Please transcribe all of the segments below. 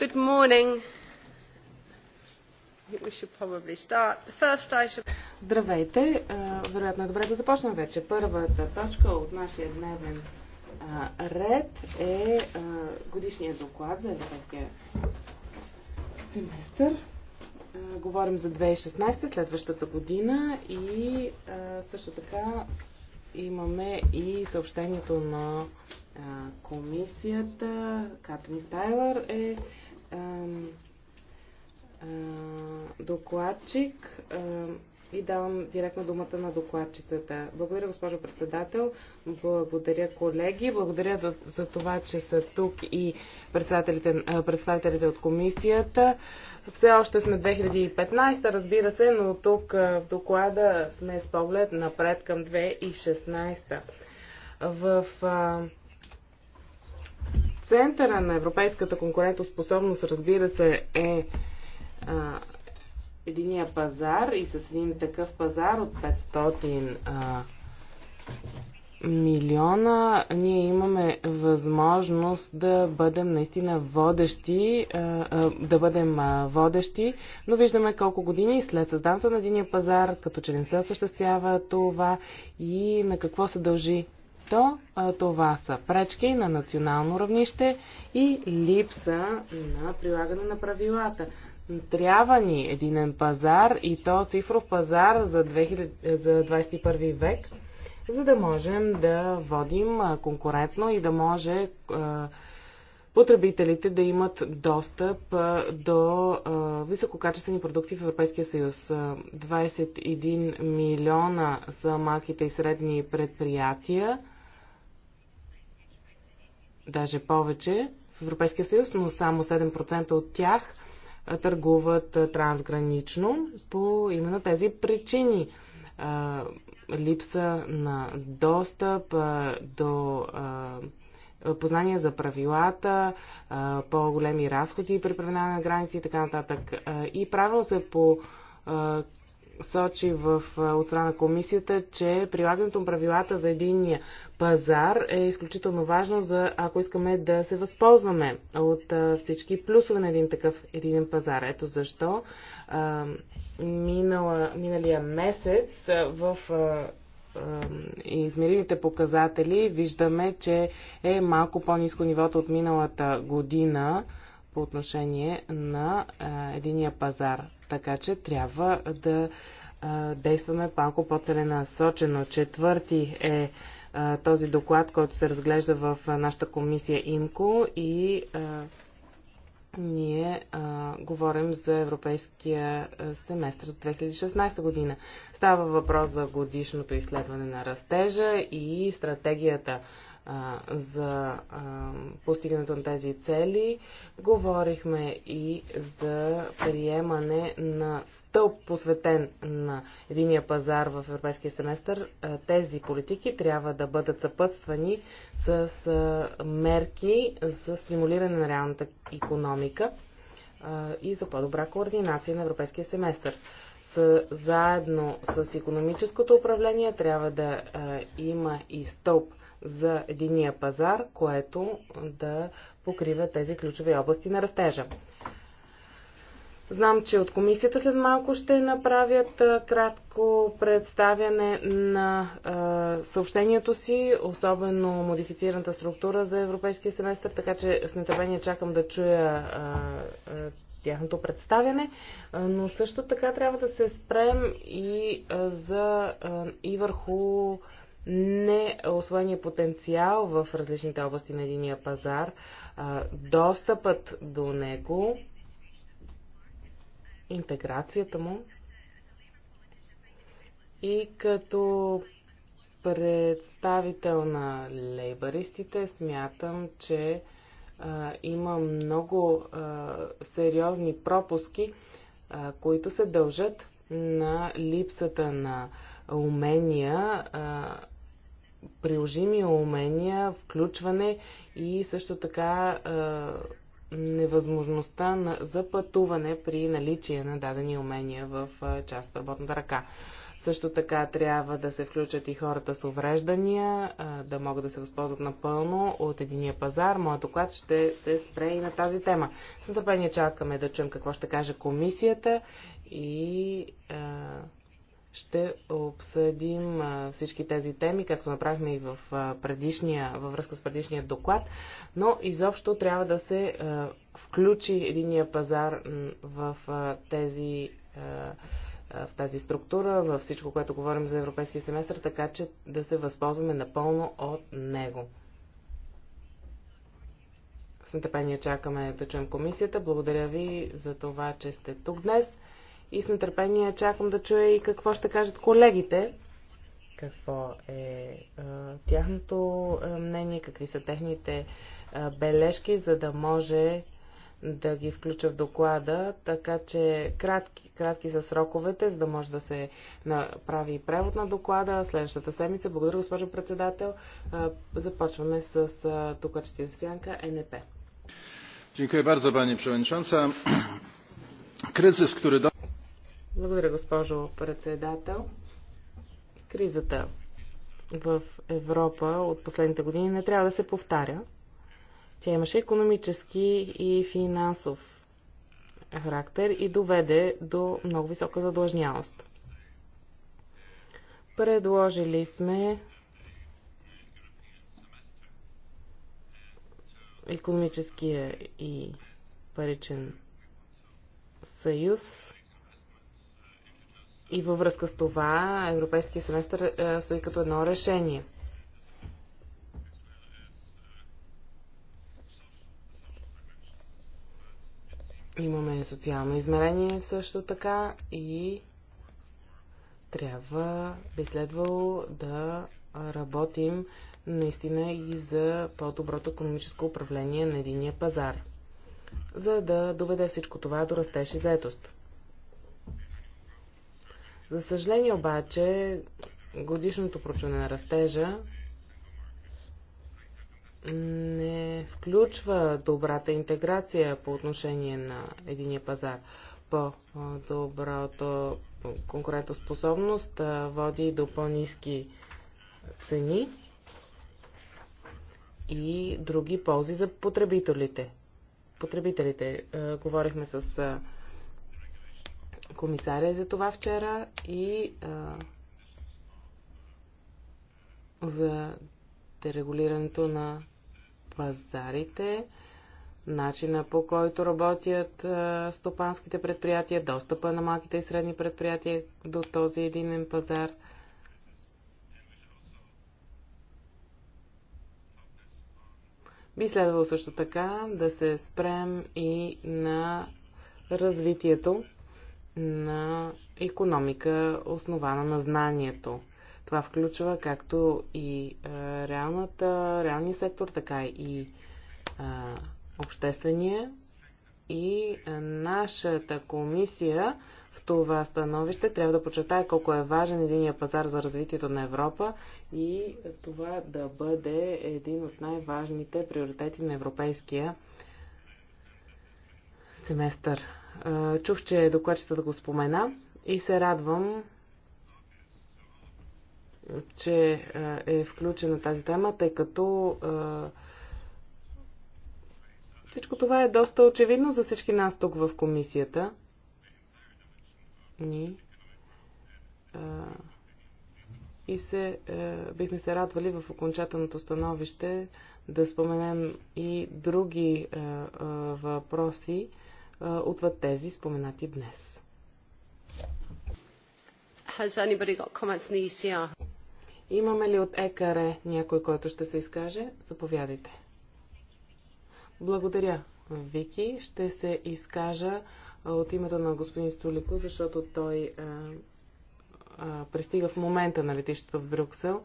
Good morning. Здравейте! Е, вероятно е добре да започнем вече. Първата точка от нашия дневен ред е годишният доклад за европейския семестър. Говорим за 2016, следващата година и също така имаме и съобщението на комисията. Катрин Тайлър е докладчик и давам директно думата на докладчицата. Благодаря, госпожо председател. Благодаря, колеги. Благодаря за, това, че са тук и представителите, представителите от комисията. Все още сме 2015, разбира се, но тук в доклада сме с поглед напред към 2016. В центъра на европейската конкурентоспособност, разбира се, е а, единия пазар и с един такъв пазар от 500 а, милиона ние имаме възможност да бъдем наистина водещи, да бъдем водещи, но виждаме колко години след създаването на единия пазар, като че не се осъществява това и на какво се дължи а, това са пречки на национално равнище и липса на прилагане на правилата? Трябва ни единен пазар и то цифров пазар за, 2000, за 21 век, за да можем да водим конкурентно и да може потребителите да имат достъп до висококачествени продукти в Европейския съюз. 21 милиона са малките и средни предприятия даже повече в Европейския съюз, но само 7% от тях търгуват трансгранично по именно тези причини. Липса на достъп до познания за правилата, по-големи разходи при преминаване на граници и така нататък. И правилно се по сочи в, от страна на комисията, че прилагането на правилата за единния пазар е изключително важно, за, ако искаме да се възползваме от всички плюсове на един такъв единен пазар. Ето защо а, минала, миналия месец а, в а, измеримите показатели виждаме, че е малко по-низко нивото от миналата година по отношение на а, единия пазар. Така че трябва да а, действаме малко по-целенасочено. Четвърти е а, този доклад, който се разглежда в а, нашата комисия ИМКО и ние а, говорим за европейския семестър за 2016 година. Става въпрос за годишното изследване на растежа и стратегията за постигането на тези цели. Говорихме и за приемане на стълб, посветен на единия пазар в европейския семестър. Тези политики трябва да бъдат съпътствани с мерки за стимулиране на реалната економика и за по-добра координация на европейския семестър. С, заедно с економическото управление трябва да а, има и стълб за единия пазар, което да покрива тези ключови области на растежа. Знам, че от комисията след малко ще направят кратко представяне на съобщението си, особено модифицираната структура за европейския семестър, така че с нетърпение чакам да чуя тяхното представяне, но също така трябва да се спрем и, за, и върху неосвоения е потенциал в различните области на единия пазар, достъпът до него, интеграцията му и като представител на лейбаристите смятам, че а, има много а, сериозни пропуски, а, които се дължат на липсата на умения а, приложими умения, включване и също така е, невъзможността на, за пътуване при наличие на дадени умения в е, част от работната ръка. Също така трябва да се включат и хората с увреждания, е, да могат да се възползват напълно от единия пазар. Моят доклад ще се спре и на тази тема. С нетърпение чакаме да чуем какво ще каже комисията и е, ще обсъдим всички тези теми, както направихме и в предишния, във връзка с предишния доклад, но изобщо трябва да се включи единия пазар в тези в тази структура, във всичко, което говорим за Европейския семестър, така че да се възползваме напълно от него. С нетърпение чакаме да чуем комисията. Благодаря ви за това, че сте тук днес и с нетърпение чакам да чуя и какво ще кажат колегите, какво е тяхното мнение, какви са техните бележки, за да може да ги включа в доклада, така че кратки, кратки са сроковете, за да може да се направи превод на доклада следващата седмица. Благодаря, госпожо председател. Започваме с докладчите в сянка НП. Dziękuję bardzo Pani Przewodnicząca. Kryzys, благодаря, госпожо председател. Кризата в Европа от последните години не трябва да се повтаря. Тя имаше економически и финансов характер и доведе до много висока задлъжнялост. Предложили сме економическия и паричен съюз и във връзка с това Европейския семестър е, стои като едно решение. Имаме социално измерение също така и трябва, би следвало да работим наистина и за по-доброто економическо управление на единия пазар, за да доведе всичко това до растеж и заетост. За съжаление обаче, годишното проучване на растежа не включва добрата интеграция по отношение на единия пазар. по добрата конкурентоспособност води до по-низки цени и други ползи за потребителите. Потребителите. Говорихме с комисаря е за това вчера и а, за дерегулирането на пазарите, начина по който работят а, стопанските предприятия, достъпа на малките и средни предприятия до този единен пазар. Би следвало също така да се спрем и на развитието на економика, основана на знанието. Това включва както и реалната, реалния сектор, така и а, обществения. И нашата комисия в това становище трябва да почетае колко е важен единия пазар за развитието на Европа и това да бъде един от най-важните приоритети на европейския семестър. Чух, че докладчета да го спомена и се радвам, че е включена тази тема, тъй като всичко това е доста очевидно за всички нас тук в комисията. Ни. И се, бихме се радвали в окончателното становище да споменем и други въпроси, отвъд тези споменати днес. E Имаме ли от ЕКАРЕ някой, който ще се изкаже? Заповядайте. Благодаря, Вики. Ще се изкажа от името на господин Столико, защото той а, а, пристига в момента на летището в Брюксел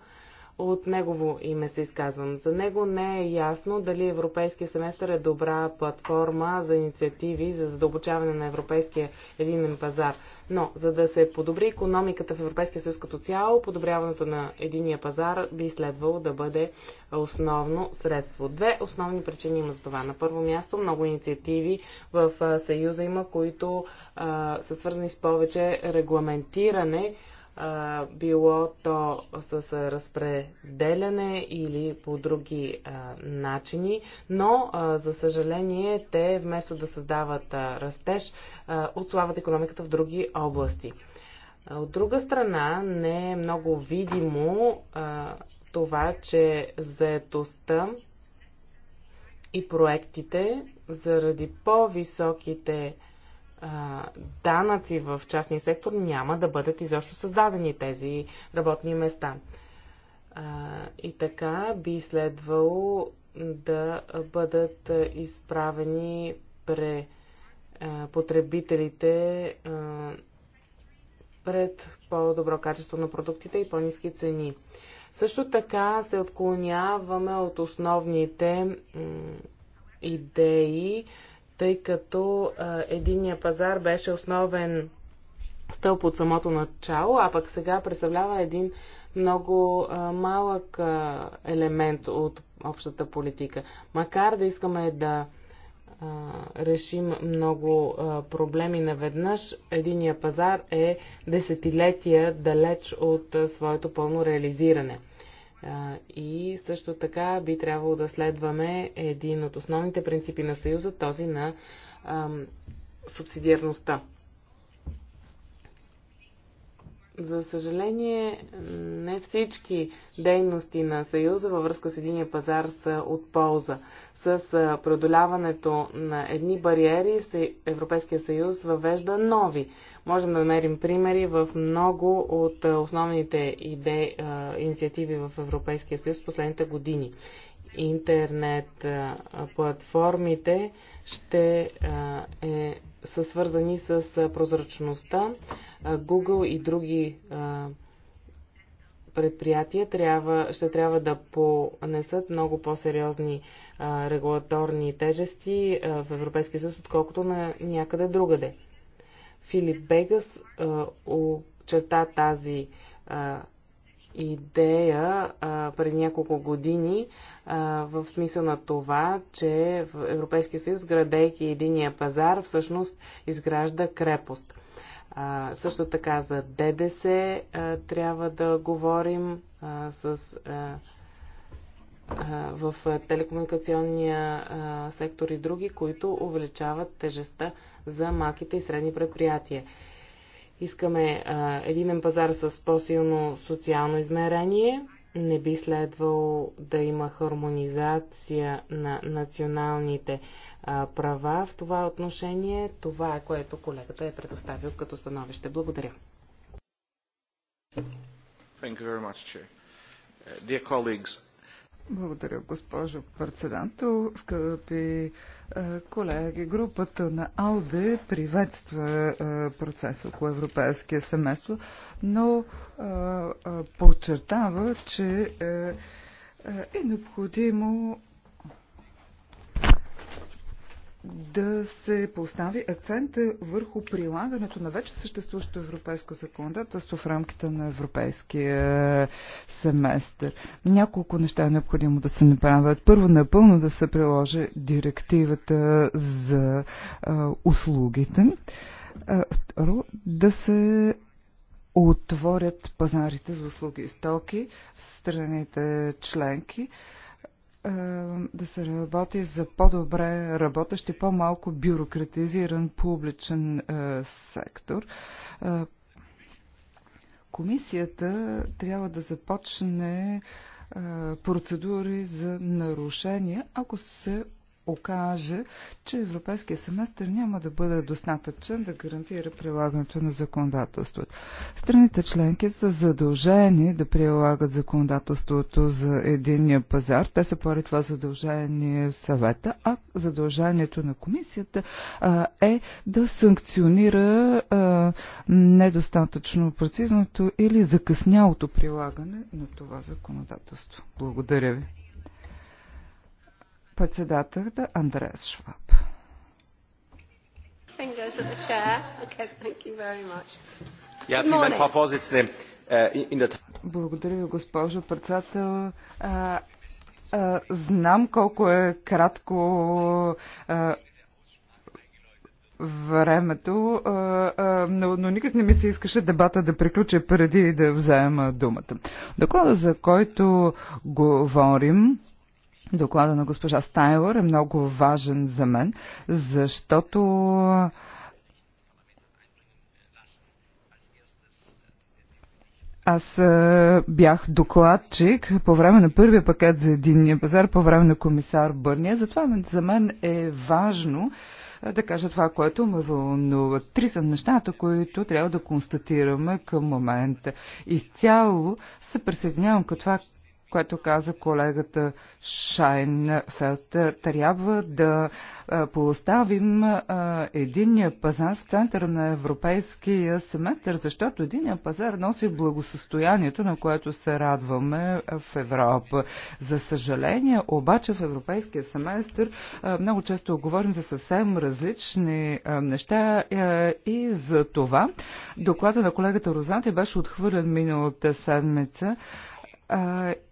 от негово име се изказвам. За него не е ясно дали Европейския семестър е добра платформа за инициативи за задълбочаване на европейския единен пазар. Но за да се подобри економиката в Европейския съюз като цяло, подобряването на единия пазар би следвало да бъде основно средство. Две основни причини има за това. На първо място много инициативи в Съюза има, които а, са свързани с повече регламентиране а, било то с разпределяне или по други а, начини, но а, за съжаление те вместо да създават а, растеж, а, отслабват економиката в други области. От друга страна, не е много видимо а, това, че заетостта и проектите заради по-високите данъци в частния сектор, няма да бъдат изобщо създадени тези работни места. А, и така би следвало да бъдат изправени пре а, потребителите а, пред по-добро качество на продуктите и по-низки цени. Също така се отклоняваме от основните идеи, тъй като а, единния пазар беше основен стълб от самото начало, а пък сега представлява един много а, малък а, елемент от общата политика. Макар да искаме да а, решим много а, проблеми наведнъж, единия пазар е десетилетия далеч от а, своето пълно реализиране. И също така би трябвало да следваме един от основните принципи на Съюза, този на ам, субсидиарността. За съжаление, не всички дейности на Съюза във връзка с единия пазар са от полза. С преодоляването на едни бариери Европейския съюз въвежда нови. Можем да намерим примери в много от основните идеи, инициативи в Европейския съюз в последните години. Интернет платформите ще е, са свързани с прозрачността. Google и други предприятия трябва, ще трябва да понесат много по-сериозни регулаторни тежести в Европейския съюз, отколкото на някъде другаде. Филип Бегас очерта тази идея а, преди няколко години а, в смисъл на това, че в Европейския съюз, градейки единия пазар, всъщност изгражда крепост. А, също така за ДДС а, трябва да говорим а, с а, в телекомуникационния сектор и други, които увеличават тежестта за малките и средни предприятия. Искаме единен пазар с по-силно социално измерение. Не би следвало да има хармонизация на националните права в това отношение. Това е което колегата е предоставил като становище. Благодаря. Thank you very much, Chair. Uh, dear colleagues, благодаря, госпожо председател. Скъпи е, колеги, групата на АЛДЕ приветства е, процеса около европейския семейство, но е, подчертава, че е необходимо да се постави акцента върху прилагането на вече съществуващото европейско законодателство в рамките на европейския семестър. Няколко неща е необходимо да се направят. Първо, напълно да се приложи директивата за а, услугите. А, второ, да се отворят пазарите за услуги и стоки в страните членки. А, е, да се работи за по-добре работещ и по-малко бюрократизиран публичен е, сектор. Е, комисията трябва да започне процедури за нарушения, ако се окаже, че европейския семестър няма да бъде достатъчен да гарантира прилагането на законодателството. Страните членки са задължени да прилагат законодателството за единния пазар. Те са поред това задължение в съвета, а задължението на комисията а, е да санкционира а, недостатъчно прецизното или закъснялото прилагане на това законодателство. Благодаря ви. Председателът Андреас Шваб. Äh, Благодаря ви, госпожо председател. Е, е, знам колко е кратко е, времето, но, но никак не ми се искаше дебата да приключи преди да взема думата. Доклада, за който говорим, Доклада на госпожа Стайлър е много важен за мен, защото Аз е, бях докладчик по време на първия пакет за единния пазар, по време на комисар Бърния. Затова за мен е важно е, да кажа това, което ме вълнува. Три са нещата, които трябва да констатираме към момента. Изцяло се присъединявам към това, което каза колегата Шайнфелд. Трябва да поставим единния пазар в центъра на европейския семестър, защото единния пазар носи благосъстоянието, на което се радваме в Европа. За съжаление, обаче в европейския семестър много често говорим за съвсем различни неща и за това доклада на колегата Розанти беше отхвърлен миналата седмица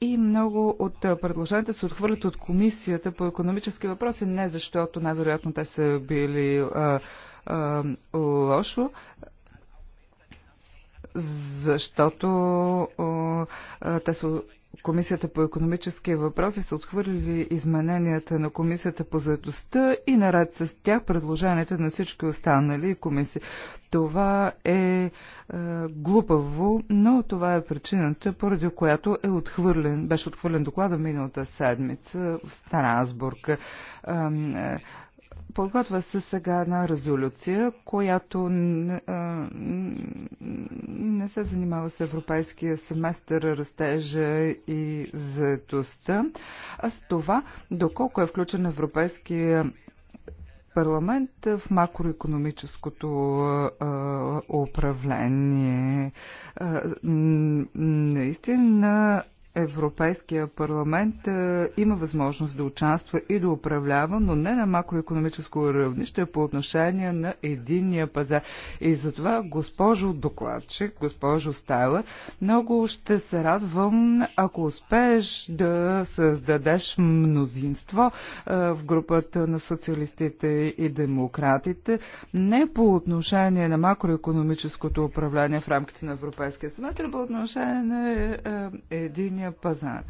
и много от предложенията се отхвърлят от комисията по економически въпроси, не защото най-вероятно те са били а, а, лошо, защото а, те са Комисията по економически въпроси са отхвърлили измененията на Комисията по заедостта и наред с тях предложенията на всички останали комисии. Това е, е глупаво, но това е причината, поради която е отхвърлен, беше отхвърлен доклада миналата седмица в Страсбург. Е, е, подготвя се сега една резолюция, която не, а, не се занимава с европейския семестър, растежа и заетостта, а с това доколко е включен европейския парламент в макроекономическото управление. А, наистина Европейския парламент е, има възможност да участва и да управлява, но не на макроекономическо равнище по отношение на единния пазар. И затова, госпожо докладчик, госпожо Стайла, много ще се радвам, ако успееш да създадеш мнозинство е, в групата на социалистите и демократите, не по отношение на макроекономическото управление в рамките на Европейския семестър, по отношение на е, единия свободния пазар.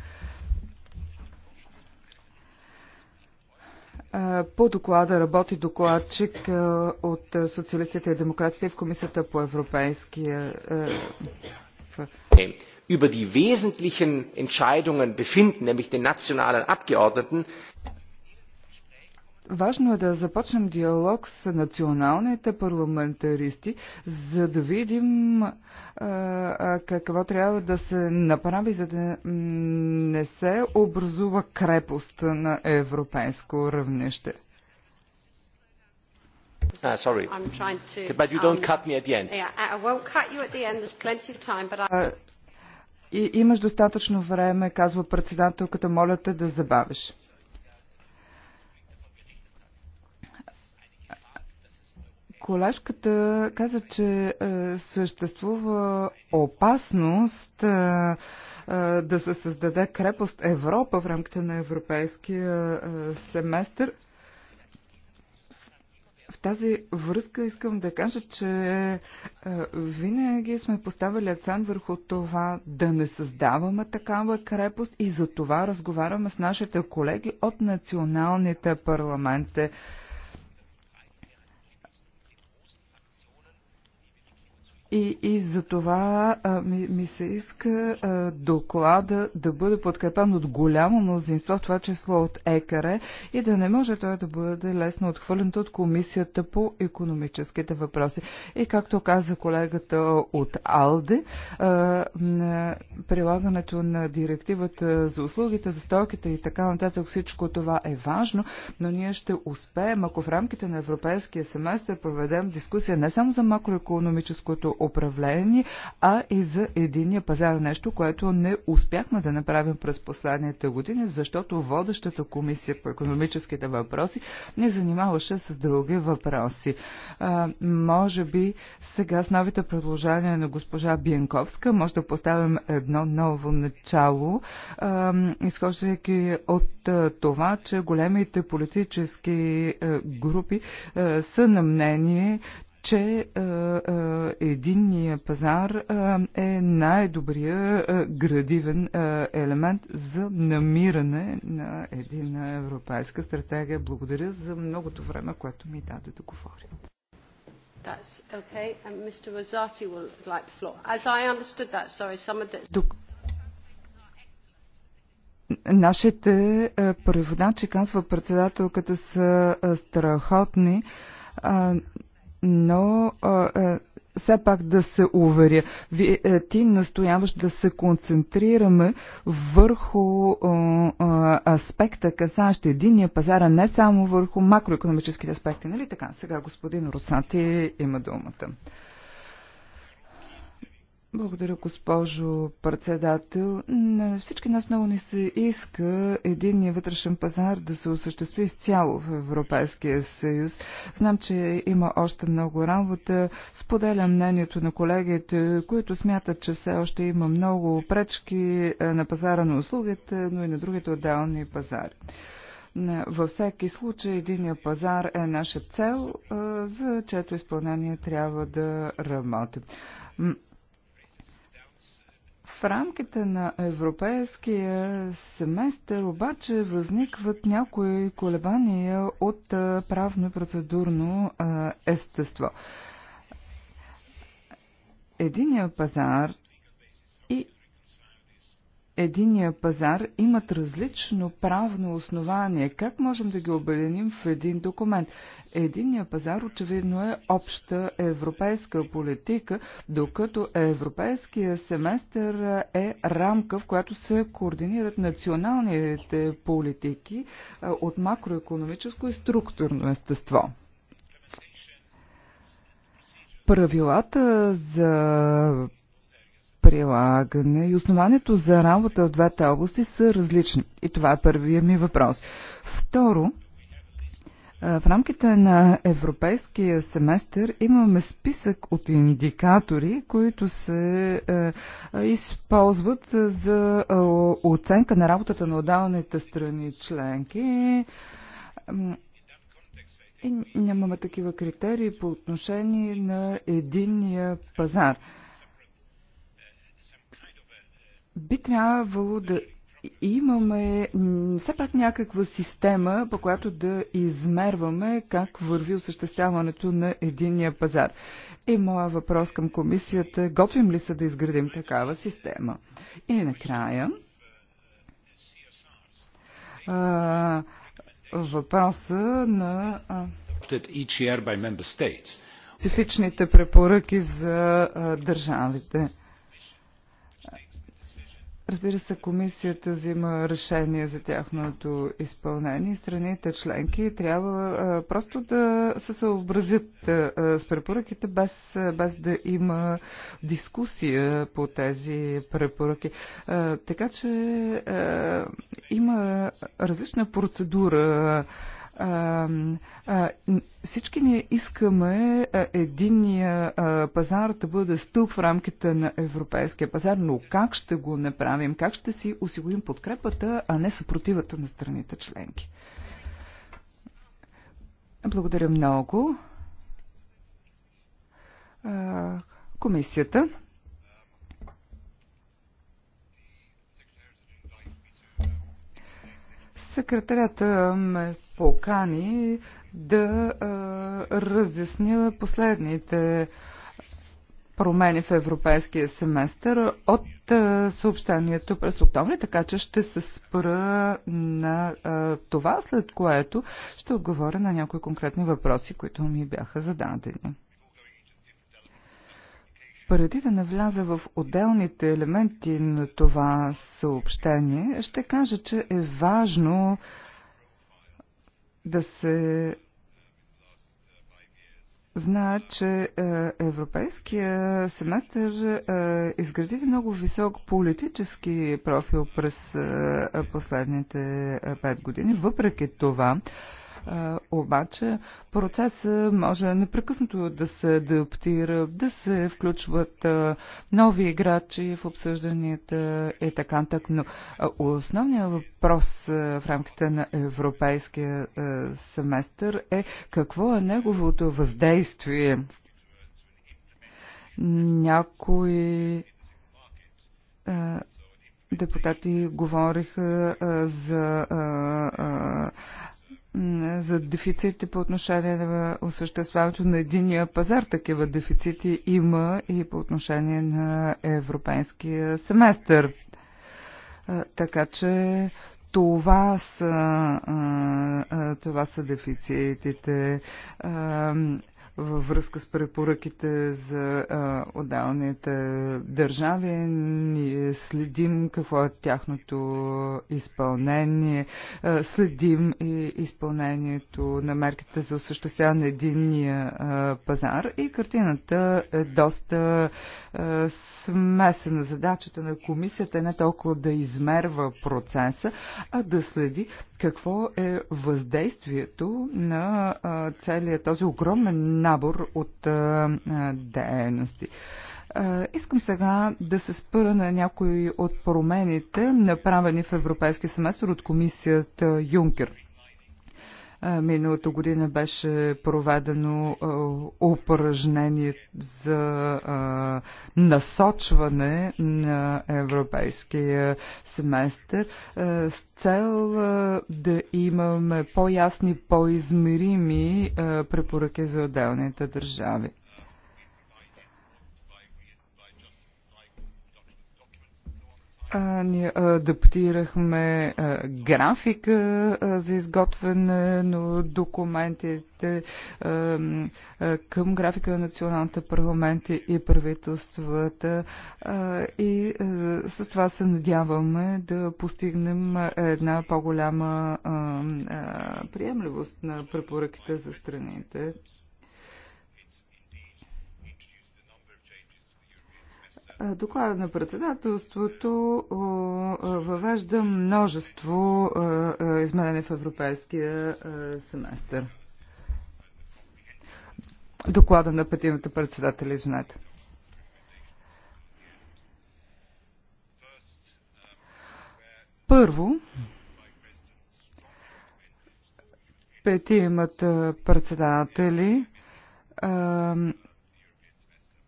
По доклада работи докладчик от социалистите и демократите в Комисията по европейския über die wesentlichen Entscheidungen befinden, nämlich den nationalen Abgeordneten. Важно е да започнем диалог с националните парламентаристи, за да видим а, а, какво трябва да се направи, за да не се образува крепост на европейско равнище. имаш достатъчно време, казва председателката, моля те да забавиш. Колашката каза, че е, съществува опасност е, е, да се създаде крепост Европа в рамките на европейския е, семестър. В тази връзка искам да кажа, че е, винаги сме поставили акцент върху това да не създаваме такава крепост и за това разговаряме с нашите колеги от националните парламенти. И, и за това а, ми, ми се иска а, доклада да бъде подкрепен от голямо мнозинство, това число от ЕКРЕ, и да не може той да бъде лесно отхвърлен от Комисията по економическите въпроси. И както каза колегата от АЛДЕ, а, на прилагането на директивата за услугите, за стоките и така нататък, всичко това е важно, но ние ще успеем, ако в рамките на европейския семестър проведем дискусия не само за макроекономическото управление, а и за единия пазар. Нещо, което не успяхме да направим през последните години, защото водещата комисия по економическите въпроси не занимаваше с други въпроси. А, може би сега с новите предложения на госпожа Бенковска, може да поставим едно ново начало, изхождайки от а, това, че големите политически групи са на мнение, че е, е, единния пазар е, е най добрият е, градивен елемент за намиране на една европейска стратегия. Благодаря за многото време, което ми даде да говоря. нашите преводачи, казва председателката, са страхотни но все пак да се уверя. Ви, е, ти настояваш да се концентрираме върху а, аспекта, касащ единния пазара, не само върху макроекономическите аспекти. Нали така? Сега господин Русати има думата. Благодаря, госпожо председател. На всички нас много ни се иска единния вътрешен пазар да се осъществи изцяло в Европейския съюз. Знам, че има още много работа. Споделям мнението на колегите, които смятат, че все още има много пречки е, на пазара на услугите, но и на другите отделни пазари. Във всеки случай единия пазар е наша цел, е, за чето изпълнение трябва да работим. В рамките на европейския семестър обаче възникват някои колебания от правно и процедурно естество. Единия пазар единия пазар имат различно правно основание. Как можем да ги обединим в един документ? Единия пазар очевидно е обща европейска политика, докато европейския семестър е рамка, в която се координират националните политики е, от макроекономическо и структурно естество правилата за прилагане и основанието за работа в двете области са различни. И това е първият ми въпрос. Второ, в рамките на европейския семестър имаме списък от индикатори, които се използват за оценка на работата на отдалните страни членки. И нямаме такива критерии по отношение на единния пазар би трябвало да имаме все пак някаква система, по която да измерваме как върви осъществяването на единния пазар. И моя въпрос към комисията, готвим ли се да изградим такава система? И накрая, а, въпроса на а, специфичните препоръки за а, държавите. Разбира се, комисията взима решение за тяхното изпълнение. Страните членки трябва а, просто да се съобразят а, с препоръките, без, без да има дискусия по тези препоръки. А, така че а, има различна процедура. А, а, а, всички ние искаме единния пазар да бъде стълб в рамките на европейския пазар, но как ще го направим? Как ще си осигурим подкрепата, а не съпротивата на страните членки? Благодаря много. А, комисията. Секретарята ме покани да а, разясня последните промени в европейския семестър от а, съобщението през октомври, така че ще се спра на а, това, след което ще отговоря на някои конкретни въпроси, които ми бяха зададени. Преди да навляза в отделните елементи на това съобщение, ще кажа, че е важно да се знае, че е, европейския семестър е, изгради много висок политически профил през е, последните пет години. Въпреки това, обаче процесът може непрекъснато да се адаптира, да се включват нови играчи в обсъжданията и така нататък. Но основният въпрос в рамките на европейския семестър е какво е неговото въздействие. Някои депутати говориха за за дефицити по отношение на осъществяването на единия пазар. Такива дефицити има и по отношение на европейския семестър. Така че това са, това са дефицитите във връзка с препоръките за а, отдалните държави. Ние следим какво е тяхното изпълнение, а, следим и изпълнението на мерките за осъществяване на единния а, пазар и картината е доста а, смесена. Задачата на комисията е не толкова да измерва процеса, а да следи какво е въздействието на а, целият този огромен набор от дейности. Искам сега да се спъра на някои от промените, направени в Европейския семестър от комисията Юнкер. Миналата година беше проведено упражнение за насочване на европейския семестър с цел да имаме по-ясни, по-измерими препоръки за отделните държави. а, ние адаптирахме а, графика а, за изготвяне на документите а, а, към графика на националните парламенти и правителствата а, и а, с това се надяваме да постигнем една по-голяма приемливост на препоръките за страните. Доклада на председателството въвежда множество изменения в европейския семестър. Доклада на петимата председателя, извинете. Първо, петимата председатели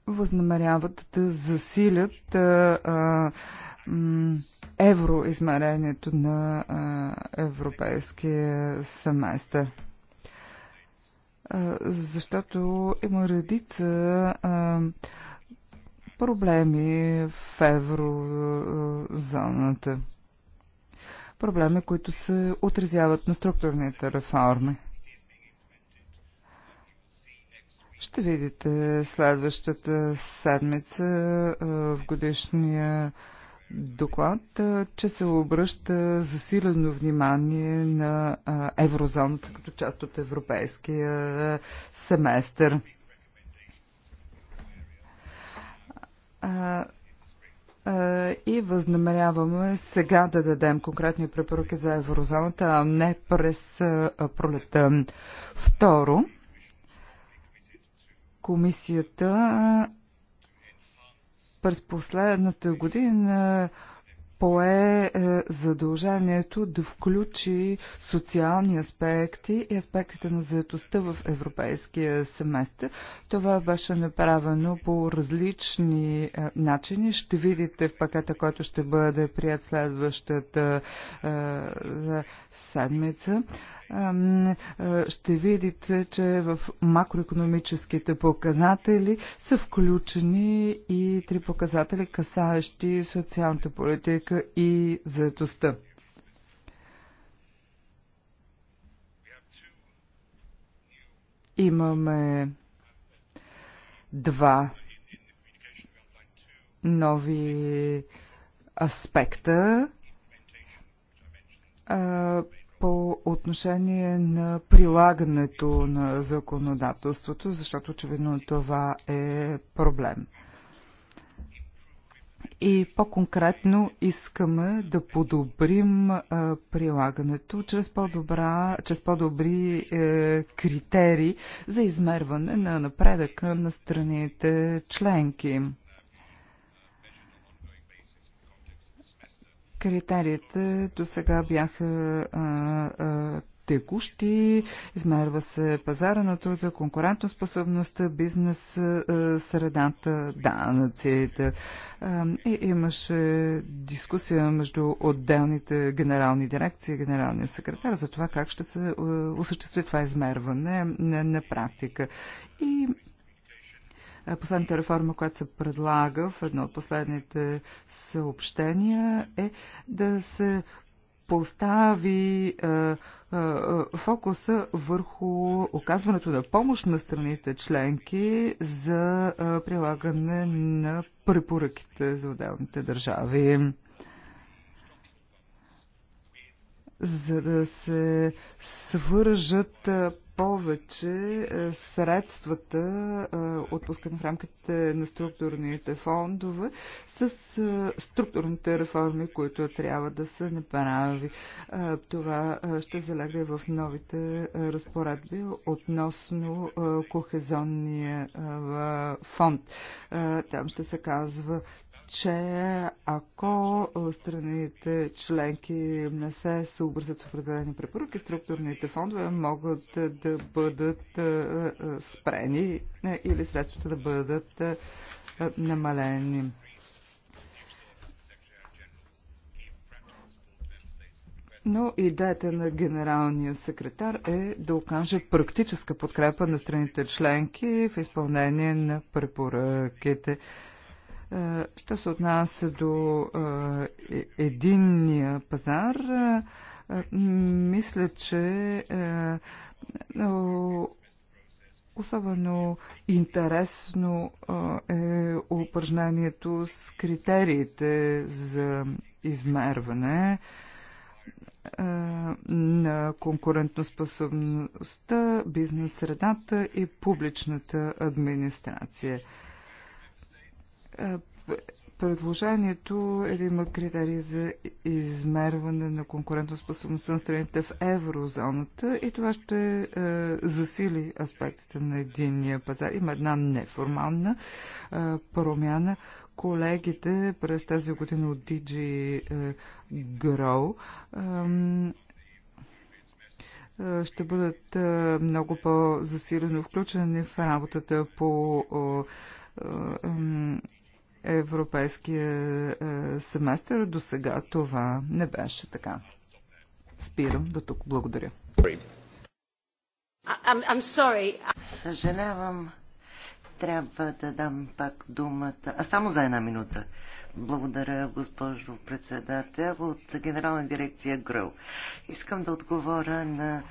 възнамеряват да засилят а, а, евроизмерението на а, европейския семестър. защото има редица а, проблеми в еврозоната. Проблеми, които се отразяват на структурните реформи. Ще видите следващата седмица в годишния доклад, че се обръща засилено внимание на еврозоната като част от европейския семестър. и възнамеряваме сега да дадем конкретни препоръки за еврозоната, а не през пролета. Второ, Комисията през последната година пое е, задължението да включи социални аспекти и аспектите на заедостта в европейския семестър. Това беше направено по различни начини. Ще видите в пакета, който ще бъде прият следващата седмица. Е, ще видите, че в макроекономическите показатели са включени и три показатели, касаещи социалната политика и заедостта. Имаме два нови аспекта по отношение на прилагането на законодателството, защото очевидно това е проблем. И по-конкретно искаме да подобрим а, прилагането чрез, по-добра, чрез по-добри е, критерии за измерване на напредъка на страните членки. Критериите до сега бяха а, а, текущи, измерва се пазара на труда, конкурентоспособността, бизнес средата, данъците. И имаше дискусия между отделните генерални дирекции и генералния секретар за това как ще се осъществи това измерване на практика. И е, последната реформа, която се предлага в едно от последните съобщения е да се постави а, е, а, е, фокуса върху оказването на помощ на страните членки за а, прилагане на препоръките за отделните държави. За да се свържат повече е, средствата, е, отпускани в рамките на структурните фондове, с е, структурните реформи, които трябва да се направи. Това ще залега в новите разпоредби относно кохезонния фонд. Там ще се казва, че ако страните членки не се съобразят с определени препоръки, структурните фондове могат да бъдат спрени или средствата да бъдат намалени. Но идеята на генералния секретар е да окаже практическа подкрепа на страните членки в изпълнение на препоръките. Е, що се отнася до е, е, единния пазар, мисля, че особено интересно е упражнението с критериите за измерване на конкурентоспособността, бизнес средата и публичната администрация. Е, предложението е да има критерии за измерване на конкурентоспособността на страните в еврозоната и това ще е, засили аспектите на единния пазар. Има една неформална е, промяна. Колегите през тази година от DG е, Grow е, ще бъдат е, много по-засилено включени в работата по е, европейския е, семестър. До сега това не беше така. Спирам до тук. Благодаря. Съжалявам. Трябва да дам пак думата. А само за една минута. Благодаря, госпожо председател от Генерална дирекция ГРО. Искам да отговоря на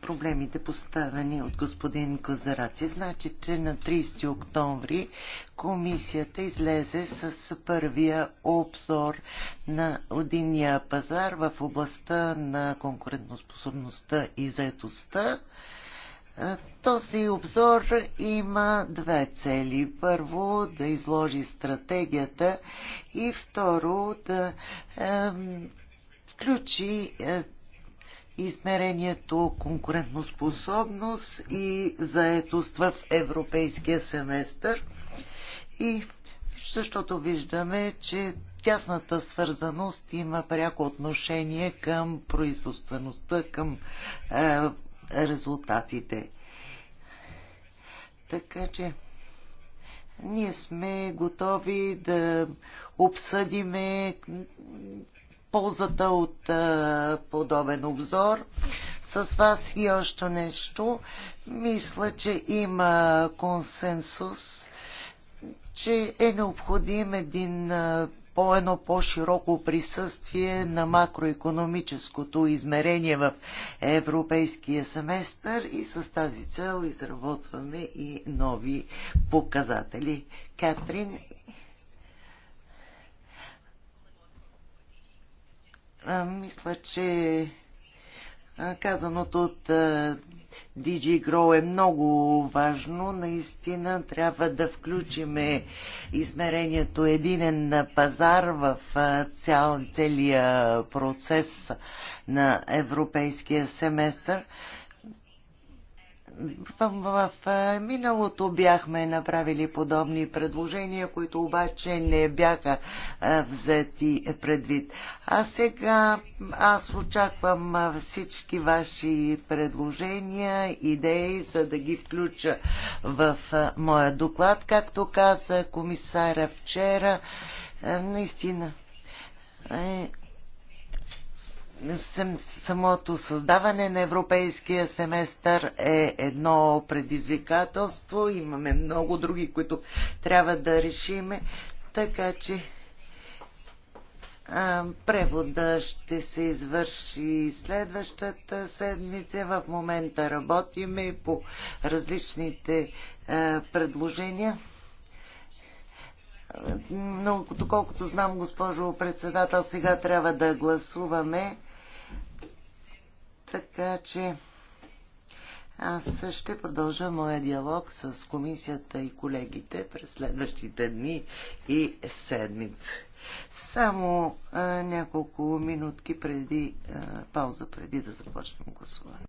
проблемите поставени от господин Козараци. Значи, че на 30 октомври комисията излезе с първия обзор на единния пазар в областта на конкурентоспособността и заетостта. Този обзор има две цели. Първо, да изложи стратегията и второ, да е, включи е, измерението конкурентоспособност и заетост в европейския семестър. И защото виждаме, че тясната свързаност има пряко отношение към производствеността, към е, резултатите. Така че ние сме готови да обсъдиме ползата от а, подобен обзор. С вас и още нещо. Мисля, че има консенсус, че е необходим един а, по едно по-широко присъствие на макроекономическото измерение в европейския семестър и с тази цел изработваме и нови показатели. Катрин а, мисля, че казаното от DG Grow е много важно. Наистина трябва да включиме измерението единен пазар в цял, целия процес на европейския семестър в, в е, миналото бяхме направили подобни предложения, които обаче не бяха а, е, взети предвид. А сега аз очаквам е, всички ваши предложения, идеи, за да ги включа в а, моя доклад. Както каза комисара вчера, а, наистина самото създаване на европейския семестър е едно предизвикателство. Имаме много други, които трябва да решиме. Така че превода ще се извърши следващата седмица. В момента работиме по различните предложения. Но доколкото знам, госпожо председател, сега трябва да гласуваме така че аз ще продължа моя диалог с комисията и колегите през следващите дни и седмици. Само а, няколко минутки преди а, пауза, преди да започнем гласуване.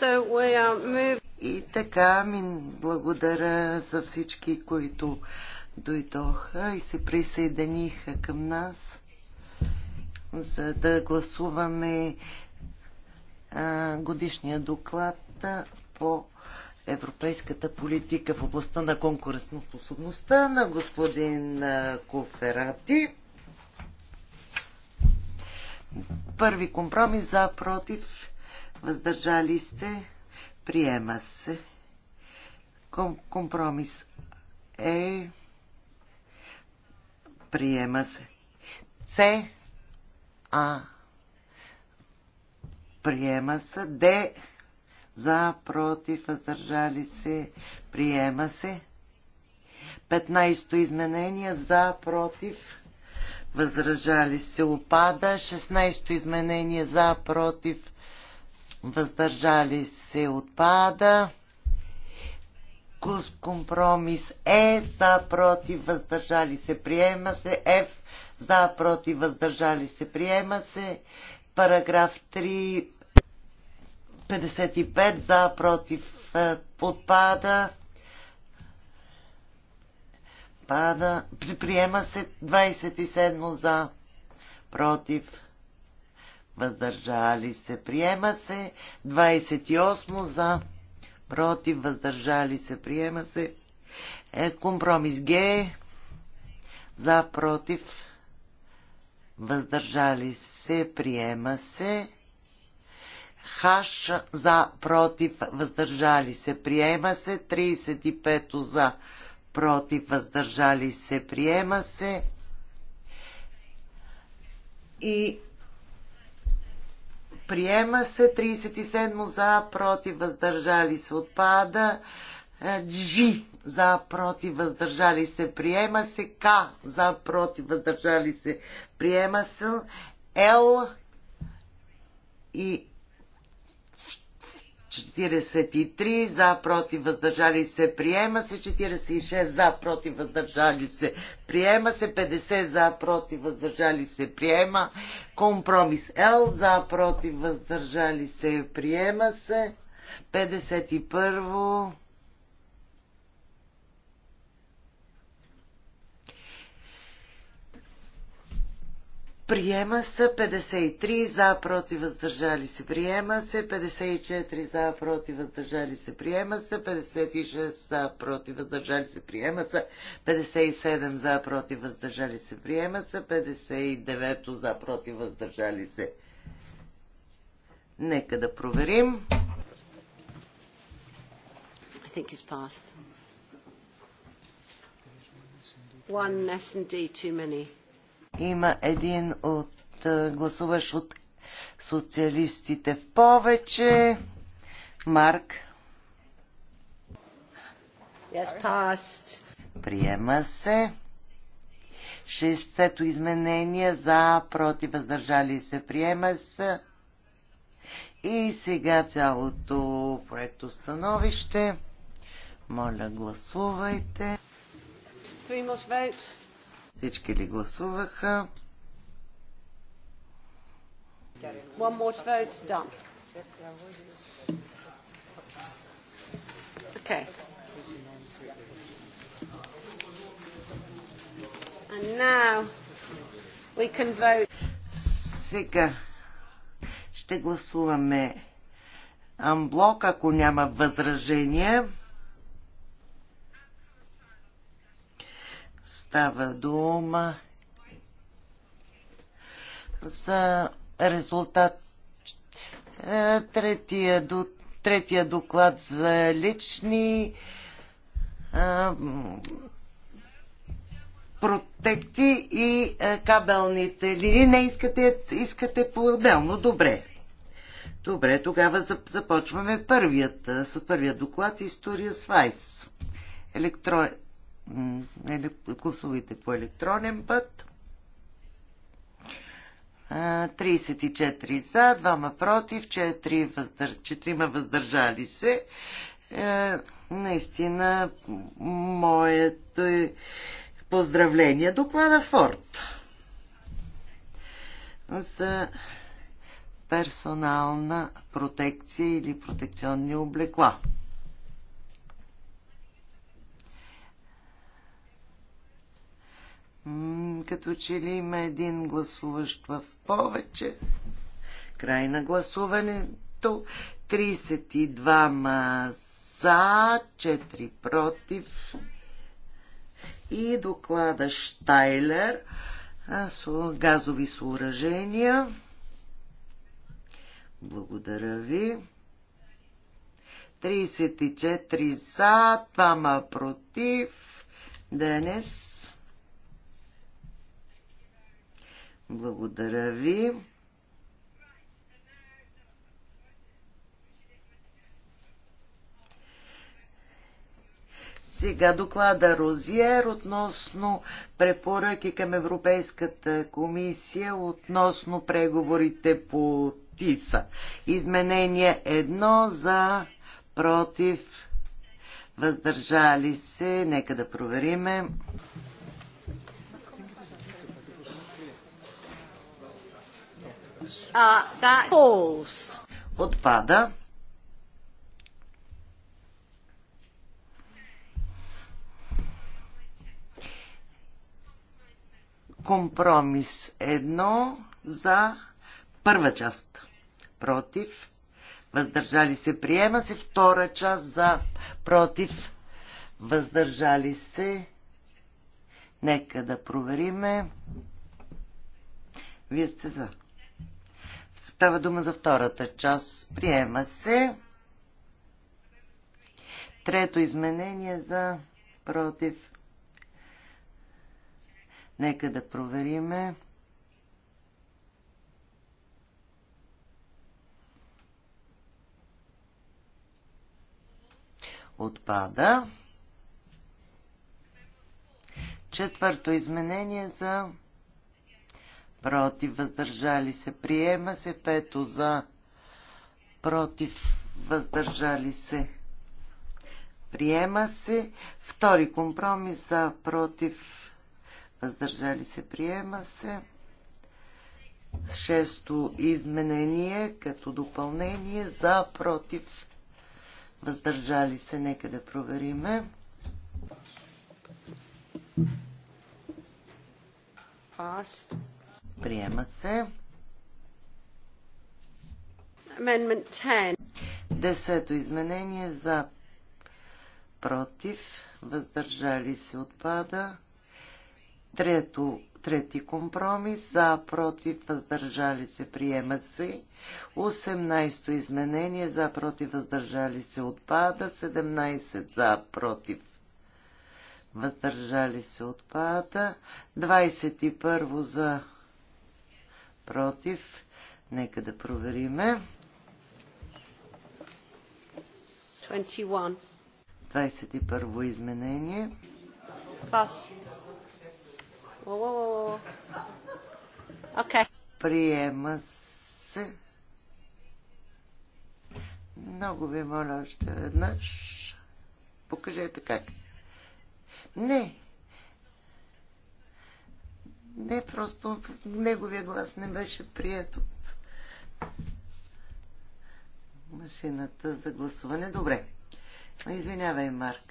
So И така, ми благодаря за всички, които дойдоха и се присъединиха към нас, за да гласуваме а, годишния доклад по европейската политика в областта на конкурентоспособността на господин Коферати. Първи компромис за против въздържали сте, приема се. Компромис е, приема се. С, А, приема се. Д, за, против, въздържали се, приема се. 15 изменение за, против, въздържали се, опада. 16 то изменение за, против, въздържали се отпада. Компромис Е за против въздържали се приема се. Ф за против въздържали се приема се. Параграф 3 55 за против подпада. Е, Пада. Приема се 27 за против въздържали се, приема се. 28 за, против, въздържали се, приема се. Е, компромис Г, за, против, въздържали се, приема се. Хаш за, против, въздържали се, приема се. 35 за, против, въздържали се, приема се. И Приема се 37 за, против, въздържали се, отпада. Джи е, за, против, въздържали се, приема се. К за, против, въздържали се, приема се. Л и 43 за, против, въздържали се, приема се. 46 за, против, въздържали се, приема се. 50 за, против, въздържали се, приема. Компромис Л за, против, въздържали се, приема се. 51 Приема се 53 за, против, въздържали се. Приема се 54 за, против, въздържали се. Приема се 56 за, против, въздържали се. Приема се 57 за, против, въздържали се. Приема се 59 за, против, въздържали се. Нека да проверим. I think it's passed. One S&D too many. Има един от гласуваш от социалистите в повече. Марк. Yes, passed. Приема се. Шестето изменение за, против, въздържали се, приема се. И сега цялото проекто становище. Моля, гласувайте. Three more votes. Всички ли гласуваха? One more vote done. Okay. And now we can vote. Сега ще гласуваме анблок, ако няма възражения. става дума за резултат е, третия, третия доклад за лични е, протекти и е, кабелните линии. Не искате, искате по-отделно. Добре. Добре, тогава започваме първият, с първия доклад История с Вайс. Електро гласувайте по електронен път. 34 за, 2 против, 4, въздър... 4 въздържали се. Е, наистина, моето е поздравление. Доклада Форд за персонална протекция или протекционни облекла. като че ли има един гласуващ в повече. Край на гласуването. 32 ма за, 4 против. И доклада Штайлер с газови съоръжения. Благодаря ви. 34 за, 2 против. Денес Благодаря ви. Сега доклада Розиер относно препоръки към Европейската комисия относно преговорите по ТИСА. Изменение едно за против въздържали се. Нека да провериме. uh, that falls. Отпада. Компромис едно за първа част. Против. Въздържали се. Приема се втора част за против. Въздържали се. Нека да провериме. Вие сте за. Става дума за втората част. Приема се. Трето изменение за против. Нека да провериме. Отпада. Четвърто изменение за против, въздържали се, приема се. Пето за, против, въздържали се, приема се. Втори компромис за, против, въздържали се, приема се. Шесто изменение като допълнение за, против, въздържали се, нека да провериме. Past. Приема се. Amendment 10. Десето изменение за против, въздържали се отпада. Трето, трети компромис, за, против, въздържали се, приема се. 18-то изменение, за, против, въздържали се, отпада. 17 за, против, въздържали се, отпада. 21 за, против. Нека да провериме. 21. во изменение. Пас. Okay. Приема се. Много ви моля още веднъж. Покажете как. Не, не, просто неговия глас не беше прият от машината за гласуване. Добре. Извинявай, Марк.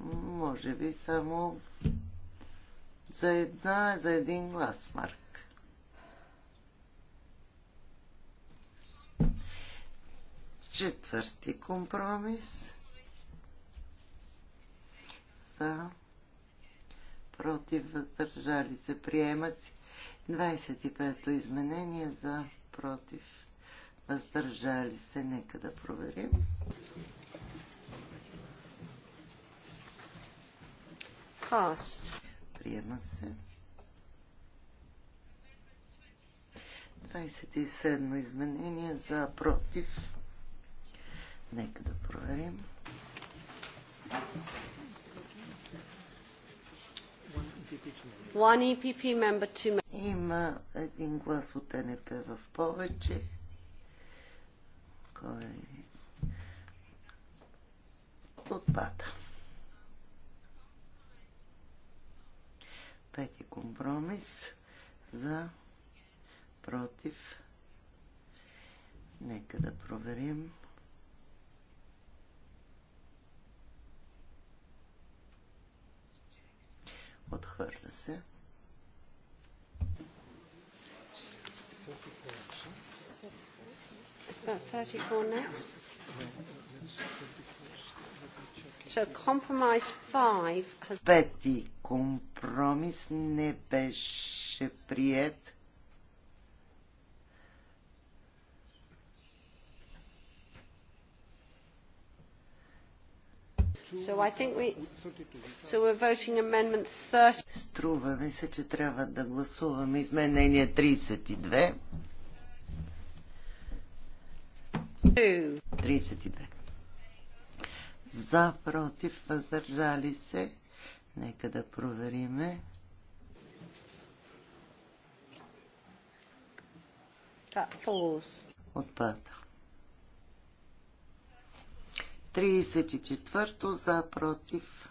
Може би само за една, за един глас, Марк. Четвърти компромис за, против, въздържали се, приемат се. 25-то изменение за, против, въздържали се. Нека да проверим. Passed. Приема се. 27 изменение за против. Нека да проверим. E Има един глас от НП в повече. Кой е? отпада. Пети компромис за против. Нека да проверим. Отхвърля се. Is that 34 next? So compromise 5 has... Пети компромис не беше прият So I think we... So we're voting amendment 30. Струва ми се, че трябва да гласуваме изменение 32. 32. За, против, въздържали се. Нека да провериме. Отпада. 34 за против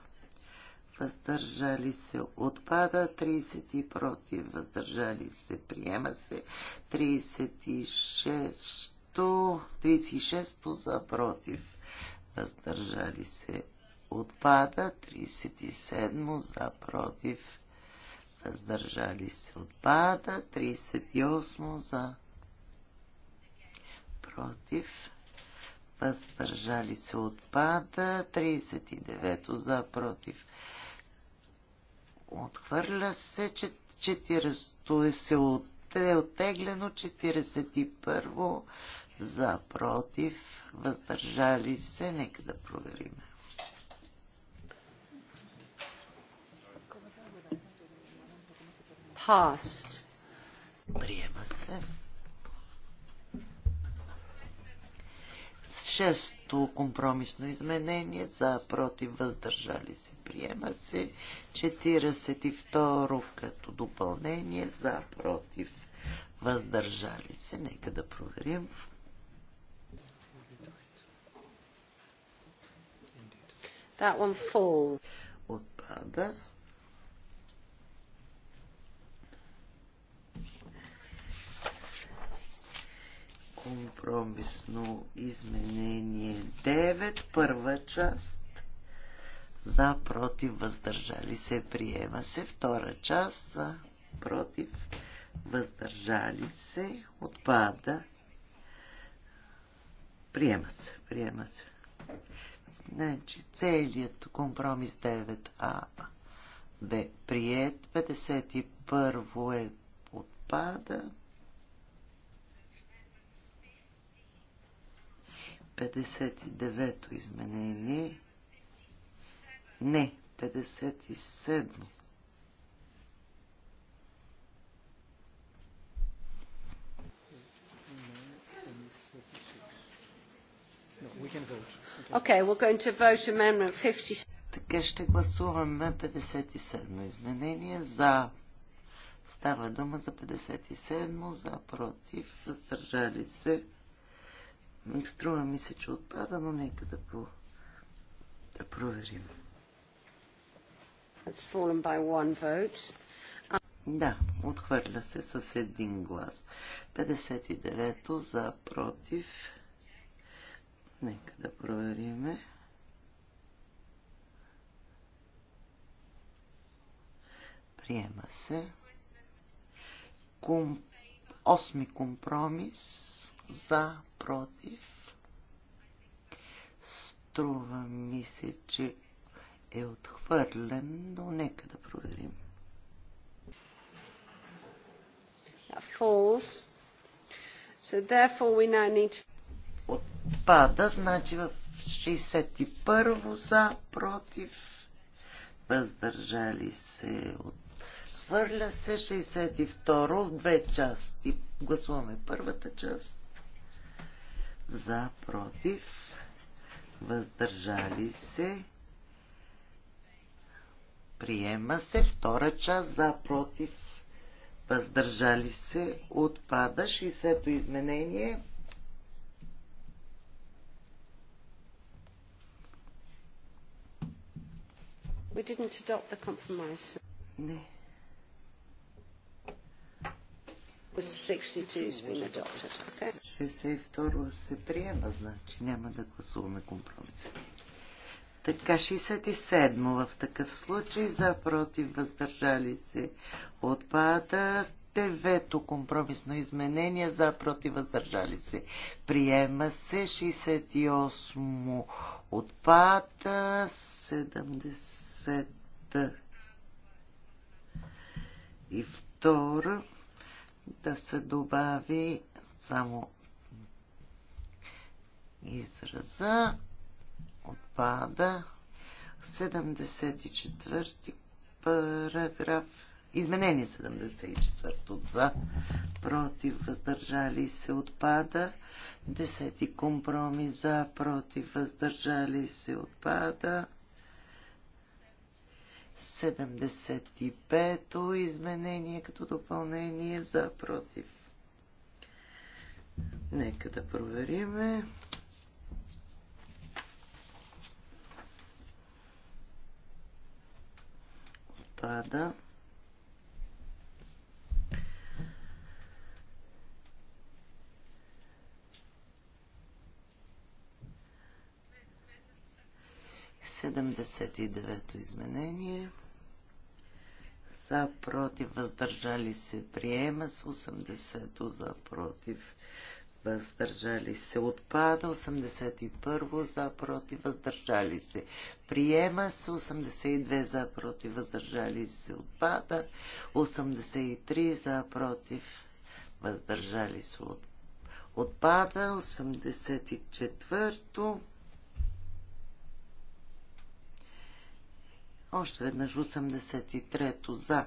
въздържали се отпада, 30 против въздържали се приема се, 36, 36 за против въздържали се отпада, 37 за против въздържали се отпада, 38 за против въздържали се отпада, 39 за против отхвърля се, 40 се от, е оттеглено, 41 за против въздържали се, нека да проверим. Past. Приема се. Шесто компромисно изменение за против въздържали се приема се. 42 като допълнение за против въздържали се. Нека да проверим. That one full. Отпада. Компромисно изменение 9, първа част. За, против, въздържали се, приема се. Втора част, за, против, въздържали се, отпада. Приема се, приема се. Значи целият компромис 9А бе прият, 51 е отпада, 59-то изменение. Не, 57-то. Okay, we're going to vote amendment 57. Така ще гласуваме 57 изменение за Става дума за 57, за против, въздържали се. Ами, струва ми се, че отпада, но нека да, по... да проверим. It's fallen by one vote. Да, отхвърля се с един глас. 59-то за против. Нека да провериме. Приема се. Ком... Осми компромис за, против. Струва ми се, че е отхвърлен, но нека да проверим. False. So therefore we now need to... Отпада, значи в 61 во за, против, въздържали се от Върля се 62 в две части. Гласуваме първата част за, против, въздържали се, приема се, втора част за, против, въздържали се, отпада, 60-то изменение, We didn't adopt the compromise. Не. Was 62 has been adopted. Okay. 62 се приема, значи няма да гласуваме компромиса. Така, 67 в такъв случай, за против въздържали се отпада. Девето компромисно изменение, за против въздържали се. Приема се 68 отпада, 70 и второ да се добави само израза отпада 74 параграф изменение 74 то за против въздържали се отпада 10 компромис за против въздържали се отпада 75-то изменение като допълнение за против. Нека да провериме. отпада. Седемдесет и девето изменение. За, против, въздържали се, приема с 80 за, против, въздържали се. Отпада 81 за против въздържали се. Приема се 82 за против въздържали се. Отпада 83 за против въздържали се. Отпада 84 още веднъж 83-то за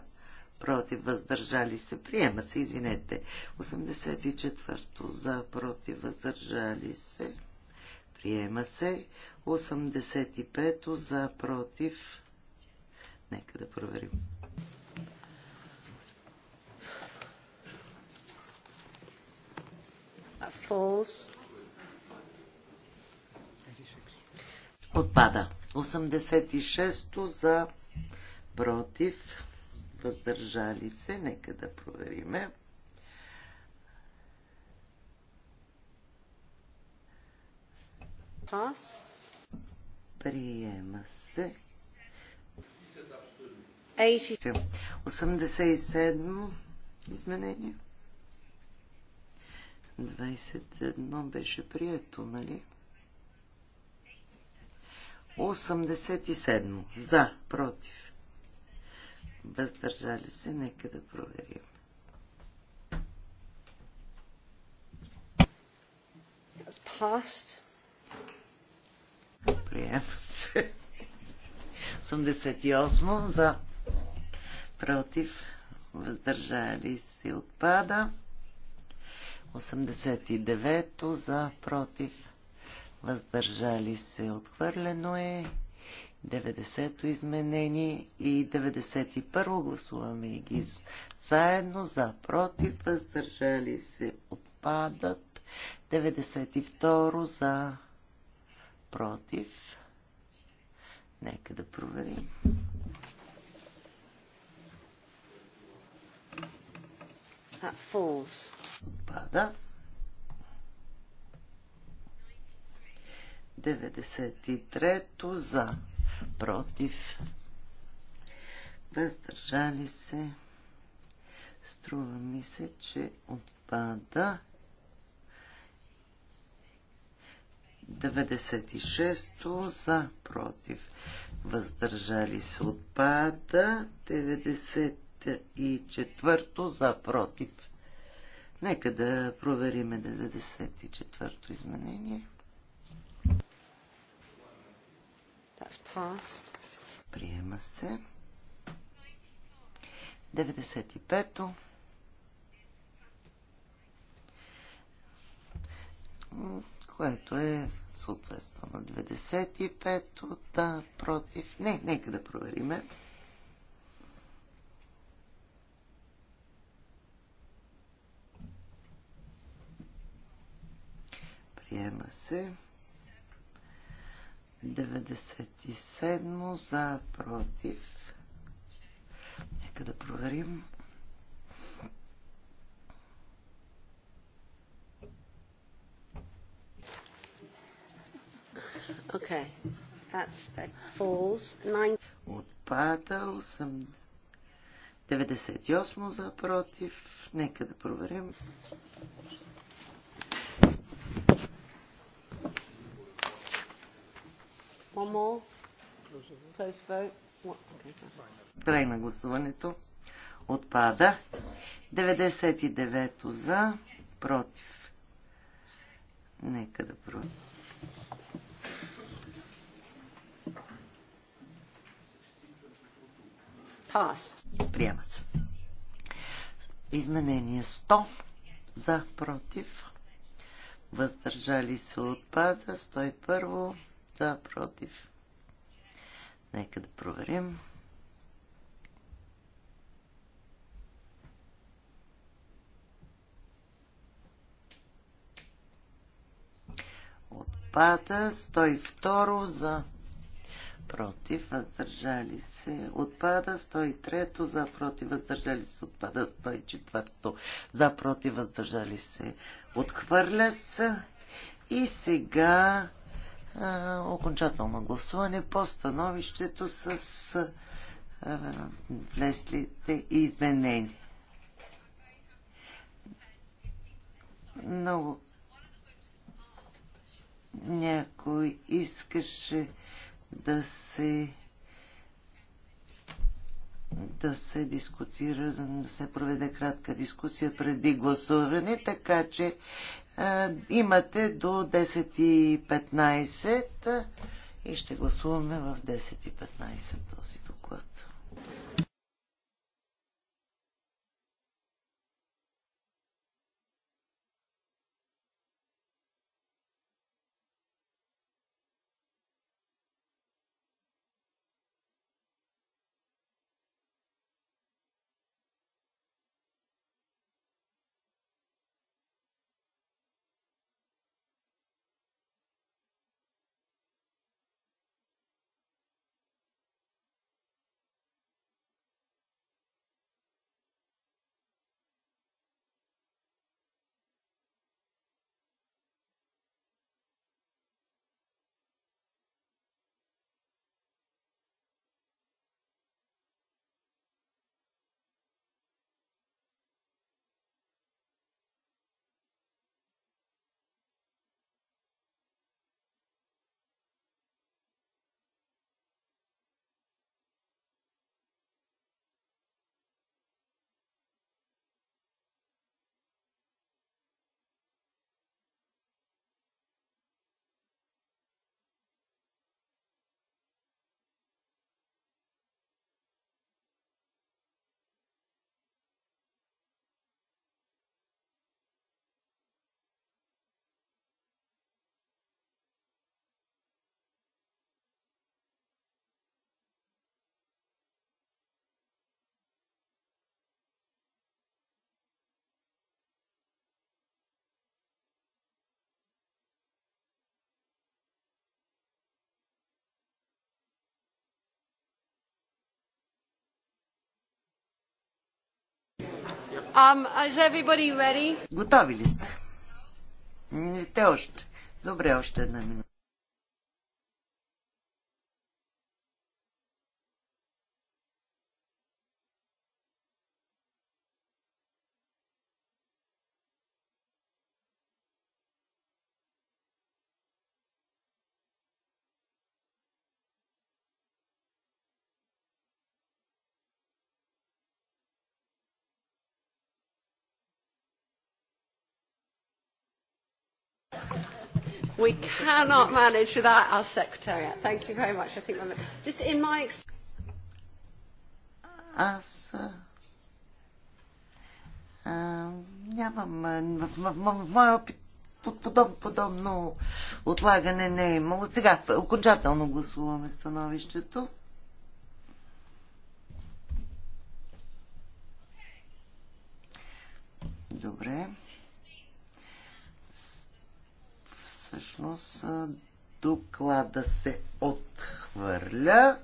против, въздържали се. Приема се, извинете. 84-то за, против, въздържали се. Приема се. 85-то за, против. Нека да проверим. Фолс. Отпада. 86-то за против въздържали се. Нека да провериме. Пас. Приема се. 87 изменение. 21 беше прието, нали? 87. За, против въздържали се, нека да проверим. Приема се. 88 за против, въздържали се, отпада. 89 за против, въздържали се, отхвърлено е. 90-то изменение и 91-о гласуваме и ги заедно, за, против, въздържали се, отпадат. 92-ро за, против. Нека да проверим. That falls. Отпада. 93-то за против, въздържали се. Струва ми се, че отпада 96-то за против. Въздържали се отпада 94-то за против. Нека да провериме 94-то изменение. That's passed. Приема се. 95-то. Което е съответства на 95-то. Да, против. Не, нека да провериме. Приема се. 97 за против. Нека да проверим. Okay. That's, that falls. Отпада 98 за против. Нека да проверим. One more. Close vote. Край на гласуването. Отпада. 99-то за, против. Нека да проверим. Past. Приемат се. Изменение 100 за, против. Въздържали се отпада. 101 за, против. Нека да проверим. Отпада 102 за против, въздържали се, отпада 103 за против, въздържали се, отпада 104 за против, въздържали се, отхвърля се. И сега окончателно гласуване по становището с а, влезлите изменения. Много някой искаше да се да се дискутира, да се проведе кратка дискусия преди гласуване, така че е, имате до 10.15 и ще гласуваме в 10.15 този доклад. Um, is everybody ready? Готови ли сте? Не сте още. Добре, още една минута. We cannot manage without our secretariat. Thank you very much. I think we're... just in my experience. а, нямам в, в, в, в моя опит под подоб, подобно отлагане не е имало. Сега окончателно гласуваме становището. Добре. всъщност доклада се отхвърля.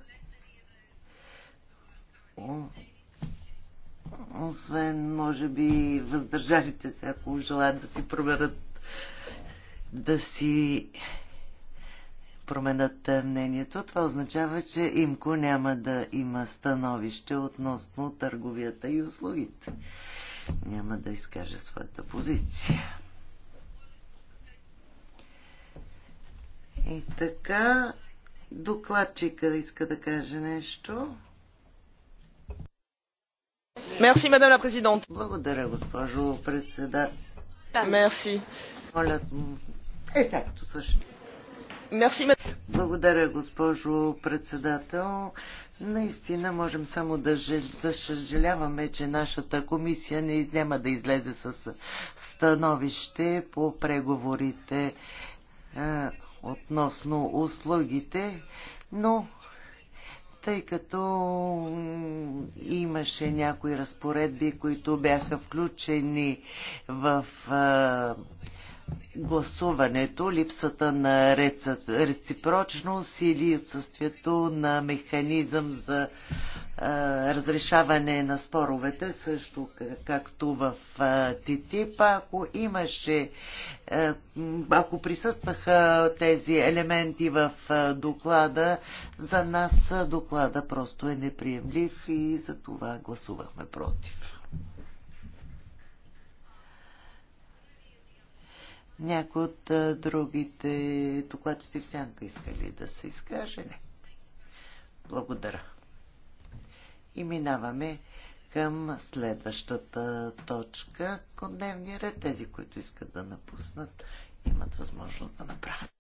Освен, може би, въздържалите се, ако желаят да си проверят, да си променят мнението. Това означава, че имко няма да има становище относно търговията и услугите. Няма да изкаже своята позиция. И така, докладчика иска да каже нещо. Мерси, мадам ла президент. Благодаря, госпожо председател. Мерси. Моля, е както също. Мерси, Благодаря, госпожо председател. Наистина можем само да съжаляваме, че нашата комисия не изнема да излезе с становище по преговорите относно услугите, но тъй като имаше някои разпоредби, които бяха включени в гласуването, липсата на реципрочност или отсъствието на механизъм за разрешаване на споровете, също както в ТТИП. Ако имаше, ако присъстваха тези елементи в доклада, за нас доклада просто е неприемлив и за това гласувахме против. Някои от другите докладчици в сянка искали да се изкаже? Не. Благодаря. И минаваме към следващата точка от дневния ред. Тези, които искат да напуснат, имат възможност да направят.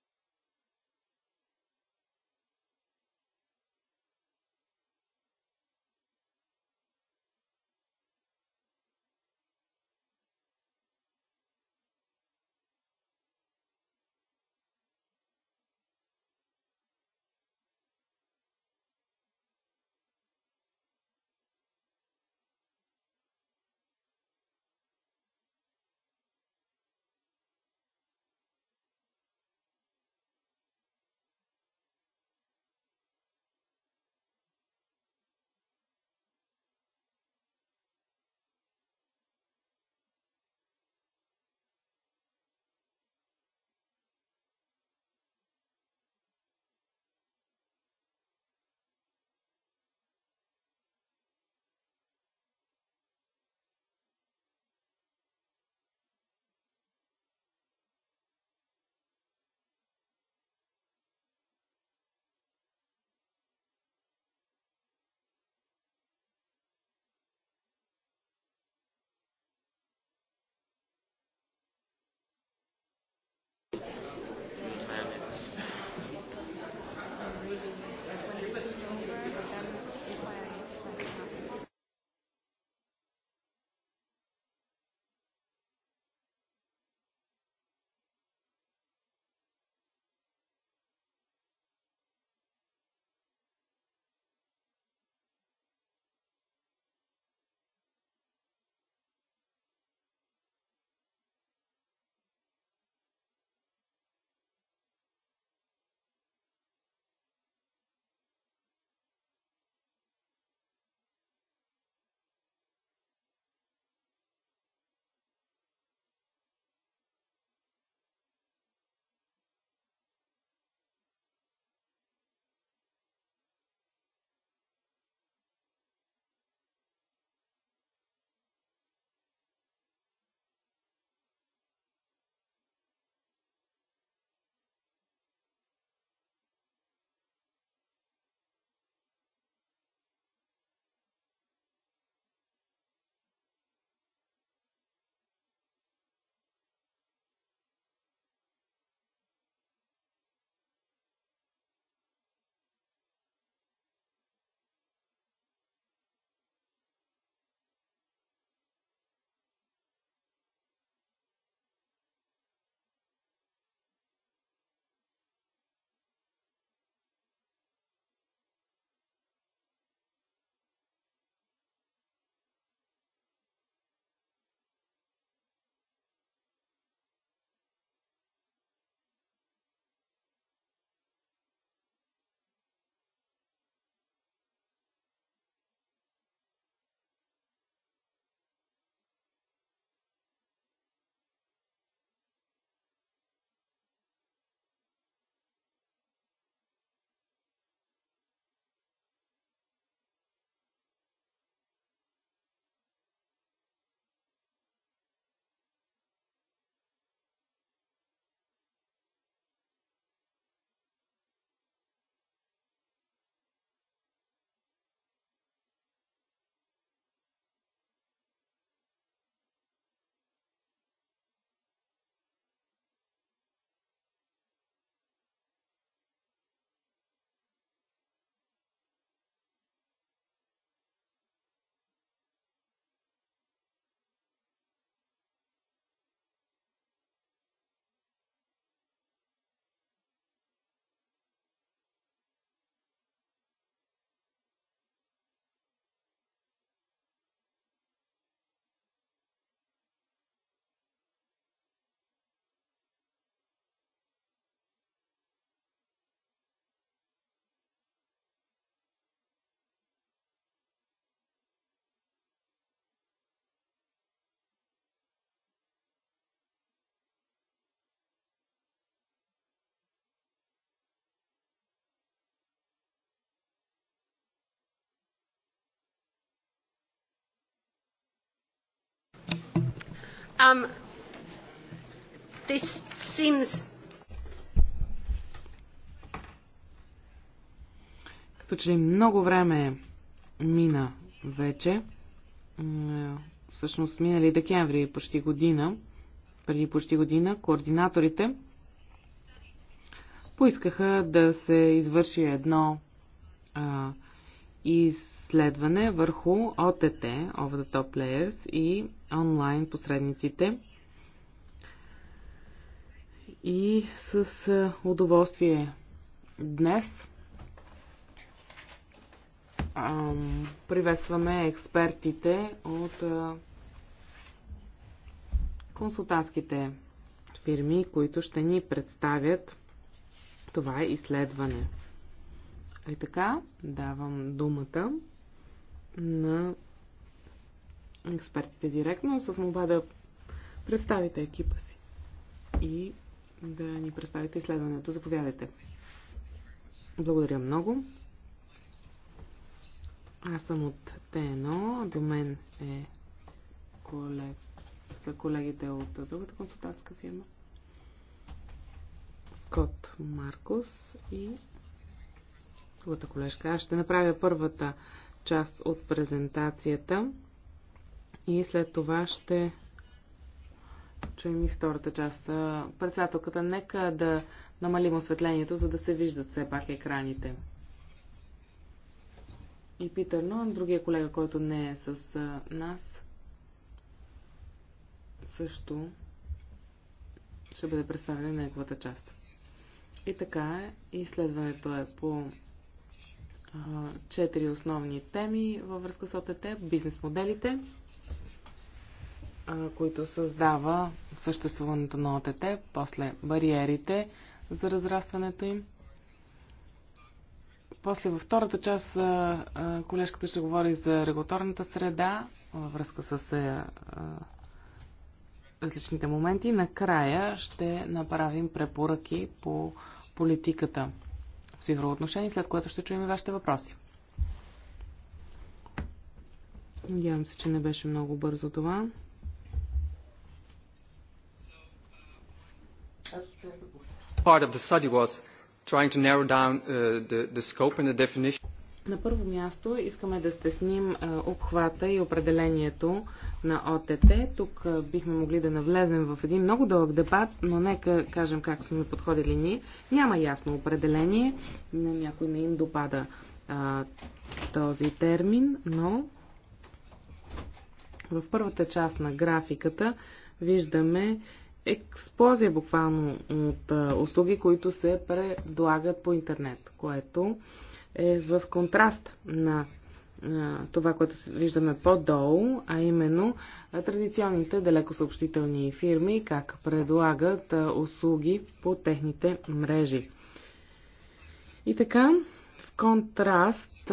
Um, this seems... Като че много време мина вече, всъщност минали декември почти година, преди почти година, координаторите поискаха да се извърши едно а, из изследване върху ОТТ, Over the Top Players и онлайн посредниците. И с удоволствие днес приветстваме експертите от консултантските фирми, които ще ни представят това изследване. И така, давам думата на експертите директно с молба да представите екипа си и да ни представите изследването. Заповядайте. Благодаря много. Аз съм от ТНО. До мен е колег... са колегите от другата консултантска фирма. Скот Маркус и другата колежка. Аз ще направя първата част от презентацията и след това ще чуем и втората част. Председателката, нека да намалим осветлението, за да се виждат все пак екраните. И Питър Нон, другия колега, който не е с нас, също ще бъде представена неговата част. И така е, изследването е по четири основни теми във връзка с ОТТ. Бизнес моделите, които създава съществуването на ОТТ, после бариерите за разрастването им. После във втората част колежката ще говори за регулаторната среда във връзка с различните моменти. Накрая ще направим препоръки по политиката цифрово отношение, след което ще чуем и вашите въпроси. Надявам се, че не беше много бързо това. Part of the study was trying to narrow down uh, the, the scope and the definition. На първо място искаме да стесним обхвата и определението на ОТТ. Тук бихме могли да навлезем в един много дълъг дебат, но нека кажем как сме подходили ние. Няма ясно определение, на някой не им допада а, този термин, но в първата част на графиката виждаме експлозия буквално от услуги, които се предлагат по интернет, което е в контраст на това, което виждаме по-долу, а именно традиционните далекосъобщителни фирми, как предлагат услуги по техните мрежи. И така, в контраст,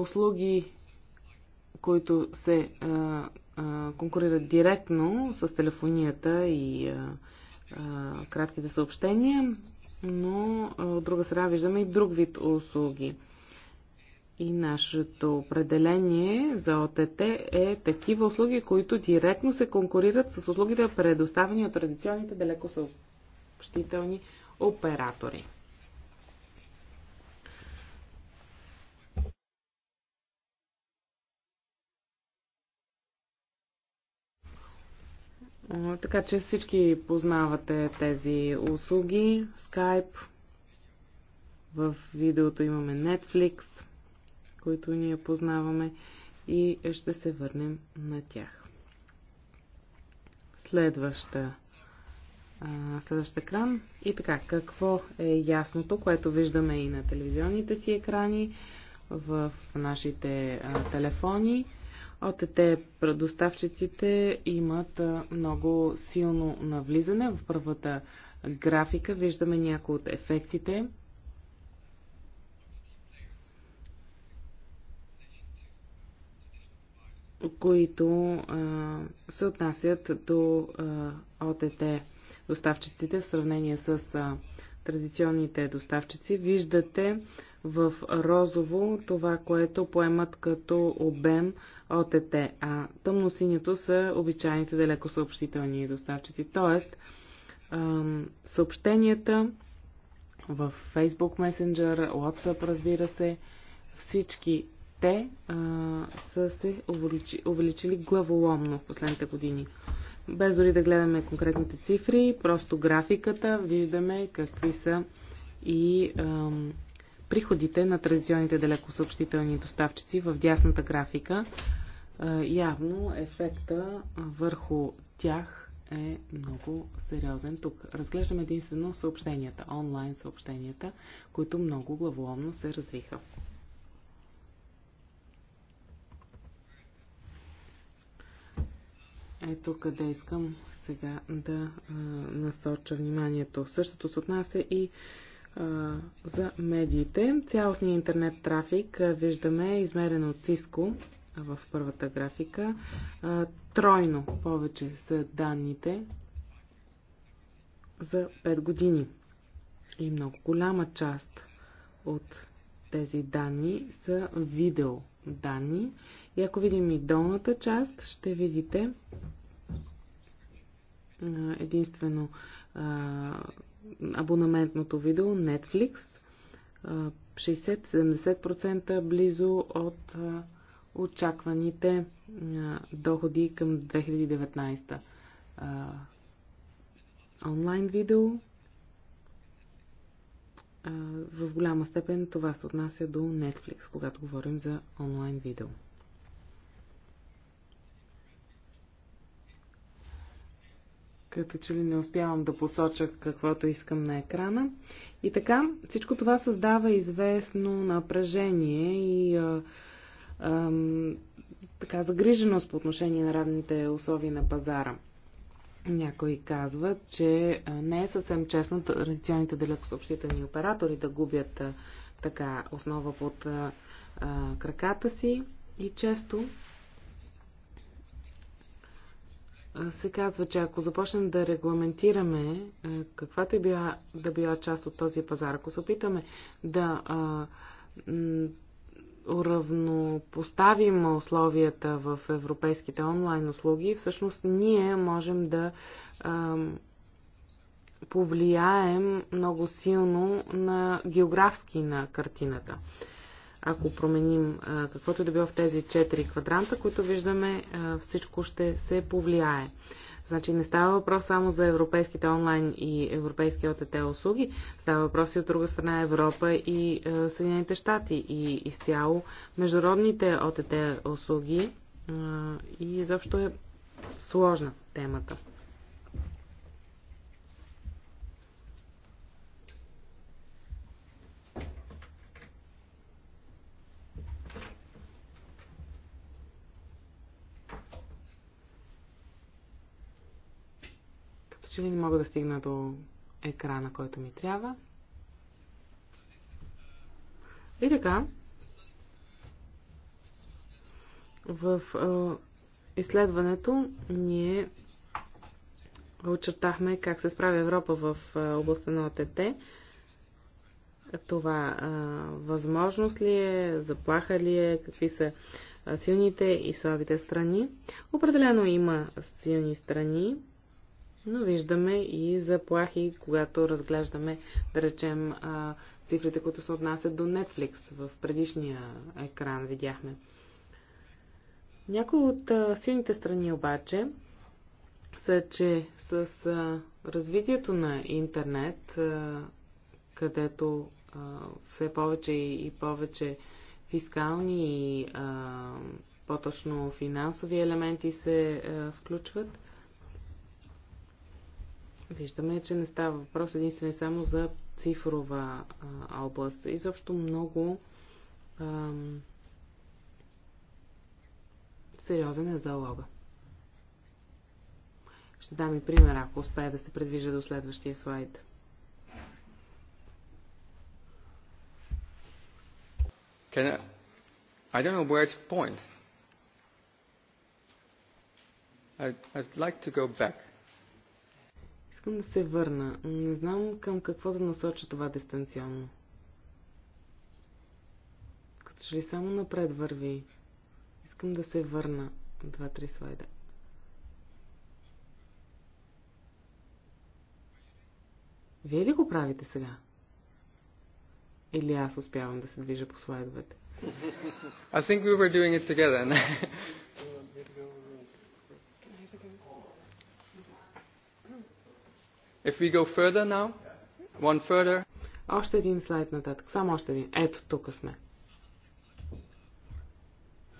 услуги, които се конкурират директно с телефонията и кратките съобщения, но от друга страна виждаме и друг вид услуги. И нашето определение за ОТТ е такива услуги, които директно се конкурират с услугите, предоставени от традиционните далекосъобщителни оператори. Така че всички познавате тези услуги. Skype. В видеото имаме Netflix, които ние познаваме и ще се върнем на тях. Следваща следващ екран. И така, какво е ясното, което виждаме и на телевизионните си екрани, в нашите телефони. ОТТ предоставчиците имат много силно навлизане в първата графика. Виждаме някои от ефектите. които а, се отнасят до а, ОТТ доставчиците в сравнение с а, традиционните доставчици. Виждате в розово това, което поемат като обем от ЕТ, а тъмносинято са обичайните далекосъобщителни доставчици. Тоест, съобщенията в Facebook Messenger, WhatsApp, разбира се, всички те а, са се увеличили главоломно в последните години без дори да гледаме конкретните цифри, просто графиката, виждаме какви са и ам, приходите на традиционните далекосъобщителни доставчици в дясната графика. А, явно ефекта върху тях е много сериозен. Тук разглеждаме единствено съобщенията, онлайн съобщенията, които много главоломно се развиха. Ето къде искам сега да а, насоча вниманието. Същото се отнася и а, за медиите. Цялостния интернет трафик а, виждаме е измерен от Cisco в първата графика. А, тройно повече са данните за 5 години. И много голяма част от тези данни са видео данни. И ако видим и долната част, ще видите единствено абонаментното видео Netflix. 60-70% близо от очакваните доходи към 2019. Онлайн видео в голяма степен това се отнася до Netflix, когато говорим за онлайн видео. Като че ли не успявам да посоча каквото искам на екрана. И така, всичко това създава известно напрежение и а, а, така загриженост по отношение на равните условия на пазара. Някои казват, че не е съвсем честно традиционните далекосъобщителни оператори да губят така основа под а, краката си и често се казва, че ако започнем да регламентираме каквато и е била, да била част от този пазар, ако се опитаме да а, уравнопоставим условията в европейските онлайн услуги, всъщност ние можем да ам, повлияем много силно на географски на картината. Ако променим а, каквото и да било в тези четири квадранта, които виждаме, а, всичко ще се повлияе. Значи не става въпрос само за европейските онлайн и европейски ОТТ услуги, става въпрос и от друга страна Европа и е, Съединените щати и изцяло международните ОТТ услуги е, и изобщо е сложна темата. че ли не мога да стигна до екрана, който ми трябва. И така, в изследването ние очертахме как се справя Европа в е, областта на ОТТ. Това възможност ли е, заплаха ли е, какви са силните и слабите страни. Определено има силни страни, но виждаме и заплахи, когато разглеждаме, да речем, цифрите, които се отнасят до Netflix. В предишния екран видяхме. Някои от силните страни обаче са, че с развитието на интернет, където все повече и повече фискални и по-точно финансови елементи се включват, виждаме, че не става въпрос единствено и само за цифрова а, област. Изобщо много ам, сериозен е залога. Ще дам и пример, ако успея да се предвижа до следващия слайд. Can I... I don't know where to point. I'd, I'd like to go back. Искам да се върна. но Не знам към какво да насоча това дистанционно. Като че ли само напред върви. Искам да се върна. Два-три слайда. Вие ли го правите сега? Или аз успявам да се движа по слайдовете? I think we were doing it together. If we go further now, one further. Още един слайд нататък. Само още един. Ето, тук сме.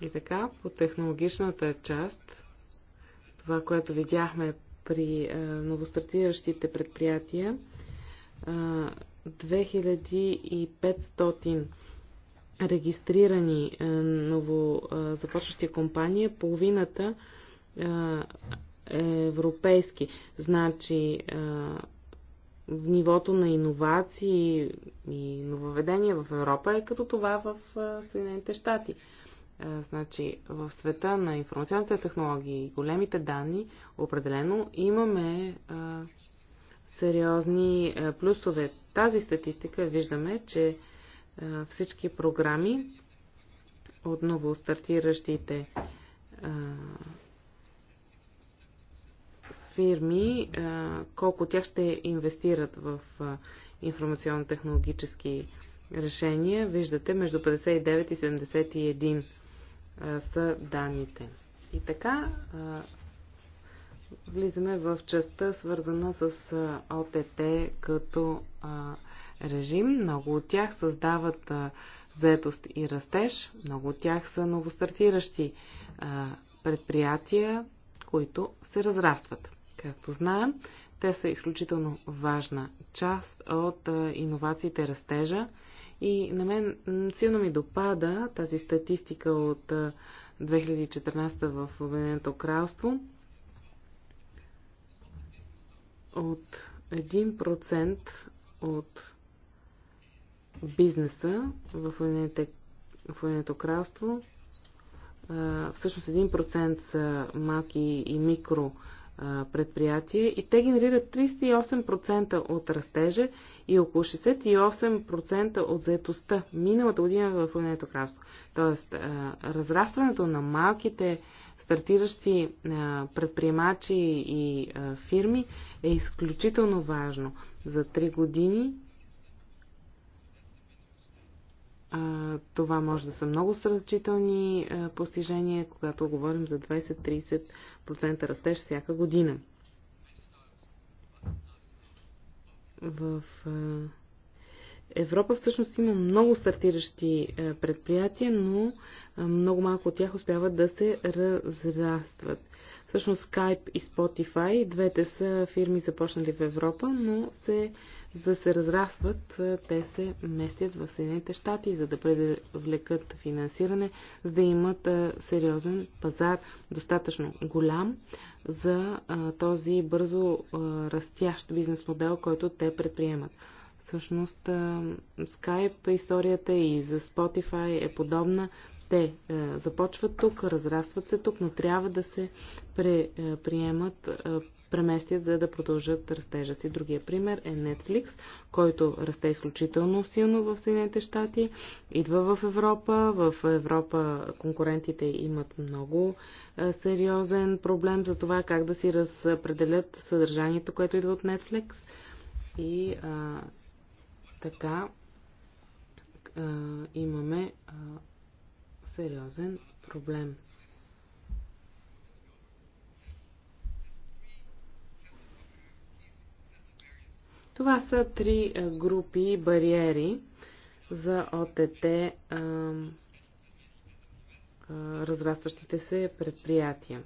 И така, по технологичната част, това, което видяхме при е, новостартиращите предприятия, е, 2500 регистрирани е, е започващи компании, половината е, европейски. Значи, в нивото на иновации и нововедения в Европа е като това в Съединените щати. Значи, в света на информационните технологии и големите данни, определено имаме сериозни плюсове. Тази статистика виждаме, че всички програми, отново стартиращите фирми, колко от тях ще инвестират в информационно-технологически решения. Виждате, между 59 и 71 са данните. И така, влизаме в частта, свързана с ОТТ като режим. Много от тях създават заетост и растеж. Много от тях са новостартиращи предприятия, които се разрастват. Както знаем, те са изключително важна част от иновациите растежа и на мен силно ми допада тази статистика от 2014 в Обединеното кралство. От 1% от бизнеса в Обединеното кралство всъщност 1% са малки и микро предприятие и те генерират 38% от растежа и около 68% от заетостта миналата година в Уединеното кралство. Тоест, разрастването на малките стартиращи предприемачи и фирми е изключително важно. За 3 години това може да са много сравнителни постижения, когато говорим за 20-30% растеж всяка година. В Европа всъщност има много стартиращи предприятия, но много малко от тях успяват да се разрастват. Всъщност Skype и Spotify, двете са фирми започнали в Европа, но се да се разрастват, те се местят в Съединените щати, за да привлекат финансиране, за да имат сериозен пазар, достатъчно голям за този бързо растящ бизнес модел, който те предприемат. Всъщност Skype историята и за Spotify е подобна. Те започват тук, разрастват се тук, но трябва да се приемат преместят, за да продължат растежа си. Другия пример е Netflix, който расте изключително силно в Съединените щати, идва в Европа. В Европа конкурентите имат много сериозен проблем за това как да си разпределят съдържанието, което идва от Netflix. И а, така а, имаме а, сериозен проблем. Това са три е, групи бариери за ОТТ а, е, е, разрастващите се предприятия.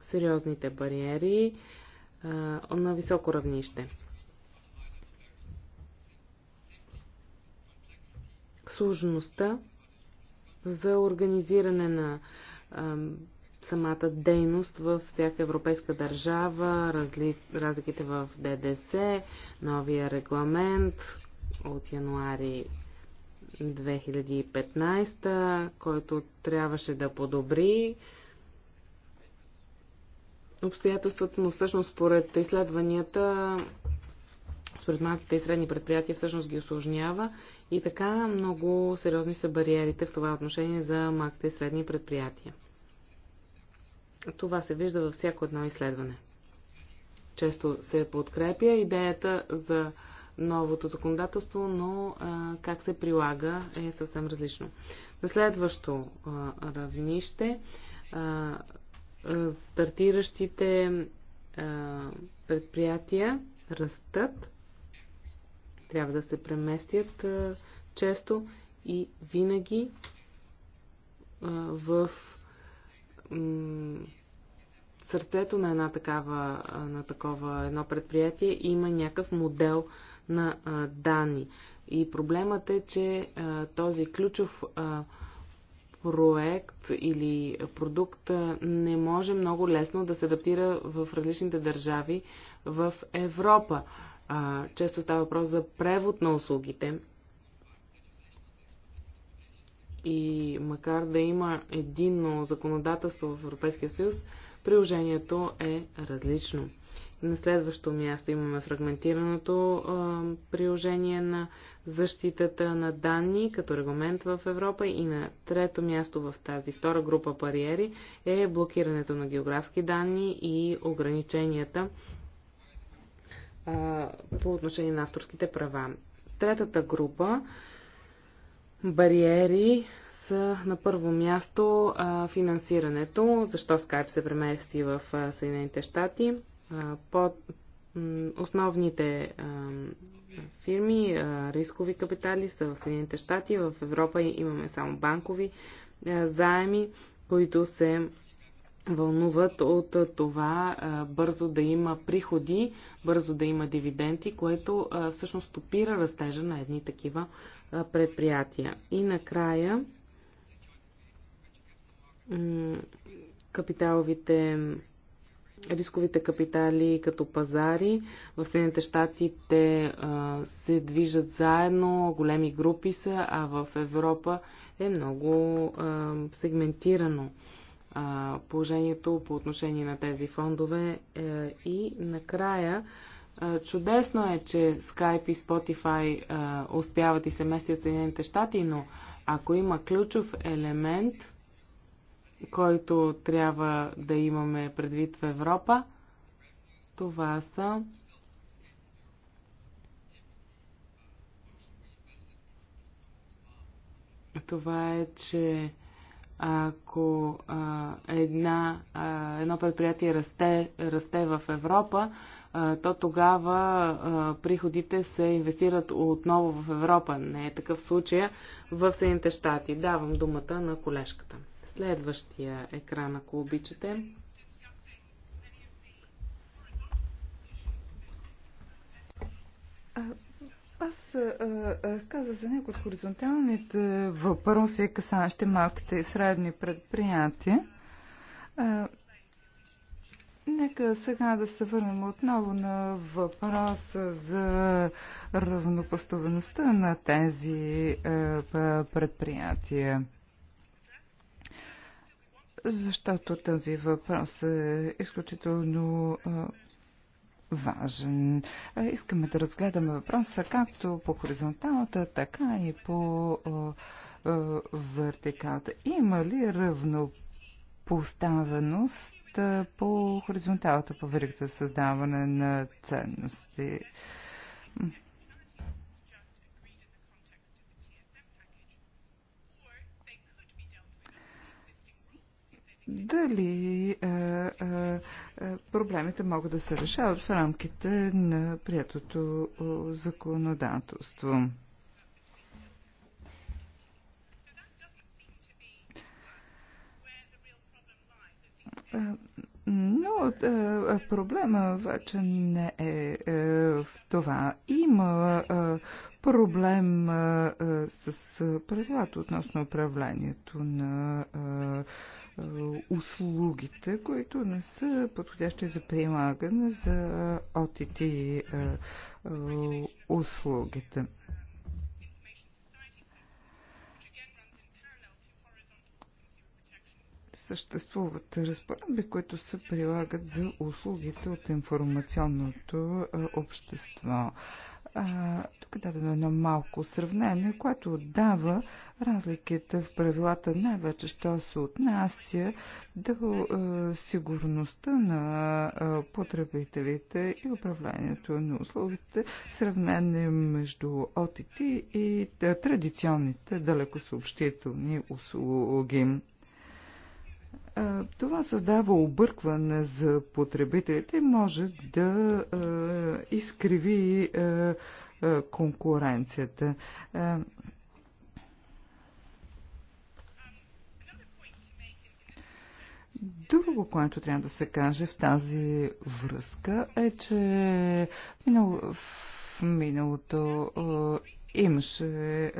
Сериозните бариери а, на високо равнище. Сложността за организиране на а, самата дейност във всяка европейска държава, разли... разликите в ДДС, новия регламент от януари 2015, който трябваше да подобри обстоятелствата, но всъщност според изследванията, според малките и средни предприятия всъщност ги осложнява и така много сериозни са бариерите в това отношение за малките и средни предприятия. Това се вижда във всяко едно изследване. Често се подкрепя идеята за новото законодателство, но а, как се прилага е съвсем различно. На следващо а, равнище а, стартиращите а, предприятия растат, трябва да се преместят а, често и винаги а, в сърцето на една такава, на такова едно предприятие има някакъв модел на а, данни. И проблемът е, че а, този ключов а, проект или продукт не може много лесно да се адаптира в различните държави в Европа. Често става въпрос за превод на услугите и макар да има единно законодателство в Европейския съюз, приложението е различно. На следващо място имаме фрагментираното а, приложение на защитата на данни като регламент в Европа и на трето място в тази втора група бариери е блокирането на географски данни и ограниченията а, по отношение на авторските права. Третата група бариери са на първо място а, финансирането, защо Skype се премести в Съединените щати. Под основните а, фирми, а, рискови капитали са в Съединените щати, в Европа имаме само банкови а, заеми, които се вълнуват от това бързо да има приходи, бързо да има дивиденти, което всъщност стопира растежа на едни такива предприятия. И накрая капиталовите рисковите капитали като пазари. В Съединените щати те а, се движат заедно, големи групи са, а в Европа е много а, сегментирано положението по отношение на тези фондове. Е, и накрая, чудесно е, че Skype и Spotify успяват и се местят в Съединените щати, но ако има ключов елемент, който трябва да имаме предвид в Европа, това са това е, че ако една, едно предприятие расте, расте в Европа, то тогава приходите се инвестират отново в Европа. Не е такъв случай в Съединените щати. Давам думата на колежката. Следващия екран, ако обичате. Аз разказа за някои от хоризонталните въпроси, е касащи малките и средни предприятия. А, нека сега да се върнем отново на въпроса за равнопоставеността на тези а, предприятия защото този въпрос е изключително важен. Искаме да разгледаме въпроса както по хоризонталната, така и по вертикалата. Има ли равнопоставеност по хоризонталата, по веригата създаване на ценности? дали а, е, а, е, е, проблемите могат да се решават в рамките на приятото законодателство. Но проблема вече не е в това. Има проблем с правилата относно управлението на е, услугите, които не са подходящи за прилагане за OTT е, е, услугите. съществуват разпоредби, които се прилагат за услугите от информационното общество проверка, дадено едно малко сравнение, което дава разликите в правилата, най-вече, що се отнася до е, сигурността на е, потребителите и управлението на услугите, сравнение между OTT и е, традиционните далекосъобщителни услуги. Е, това създава объркване за потребителите и може да е, изкриви е, е, конкуренцията. Е, друго, което трябва да се каже в тази връзка е, че в миналото е, имаше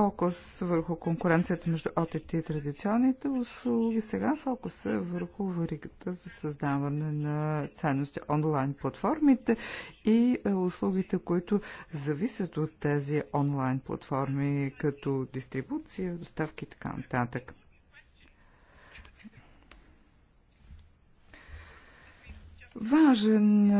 фокус върху конкуренцията между ОТТ и традиционните услуги. Сега фокус е върху варигата за създаване на ценности онлайн платформите и е, услугите, които зависят от тези онлайн платформи, като дистрибуция, доставки и така нататък. Важен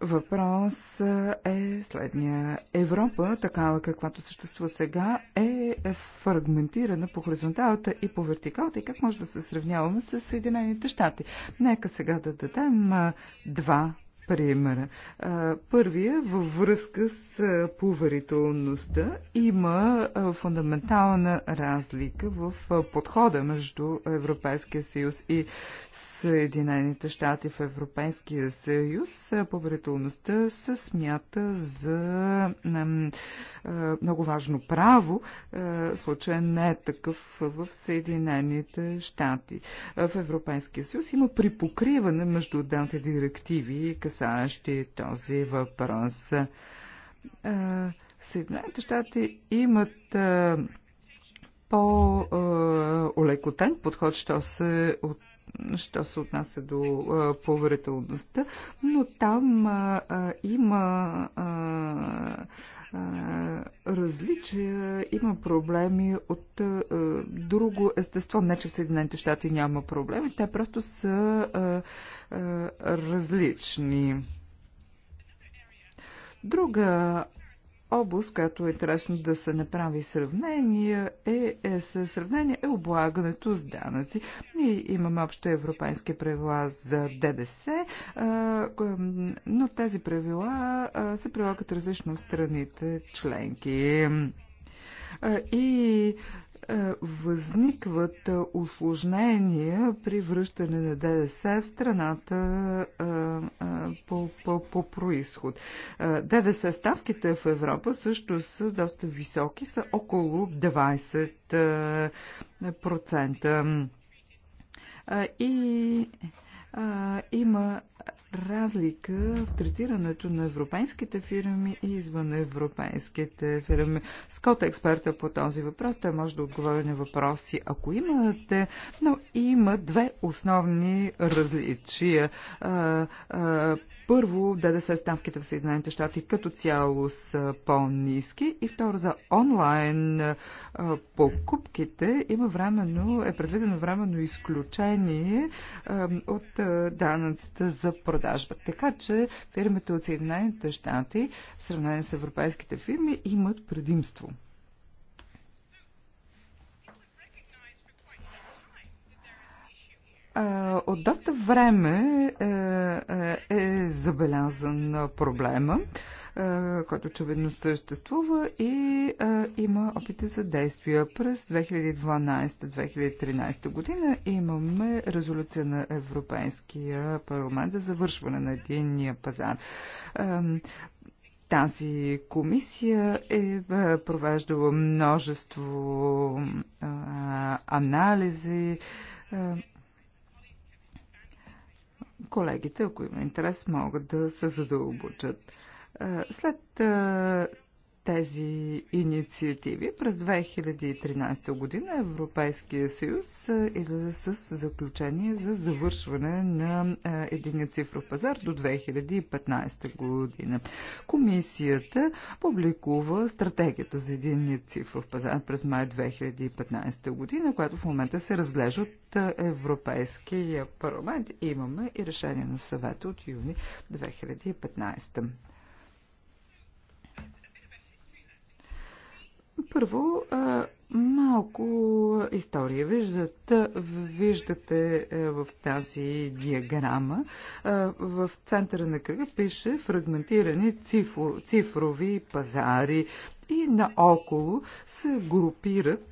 Въпрос е, е следния. Европа, такава каквато съществува сега, е фрагментирана по хоризонталата и по вертикалата и как може да се сравняваме с Съединените щати. Нека сега да дадем е, два примера. Е, първия във връзка с поверителността има фундаментална разлика в подхода между Европейския съюз и Съединените щати в Европейския съюз, поверителността се смята за много важно право. Случай не е такъв в Съединените щати. В Европейския съюз има припокриване между отделните директиви, касаещи този въпрос. Съединените щати имат по-олекотен подход, що се от що се отнася до поверителността, но там има различия, има проблеми от а, друго естество. Не, че в Съединените щати няма проблеми, те просто са а, а, различни. Друга област, която е интересно да се направи сравнение, е, е сравнение е облагането с данъци. Ние имаме общо европейски правила за ДДС, а, но тези правила а, се прилагат различно в страните членки. А, и е, възникват осложнения е, при връщане на ДДС в страната е, по, по, по происход. ДДС ставките в Европа също са доста високи, са около 20%. И има разлика в третирането на европейските фирми и извън европейските фирми. Скот е експерта по този въпрос. Той може да отговори на въпроси, ако имате, но има две основни различия. Първо, ДДС ставките в Съединените щати като цяло са по-низки и второ, за онлайн покупките има временно, е предвидено временно изключение от данъците за продажба. Така че фирмите от Съединените щати в сравнение с европейските фирми имат предимство. От доста време е, е, е забелязан проблема, е, който очевидно съществува и има опити за действия. През 2012-2013 година имаме резолюция на Европейския парламент за завършване на единния пазар. Тази комисия е провеждала множество анализи, Колегите, ако има интерес, могат да се задълбочат. Е, след е, тези инициативи. През 2013 година Европейския съюз е, излезе с заключение за завършване на е, единия цифров пазар до 2015 година. Комисията публикува стратегията за единия цифров пазар през май 2015 година, която в момента се разглежда от е, Европейския парламент. Имаме и решение на съвета от юни 2015. Първо, малко история. Виждате, виждате в тази диаграма, в центъра на кръга пише фрагментирани цифро, цифрови пазари и наоколо се групират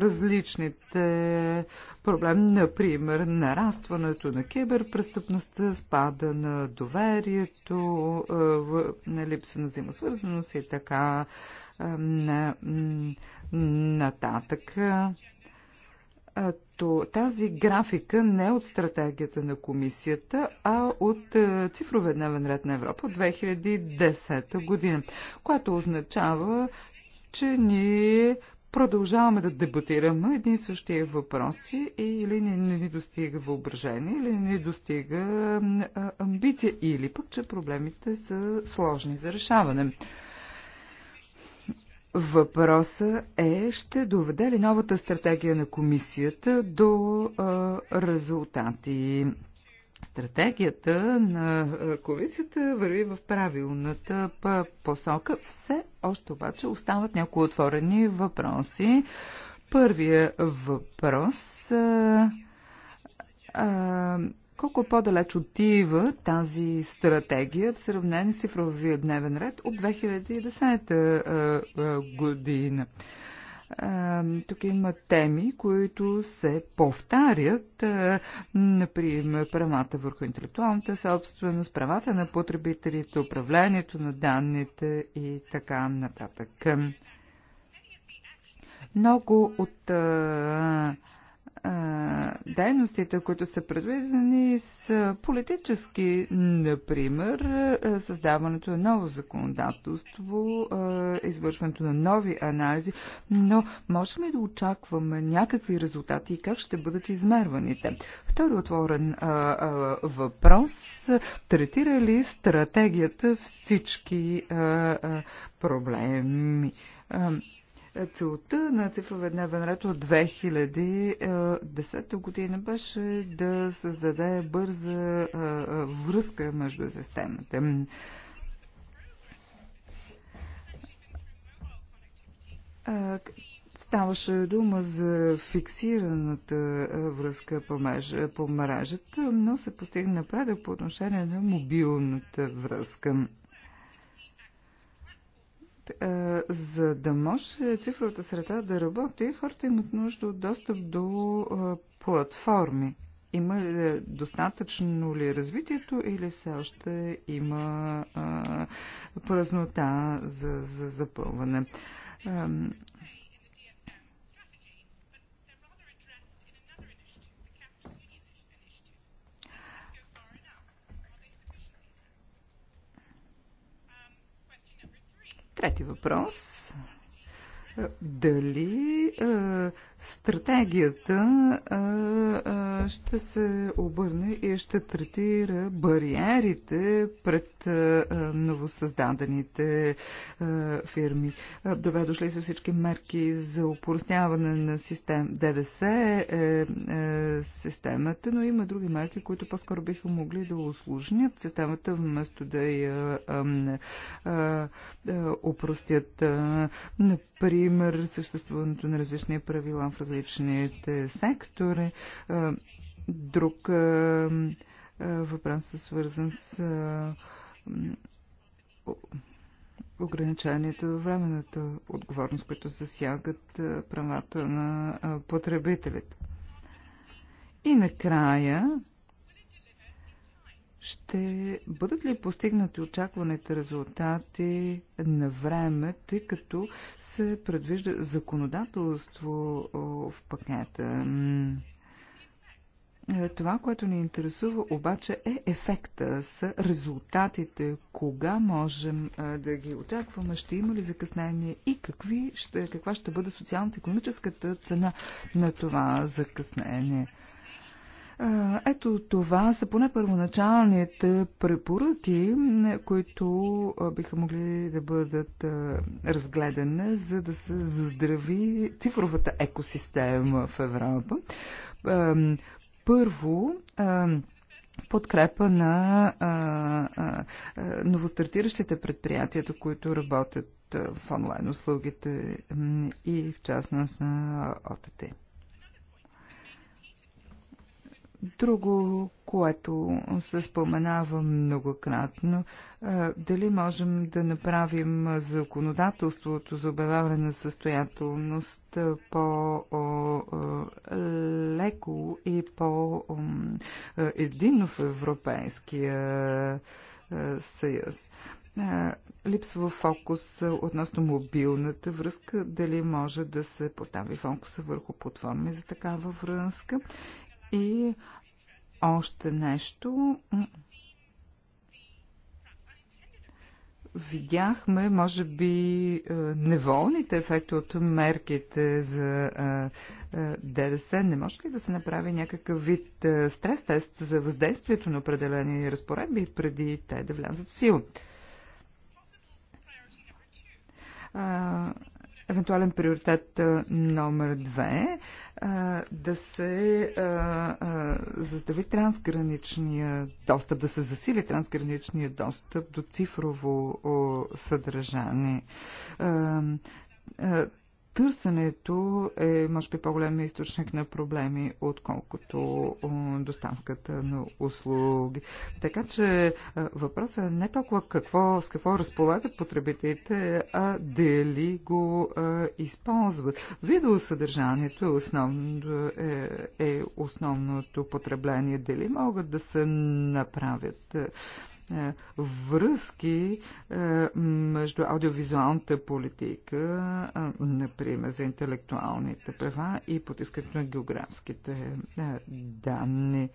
различните проблеми, например нарастването на киберпрестъпността, спада на доверието, на липса на взаимосвързаност и така на, нататък. Тази графика не е от стратегията на комисията, а от цифрове дневен ред на Европа от 2010 година, което означава, че ние продължаваме да дебатираме един и същия въпроси или не, не ни достига въображение, или не ни достига амбиция, или пък, че проблемите са сложни за решаване. Въпросът е, ще доведе ли новата стратегия на комисията до а, резултати? Стратегията на комисията върви в правилната посока. Все още обаче остават някои отворени въпроси. Първия въпрос а, а, колко по-далеч отива тази стратегия в сравнение с цифровия дневен ред от 2010 година? тук има теми, които се повтарят, например правата върху интелектуалната собственост, правата на потребителите, управлението на данните и така нататък. Много от а, дейностите, които са предвидени с политически, например, създаването на ново законодателство, извършването на нови анализи, но можем ли да очакваме някакви резултати и как ще бъдат измерваните? Втори отворен въпрос. Третира ли стратегията всички проблеми? Целта на цифрова дневен ред от 2010 година беше да създаде бърза връзка между системите. Ставаше дума за фиксираната връзка по, мрежа, по мрежата, но се постигна напредък по отношение на мобилната връзка. Е, за да може цифровата среда да работи, хората имат нужда от достъп до е, платформи. Има ли е, достатъчно ли развитието или все още има празнота за, за запълване? Трети въпрос. Дали е, Стратегията а, а, ще се обърне и ще третира бариерите пред а, новосъздадените а, фирми. Добре дошли са всички мерки за упоръсняване на систем. ДДС е, е системата, но има други мерки, които по-скоро биха могли да услужнят системата, вместо да я а, упростят. Например, съществуването на различни правила различните сектори. Друг въпрос е свързан с ограничението във времената отговорност, които засягат правата на потребителите. И накрая ще бъдат ли постигнати очакваните резултати на време, тъй като се предвижда законодателство в пакета? Е, това, което ни интересува обаче е ефекта, са резултатите, кога можем е, да ги очакваме, ще има ли закъснение и какви ще, каква ще бъде социално-економическата цена на това закъснение. Ето това са поне първоначалните препоръки, които биха могли да бъдат разгледани, за да се заздрави цифровата екосистема в Европа. Първо, подкрепа на новостартиращите предприятията, които работят в онлайн услугите и в частност на ОТТ. Друго, което се споменава многократно, дали можем да направим законодателството за обявяване на състоятелност по-леко и по-единно в Европейския съюз липсва фокус относно мобилната връзка, дали може да се постави фокуса върху платформи за такава връзка. И още нещо. Видяхме, може би, е, неволните ефекти от мерките за е, е, ДДС. Не може ли да се направи някакъв вид стрес-тест за въздействието на определени разпоредби преди те да влязат в сила? евентуален приоритет номер две да се задави трансграничния достъп, да се засили трансграничния достъп до цифрово съдържание търсенето е, може би, по-голям източник на проблеми, отколкото доставката на услуги. Така че въпросът е не толкова какво, с какво разполагат потребителите, а дали го а, използват. Видеосъдържанието е, основно, е, е основното потребление. Дали могат да се направят е, връзки е, между аудиовизуалната политика, е, например за интелектуалните права и потискането на географските данни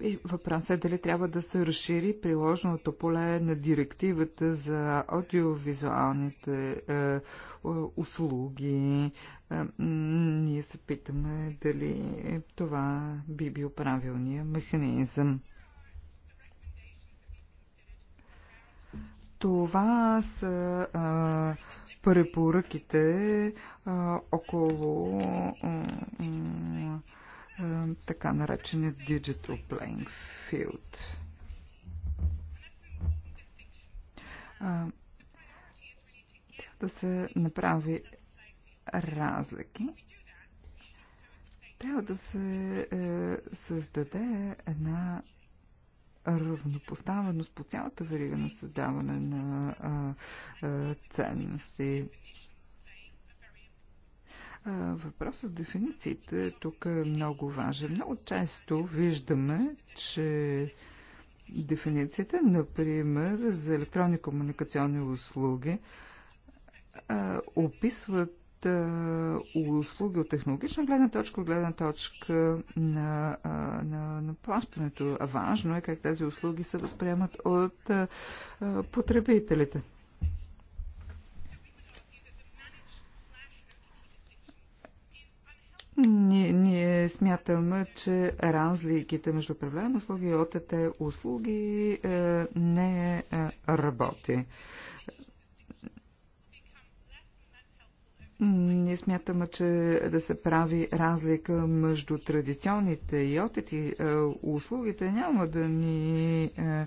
и въпросът е дали трябва да се разшири приложеното поле на директивата за аудиовизуалните е, услуги. Е, ние се питаме дали това би бил правилният механизъм. Това са е, препоръките е, около Е, така наречения Digital Playing Field. Трябва да се направи разлики. Трябва да се е, създаде една равнопоставеност по цялата верига на създаване на ценности. Въпросът с дефинициите е тук е много важен. Много често виждаме, че дефиницията, например, за електронни комуникационни услуги, описват услуги от технологична гледна точка, от гледна точка на, на, на плащането. Важно е как тези услуги се възприемат от потребителите. Ние, ние смятаме, че разликите между управляеми услуги и ОТТ услуги е, не е, работи. Ние смятаме, че да се прави разлика между традиционните и отети е, услугите няма да ни е, е,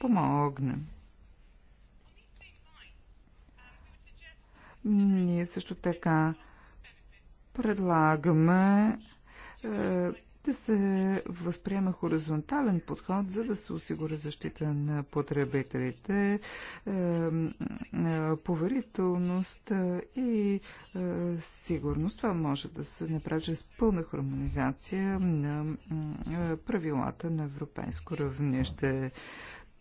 помогне. Ние също така Предлагаме е, да се възприема хоризонтален подход, за да се осигури защита на потребителите, е, е, поверителност и е, сигурност. Това може да се направи с пълна хармонизация на е, правилата на европейско равнище.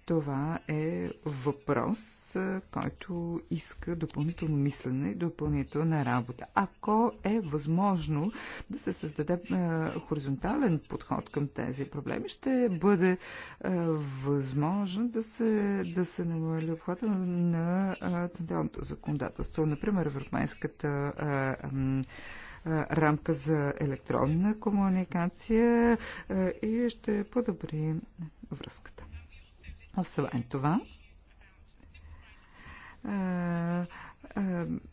Това е въпрос, който иска допълнително мислене и допълнителна работа. Ако е възможно да се създаде хоризонтален подход към тези проблеми, ще бъде възможно да се, да се намали обхвата на централното законодателство. Например, Европейската рамка за електронна комуникация и ще подобри връзката. Освен това,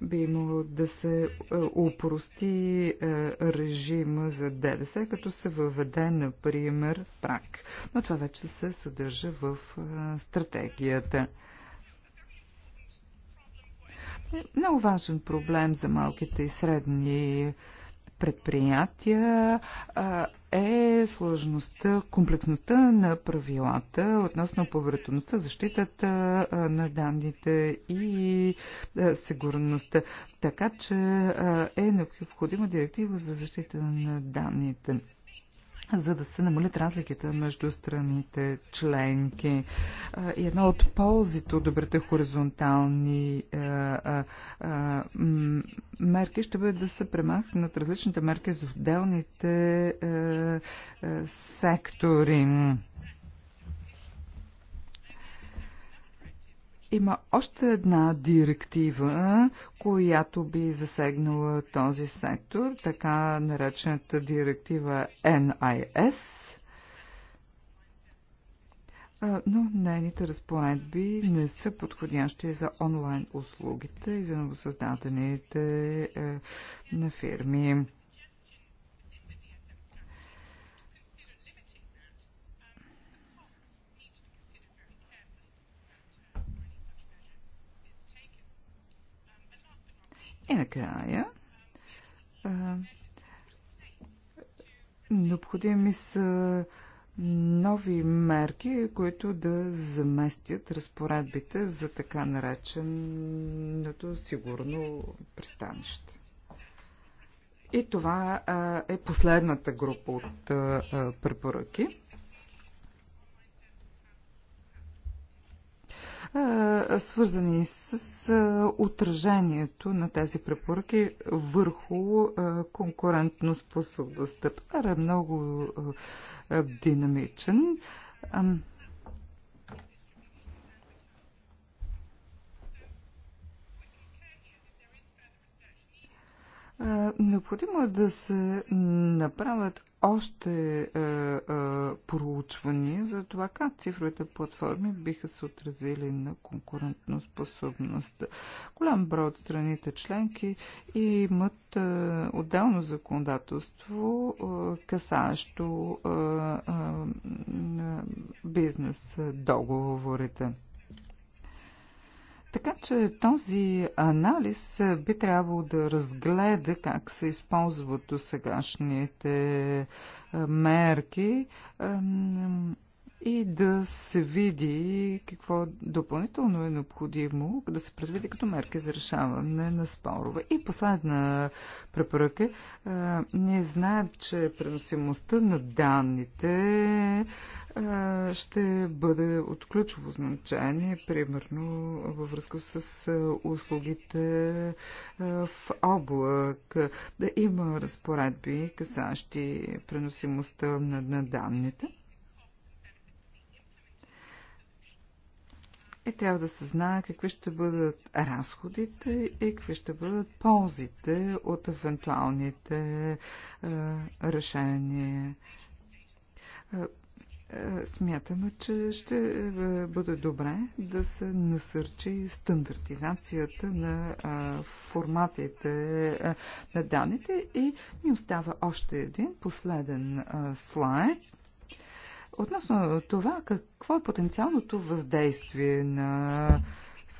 би имало да се упрости режима за ДДС, като се въведе, например, прак. Но това вече се съдържа в стратегията. Много важен проблем за малките и средни предприятия е сложността, комплексността на правилата относно поверителността, защитата на данните и сигурността. Така че е необходима директива за защита на данните за да се намалят разликите между страните членки. И една от ползите от добрите хоризонтални е, е, е, мерки ще бъде да се премахнат различните мерки за отделните сектори. Има още една директива, която би засегнала този сектор, така наречената директива NIS но нейните разпоредби не са подходящи за онлайн услугите и за новосъздадените е, на фирми. И накрая, а, необходими са нови мерки, които да заместят разпоредбите за така нареченото сигурно пристанище. И това е последната група от препоръки. свързани с отражението на тези препоръки върху конкурентно способността. Пазар е много динамичен. Необходимо е да се направят още проучвания за това как цифровите платформи биха се отразили на конкурентоспособността. Голям брой от страните членки имат отделно законодателство, е, бизнес договорите. Така че този анализ би трябвало да разгледа как се използват до сегашните е, мерки и да се види какво допълнително е необходимо да се предвиди като мерки за решаване на спорове. И последна препоръка. Е, ние знаем, че преносимостта на данните е, ще бъде от ключово значение, примерно във връзка с е, услугите в облак. Да има разпоредби, касащи преносимостта на данните. е трябва да се знае какви ще бъдат разходите и какви ще бъдат ползите от евентуалните е, решения. Е, е, смятаме, че ще е, бъде добре да се насърчи стандартизацията на форматите на данните и ми остава още един последен слайд. Относно това, какво е потенциалното въздействие на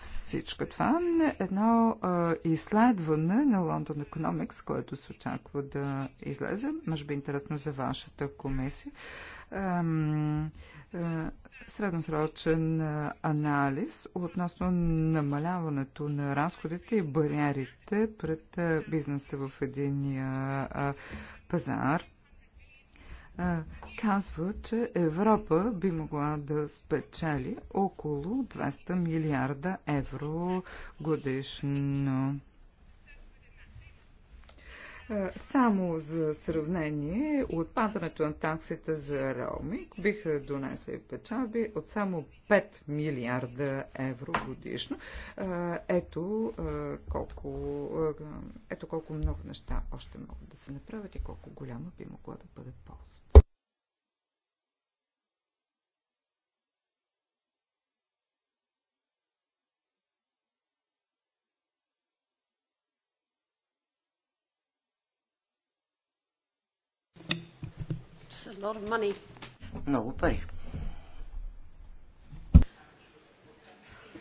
всичко това, едно а, изследване на London Economics, което се очаква да излезе, може би интересно за вашата комисия, ам, а, средносрочен а, анализ относно намаляването на разходите и бариерите пред а, бизнеса в единия пазар казва, че Европа би могла да спечели около 200 милиарда евро годишно. Само за сравнение, отпадането на таксите за роуминг биха донесли печалби от само 5 милиарда евро годишно. Ето колко, ето колко много неща още могат да се направят и колко голяма би могла да бъде ползата. Много пари.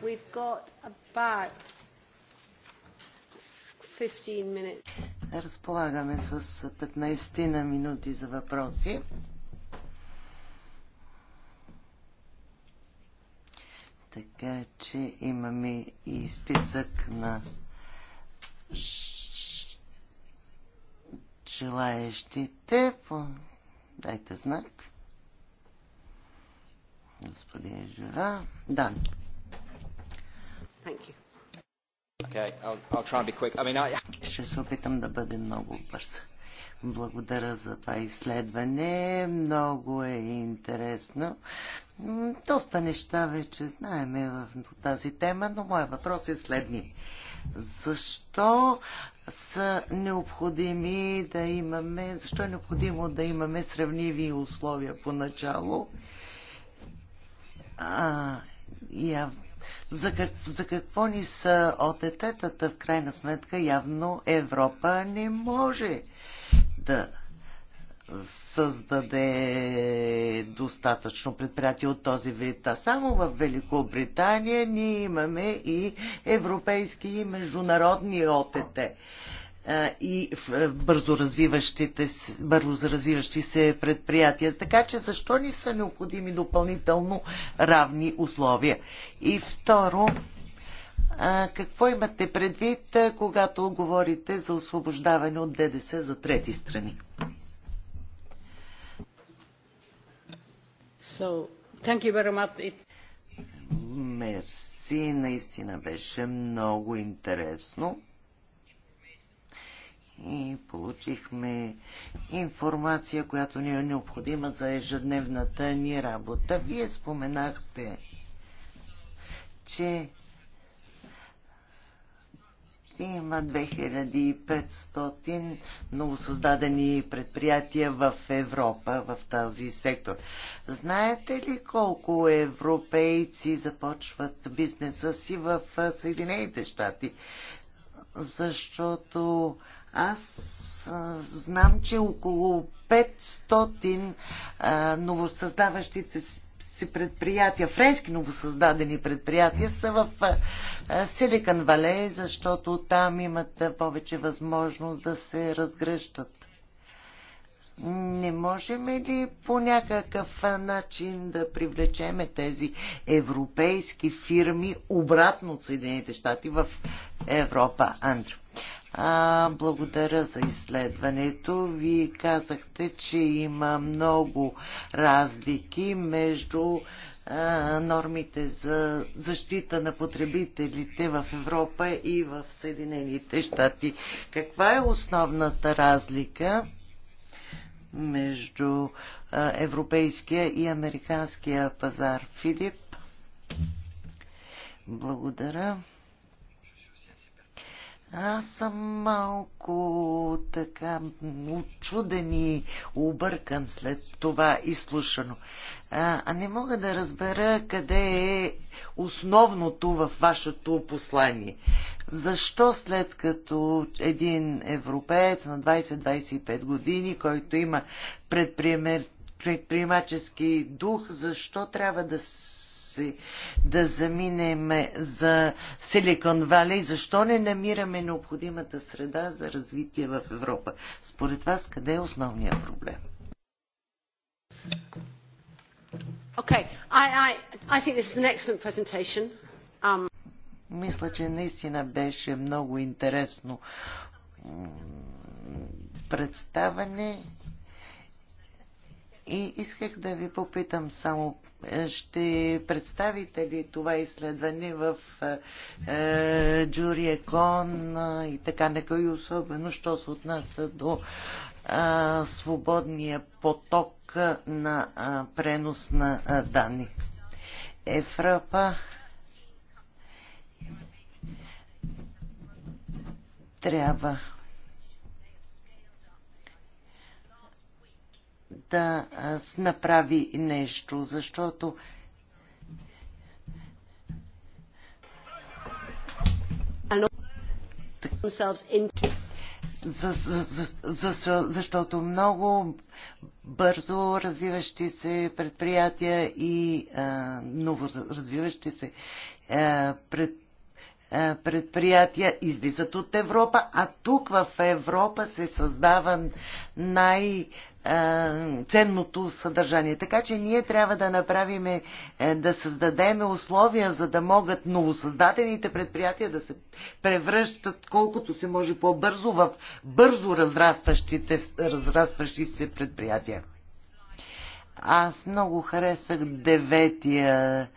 We've got about 15 minutes. Разполагаме с 15 на минути за въпроси. Така че имаме и списък на желаещите по Дайте знак. Господин Жива. Да. Ще се опитам да бъде много бърз. Благодаря за това изследване. Много е интересно. Доста неща вече знаеме в тази тема, но моят въпрос е следния. Защо са необходими да имаме, защо е необходимо да имаме сравниви условия поначало? А, я, за, как, за какво ни са отт В крайна сметка явно Европа не може да създаде достатъчно предприятие от този вид. А само в Великобритания ние имаме и европейски и международни ОТТ и в бързо развиващите, бързо развиващи се предприятия. Така че защо ни са необходими допълнително равни условия? И второ, какво имате предвид, когато говорите за освобождаване от ДДС за трети страни? So, thank you very much. It... Мерси, наистина беше много интересно. И получихме информация, която ни е необходима за ежедневната ни работа. Вие споменахте, че има 2500 новосъздадени предприятия в Европа в този сектор. Знаете ли колко европейци започват бизнеса си в Съединените щати? Защото аз знам, че около 500 новосъздаващите си предприятия, френски новосъздадени предприятия са в Силикан Валей, защото там имат повече възможност да се разгръщат. Не можем ли по някакъв начин да привлечеме тези европейски фирми обратно от Съединените щати в Европа, Андрю? А, благодаря за изследването. Вие казахте, че има много разлики между а, нормите за защита на потребителите в Европа и в Съединените щати. Каква е основната разлика между а, европейския и американския пазар? Филип? Благодаря. Аз съм малко така очуден и объркан след това изслушано. А, а не мога да разбера къде е основното в вашето послание. Защо след като един европеец на 20-25 години, който има предприемачески дух, защо трябва да си да заминем за Силикон Вали, защо не намираме необходимата среда за развитие в Европа? Според вас, къде е основният проблем? Okay. I, I, I think this is an excellent presentation. Um... Мисля, че наистина беше много интересно представане. И исках да ви попитам само, е, ще представите ли това изследване в е, е Джури Екон е, и така нека и особено, що се отнася до е, свободния поток на е, пренос на е, данни. Ефрапа трябва да направи нещо, защото защото много бързо развиващи се предприятия и много ново развиващи се предприятия. Е, предприятия излизат от Европа, а тук в Европа се създава най- е, ценното съдържание. Така че ние трябва да направим, е, да създадем условия, за да могат новосъздадените предприятия да се превръщат колкото се може по-бързо в бързо разрастващи се предприятия. Аз много харесах деветия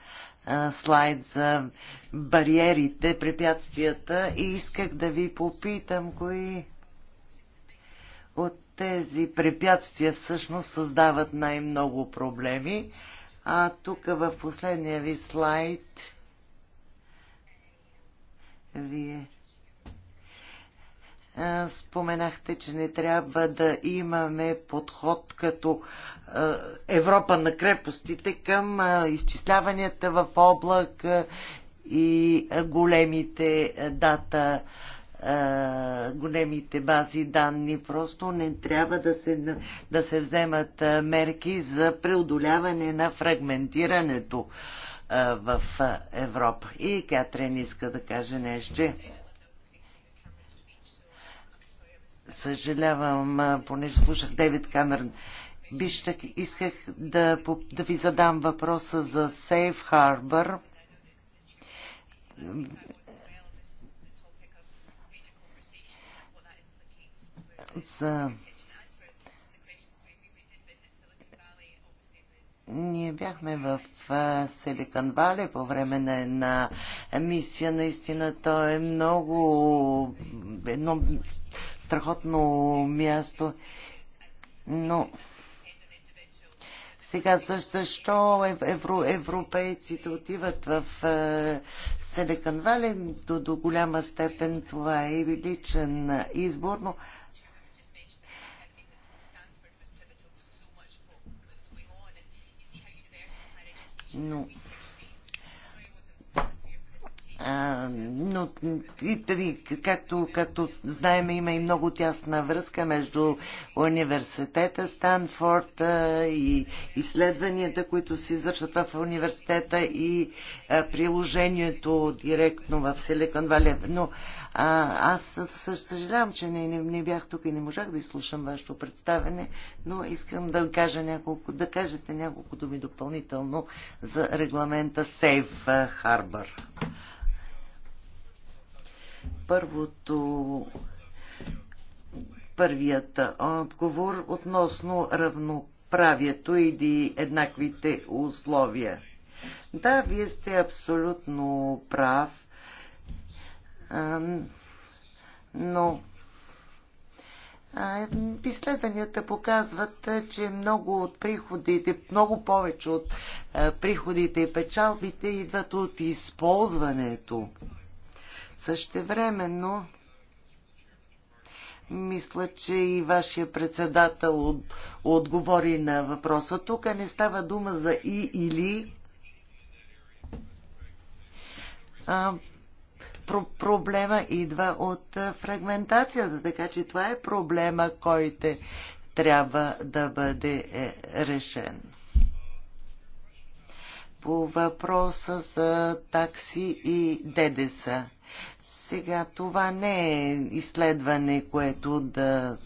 слайд за бариерите, препятствията и исках да ви попитам кои от тези препятствия всъщност създават най-много проблеми. А тук в последния ви слайд вие Споменахте, че не трябва да имаме подход като Европа на крепостите към изчисляванията в облак и големите дата, големите бази данни. Просто не трябва да се, да се вземат мерки за преодоляване на фрагментирането в Европа. И Катрин иска да каже нещо. Съжалявам, понеже слушах Девид Камерн. Вижте, исках да, да ви задам въпроса за Сейф Harbor. За... Ние бяхме в Силикан Вали по време на една мисия. Наистина то е много едно страхотно място. Но сега защо евро, европейците отиват в е, Селекан Вали? До, до голяма степен това е личен избор, но но но и, и, както, както знаем, има и много тясна връзка между университета Станфорд и изследванията, които се извършват в университета и приложението директно в Силикон Вали. Но а, аз съжалявам, че не, не, не бях тук и не можах да изслушам вашето представене, но искам да, кажа няколко, да кажете няколко думи допълнително за регламента Safe Harbor първото първият отговор относно равноправието или еднаквите условия. Да, вие сте абсолютно прав, но изследванията показват, че много от приходите, много повече от приходите и печалбите идват от използването Същевременно, мисля, че и вашия председател от, отговори на въпроса. Тук не става дума за и или. А, про- проблема идва от фрагментацията, така че това е проблема, който трябва да бъде е, решен. По въпроса за такси и ДДС. Сега това не е изследване, което да,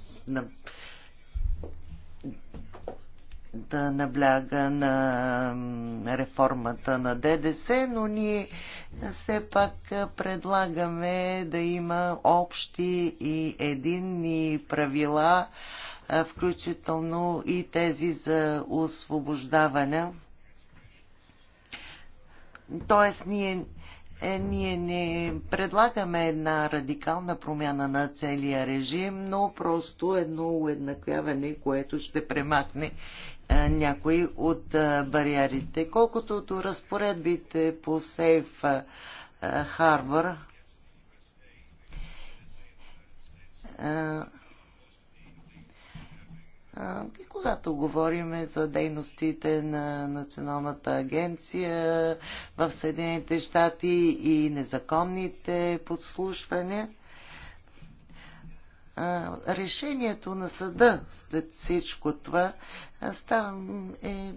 да набляга на реформата на ДДС, но ние все пак предлагаме да има общи и единни правила, включително и тези за освобождаване. Тоест, ние е, ние не предлагаме една радикална промяна на целия режим, но просто едно уеднаквяване, което ще премахне е, някои от е, бариерите. Колкото до разпоредбите по Сейф е, е, и когато говорим за дейностите на Националната агенция в Съединените щати и незаконните подслушвания, решението на съда след всичко това става, е,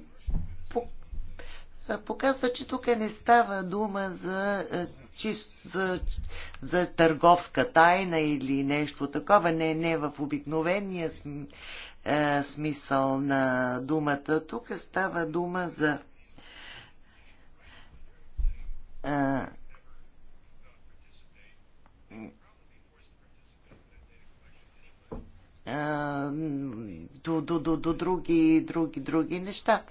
показва, че тук не става дума за, чисто за, за търговска тайна или нещо такова. Не, не в обикновения е, смисъл на думата. Тук става дума за е, е, до, до, до, до други, други, други неща.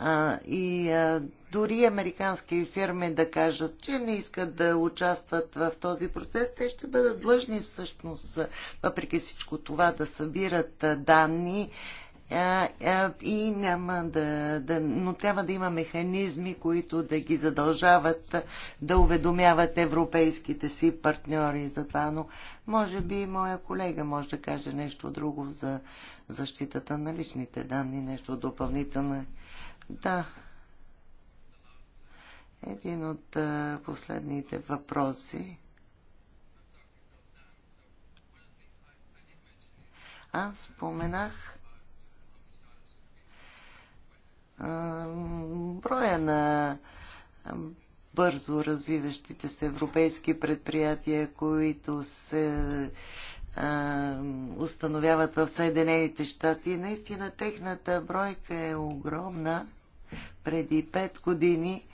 А, и а, дори американски фирми да кажат, че не искат да участват в този процес, те ще бъдат длъжни всъщност, въпреки всичко това, да събират данни и няма да, да, но трябва да има механизми, които да ги задължават да уведомяват европейските си партньори за това, но може би моя колега може да каже нещо друго за защитата на личните данни, нещо допълнително. Да. Един от последните въпроси. Аз споменах броя на бързо развиващите се европейски предприятия, които се а, установяват в Съединените щати. Наистина техната бройка е огромна. Преди пет години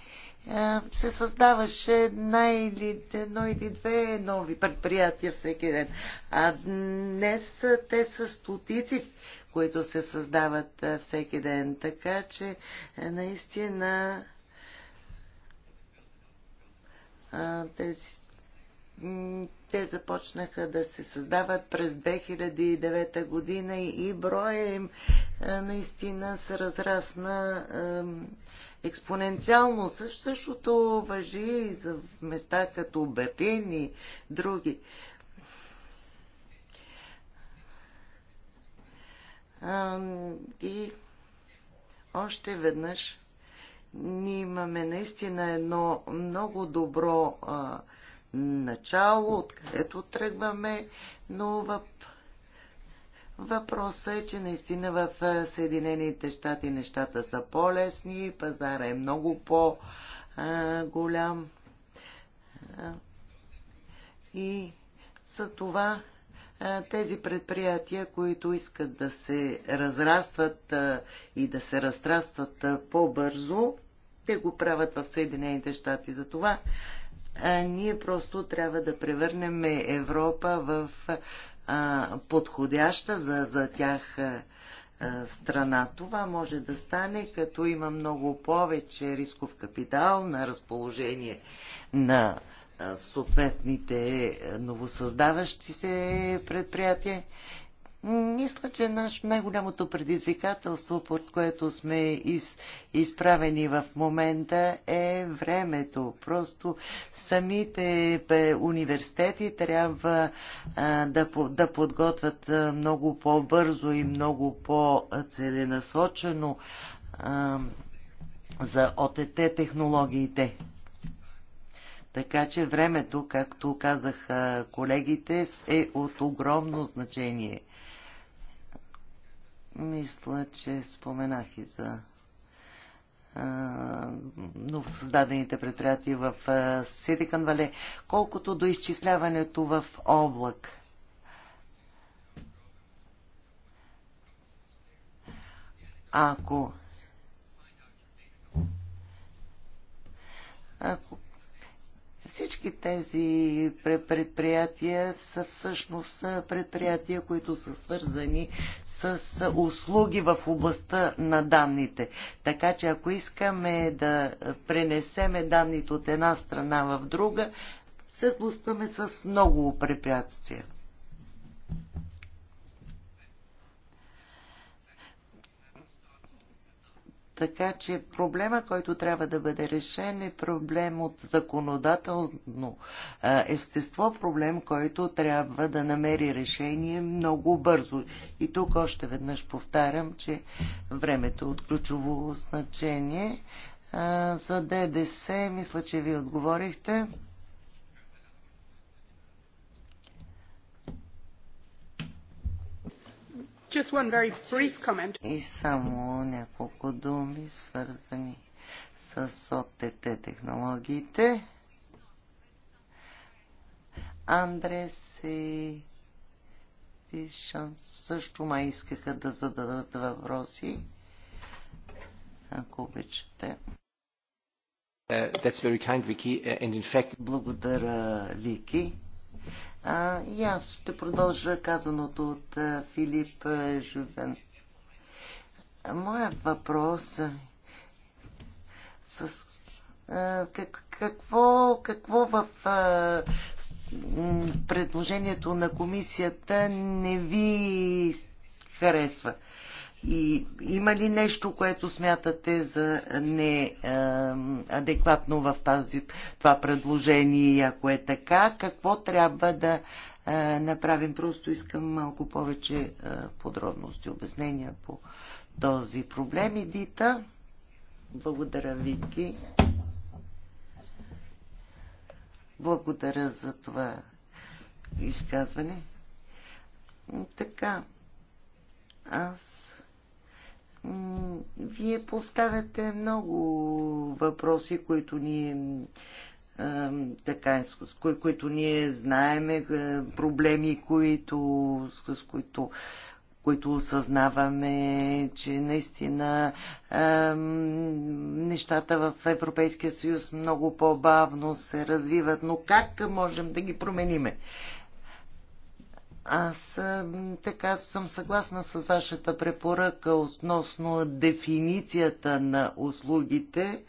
е, се създаваше една или едно или две нови предприятия всеки ден. А днес те са стотици, които се създават е, всеки ден. Така че е, наистина тези те започнаха да се създават през 2009 година и броя им наистина се разрасна експоненциално. Също, същото въжи и за места като Берлин и други. и още веднъж ние имаме наистина едно много добро а, начало, откъдето тръгваме, но въп, Въпросът е, че наистина в Съединените щати нещата са по-лесни, пазара е много по-голям. И за това тези предприятия, които искат да се разрастват и да се разрастват по-бързо, те го правят в Съединените щати. За това ние просто трябва да превърнем Европа в подходяща за, за тях страна. Това може да стане, като има много повече рисков капитал на разположение на съответните новосъздаващи се предприятия мисля, че наш най-голямото предизвикателство, под което сме из, изправени в момента, е времето. Просто самите бе, университети трябва а, да, да подготвят много по-бързо и много по-целенасочено за ОТТ технологиите. Така че времето, както казаха колегите, е от огромно значение – мисля, че споменах и за новосъздадените предприятия в Силикан Вале, колкото до изчисляването в облак. Ако ако всички тези предприятия са всъщност предприятия, които са свързани с услуги в областта на данните. Така че ако искаме да пренесеме данните от една страна в друга, се сблъскваме с много препятствия. Така че проблема, който трябва да бъде решен е проблем от законодателно естество, проблем, който трябва да намери решение много бързо. И тук още веднъж повтарям, че времето е от ключово значение. За ДДС, мисля, че ви отговорихте. Just one very brief comment. И само няколко думи, свързани с ОТТ технологиите. Андрес и Шанс също май искаха да зададат въпроси. Ако обичате. Uh, that's very kind, Vicky. Uh, and in fact... Благодаря, Вики. А, и аз ще продължа казаното от а, Филип а, Жувен. Моят въпрос е с, а, как, какво, какво в а, предложението на комисията не ви харесва? И има ли нещо, което смятате за неадекватно в тази, това предложение? И ако е така, какво трябва да направим? Просто искам малко повече подробности, обяснения по този проблем. идита. благодаря Вики. Благодаря за това изказване. Така, аз вие поставяте много въпроси, които ние така, с кои, които ние знаеме, проблеми, които, с които, които осъзнаваме, че наистина ем, нещата в Европейския съюз много по-бавно се развиват, но как можем да ги промениме? Аз така съм съгласна с вашата препоръка относно дефиницията на услугите,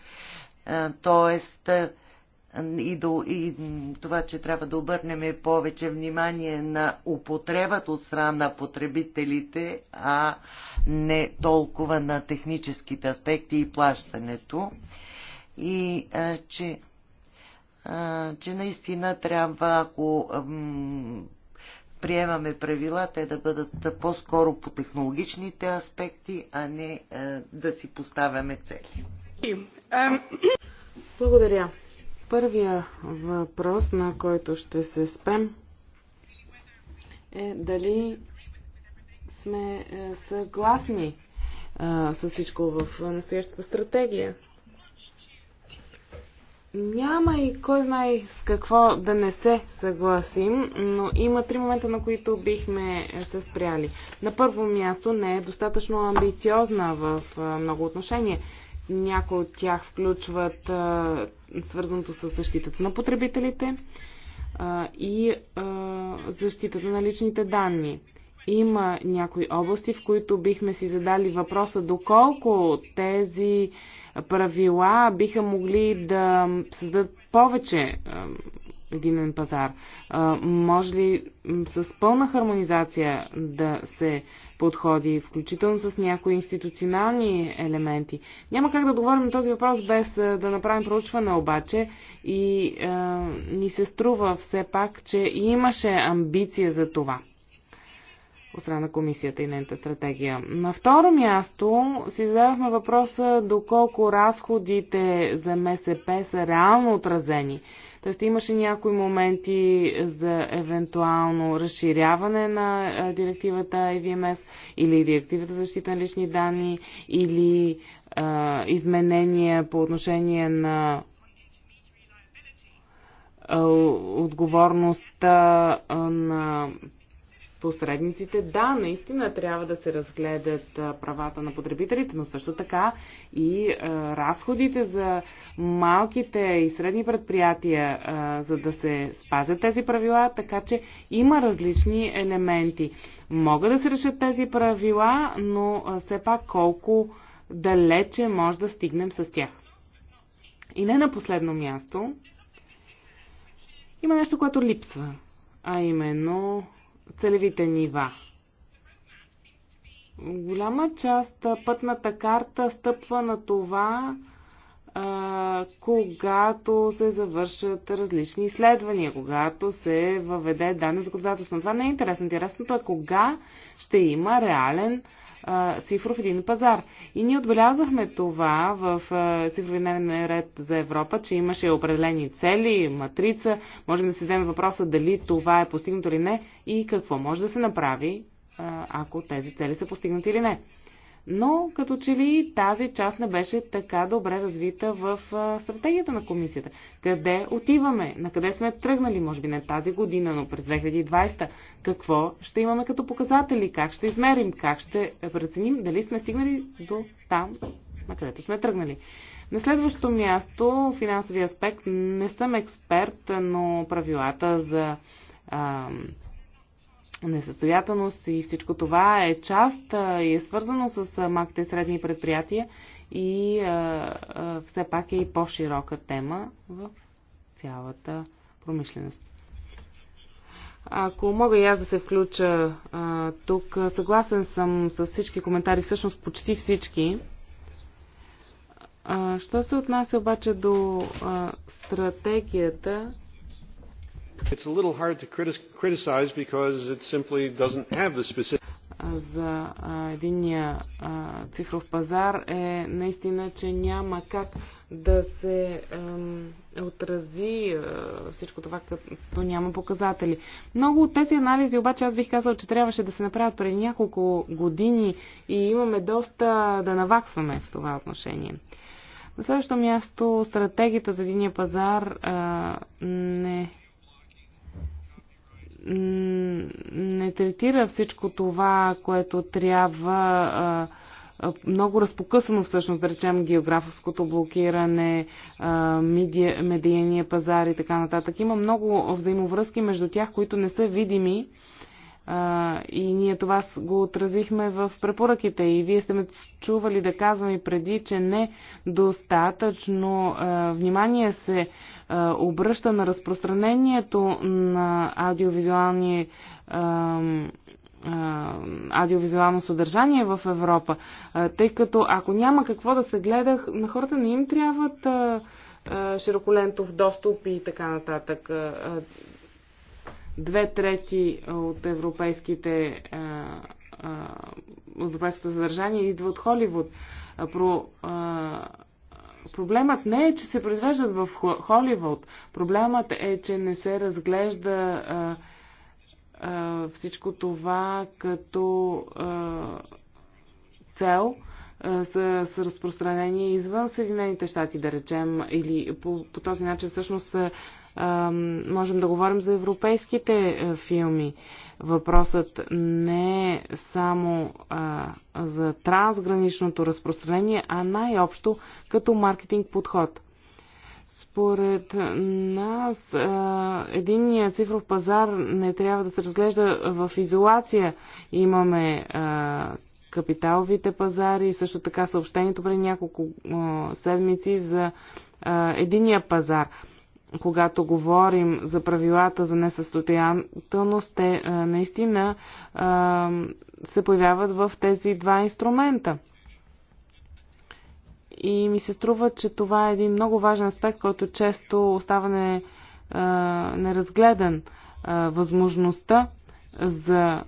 т.е. И, до, и това, че трябва да обърнем повече внимание на употребата от страна на потребителите, а не толкова на техническите аспекти и плащането. И а, че, а, че наистина трябва, ако приемаме правила, те да бъдат по-скоро по технологичните аспекти, а не е, да си поставяме цели. Благодаря. Първия въпрос, на който ще се спем, е дали сме е, съгласни а, е, с всичко в настоящата стратегия. Няма и кой знае с какво да не се съгласим, но има три момента, на които бихме се спряли. На първо място не е достатъчно амбициозна в много отношения. Някои от тях включват свързаното с защитата на потребителите и защитата на личните данни. Има някои области, в които бихме си задали въпроса доколко тези правила биха могли да създадат повече единен пазар. Може ли с пълна хармонизация да се подходи, включително с някои институционални елементи? Няма как да говорим на този въпрос без да направим проучване обаче и е, ни се струва все пак, че имаше амбиция за това от страна на комисията и нейната стратегия. На второ място си задавахме въпроса доколко разходите за МСП са реално отразени. Тоест имаше някои моменти за евентуално разширяване на директивата IVMS или директивата за защита на лични данни или а, изменения по отношение на а, отговорността на посредниците. Да, наистина трябва да се разгледат правата на потребителите, но също така и разходите за малките и средни предприятия, за да се спазят тези правила, така че има различни елементи. Могат да се решат тези правила, но все пак колко далече може да стигнем с тях. И не на последно място, има нещо, което липсва, а именно целевите нива. Голяма част пътната карта стъпва на това, когато се завършат различни изследвания, когато се въведе данни за Но това не е интересно. Интересното е кога ще има реален цифров един пазар. И ние отбелязахме това в цифрови дневен ред за Европа, че имаше определени цели, матрица. Можем да си вземем въпроса дали това е постигнато или не и какво може да се направи, ако тези цели са постигнати или не но като че ли тази част не беше така добре развита в стратегията на комисията. Къде отиваме? На къде сме тръгнали? Може би не тази година, но през 2020. Какво ще имаме като показатели? Как ще измерим? Как ще преценим дали сме стигнали до там, на където сме тръгнали? На следващото място, финансови аспект, не съм експерт, но правилата за А, несъстоятелност и всичко това е част а, и е свързано с малките и средни предприятия и а, все пак е и по-широка тема в цялата промишленост. Ако мога и аз да се включа а, тук, съгласен съм с всички коментари, всъщност почти всички. А, що се отнася обаче до а, стратегията, Specific... За единния цифров пазар е наистина, че няма как да се отрази е, всичко това, като няма показатели. Много от тези анализи обаче аз бих казал, че трябваше да се направят преди няколко години и имаме доста да наваксваме в това отношение. На следващото място стратегията за единия пазар не не третира всичко това, което трябва много разпокъсано всъщност, да речем, географското блокиране, медийния пазар и така нататък. Има много взаимовръзки между тях, които не са видими а, и ние това го отразихме в препоръките. И вие сте ме чували да казвам и преди, че не достатъчно а, внимание се а, обръща на разпространението на аудиовизуални а, аудиовизуално съдържание в Европа, тъй като ако няма какво да се гледа, на хората не им трябват широколентов достъп и така нататък две трети от европейските европейското съдържание идва от Холивуд. Про, а, проблемът не е, че се произвеждат в Холивуд. Проблемът е, че не се разглежда а, а, всичко това като а, цел с, с разпространение извън Съединените щати, да речем, или по, по този начин всъщност можем да говорим за европейските е, филми. Въпросът не е само за трансграничното разпространение, а най-общо като маркетинг подход. Според нас единният цифров пазар не трябва да се разглежда в изолация. Имаме капиталовите пазари, и също така съобщението преди няколко седмици за единия пазар когато говорим за правилата за несъстоятелност, те наистина се появяват в тези два инструмента. И ми се струва, че това е един много важен аспект, който често остава не, неразгледан. възможността за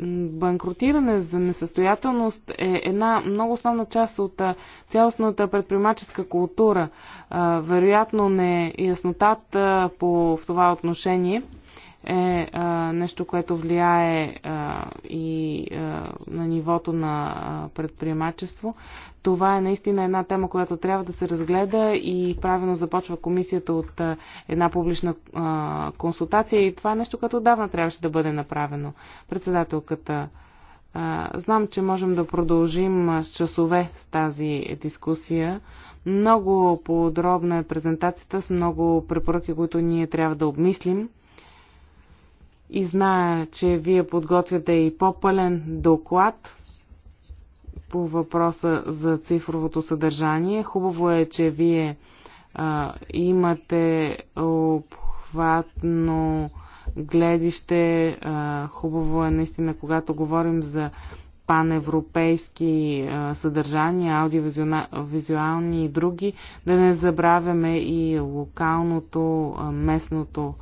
банкротиране, за несъстоятелност е една много основна част от цялостната предприемаческа култура. Вероятно не е яснотата по в това отношение е а, нещо, което влияе а, и а, на нивото на а, предприемачество. Това е наистина една тема, която трябва да се разгледа и правилно започва комисията от а, една публична а, консултация и това е нещо, което отдавна трябваше да бъде направено. Председателката. А, знам, че можем да продължим с часове с тази дискусия. Много подробна е презентацията с много препоръки, които ние трябва да обмислим и зная, че вие подготвяте и по-пълен доклад по въпроса за цифровото съдържание. Хубаво е, че вие а, имате обхватно гледище. А, хубаво е наистина, когато говорим за паневропейски а, съдържания, аудиовизуални и други, да не забравяме и локалното, а, местното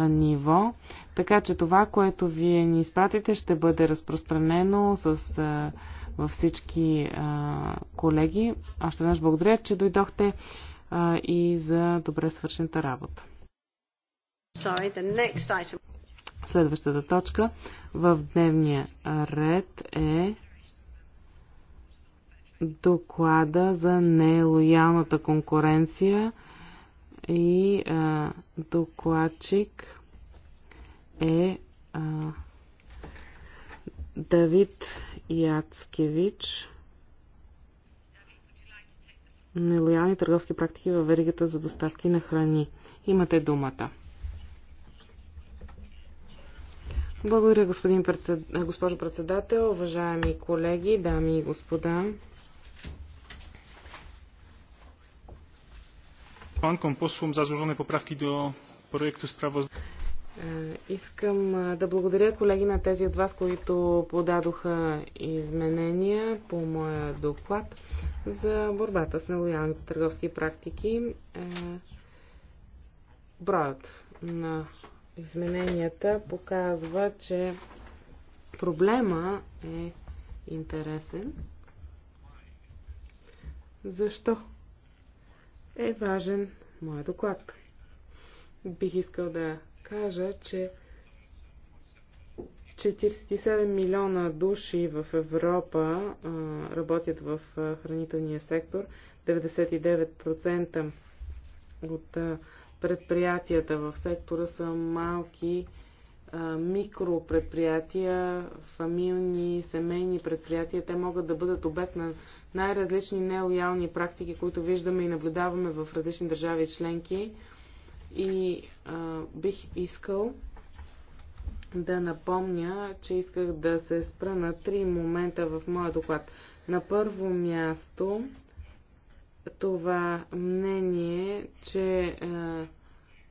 ниво. Така че това, което вие ни изпратите, ще бъде разпространено с, а, във всички а, колеги. Още веднъж благодаря, че дойдохте а, и за добре свършената работа. Sorry, Следващата точка в дневния ред е доклада за нелоялната конкуренция и а, докладчик е а, Давид Яцкевич. Нелоялни търговски практики във веригата за доставки на храни. Имате думата. Благодаря, господин председ... госпожо председател, уважаеми колеги, дами и господа. Панком послом за зложене поправки до проекта справа. Е, искам е, да благодаря колеги на тези от вас, които подадоха изменения по моя доклад за борбата с нелоялните търговски практики. Е, броят на измененията показва, че проблема е интересен. Защо е важен моя доклад. Бих искал да кажа, че 47 милиона души в Европа а, работят в а, хранителния сектор. 99% от а, предприятията в сектора са малки микропредприятия, фамилни, семейни предприятия, те могат да бъдат обект на най-различни нелоялни практики, които виждаме и наблюдаваме в различни държави и членки. И а, бих искал да напомня, че исках да се спра на три момента в моя доклад. На първо място това мнение, че а,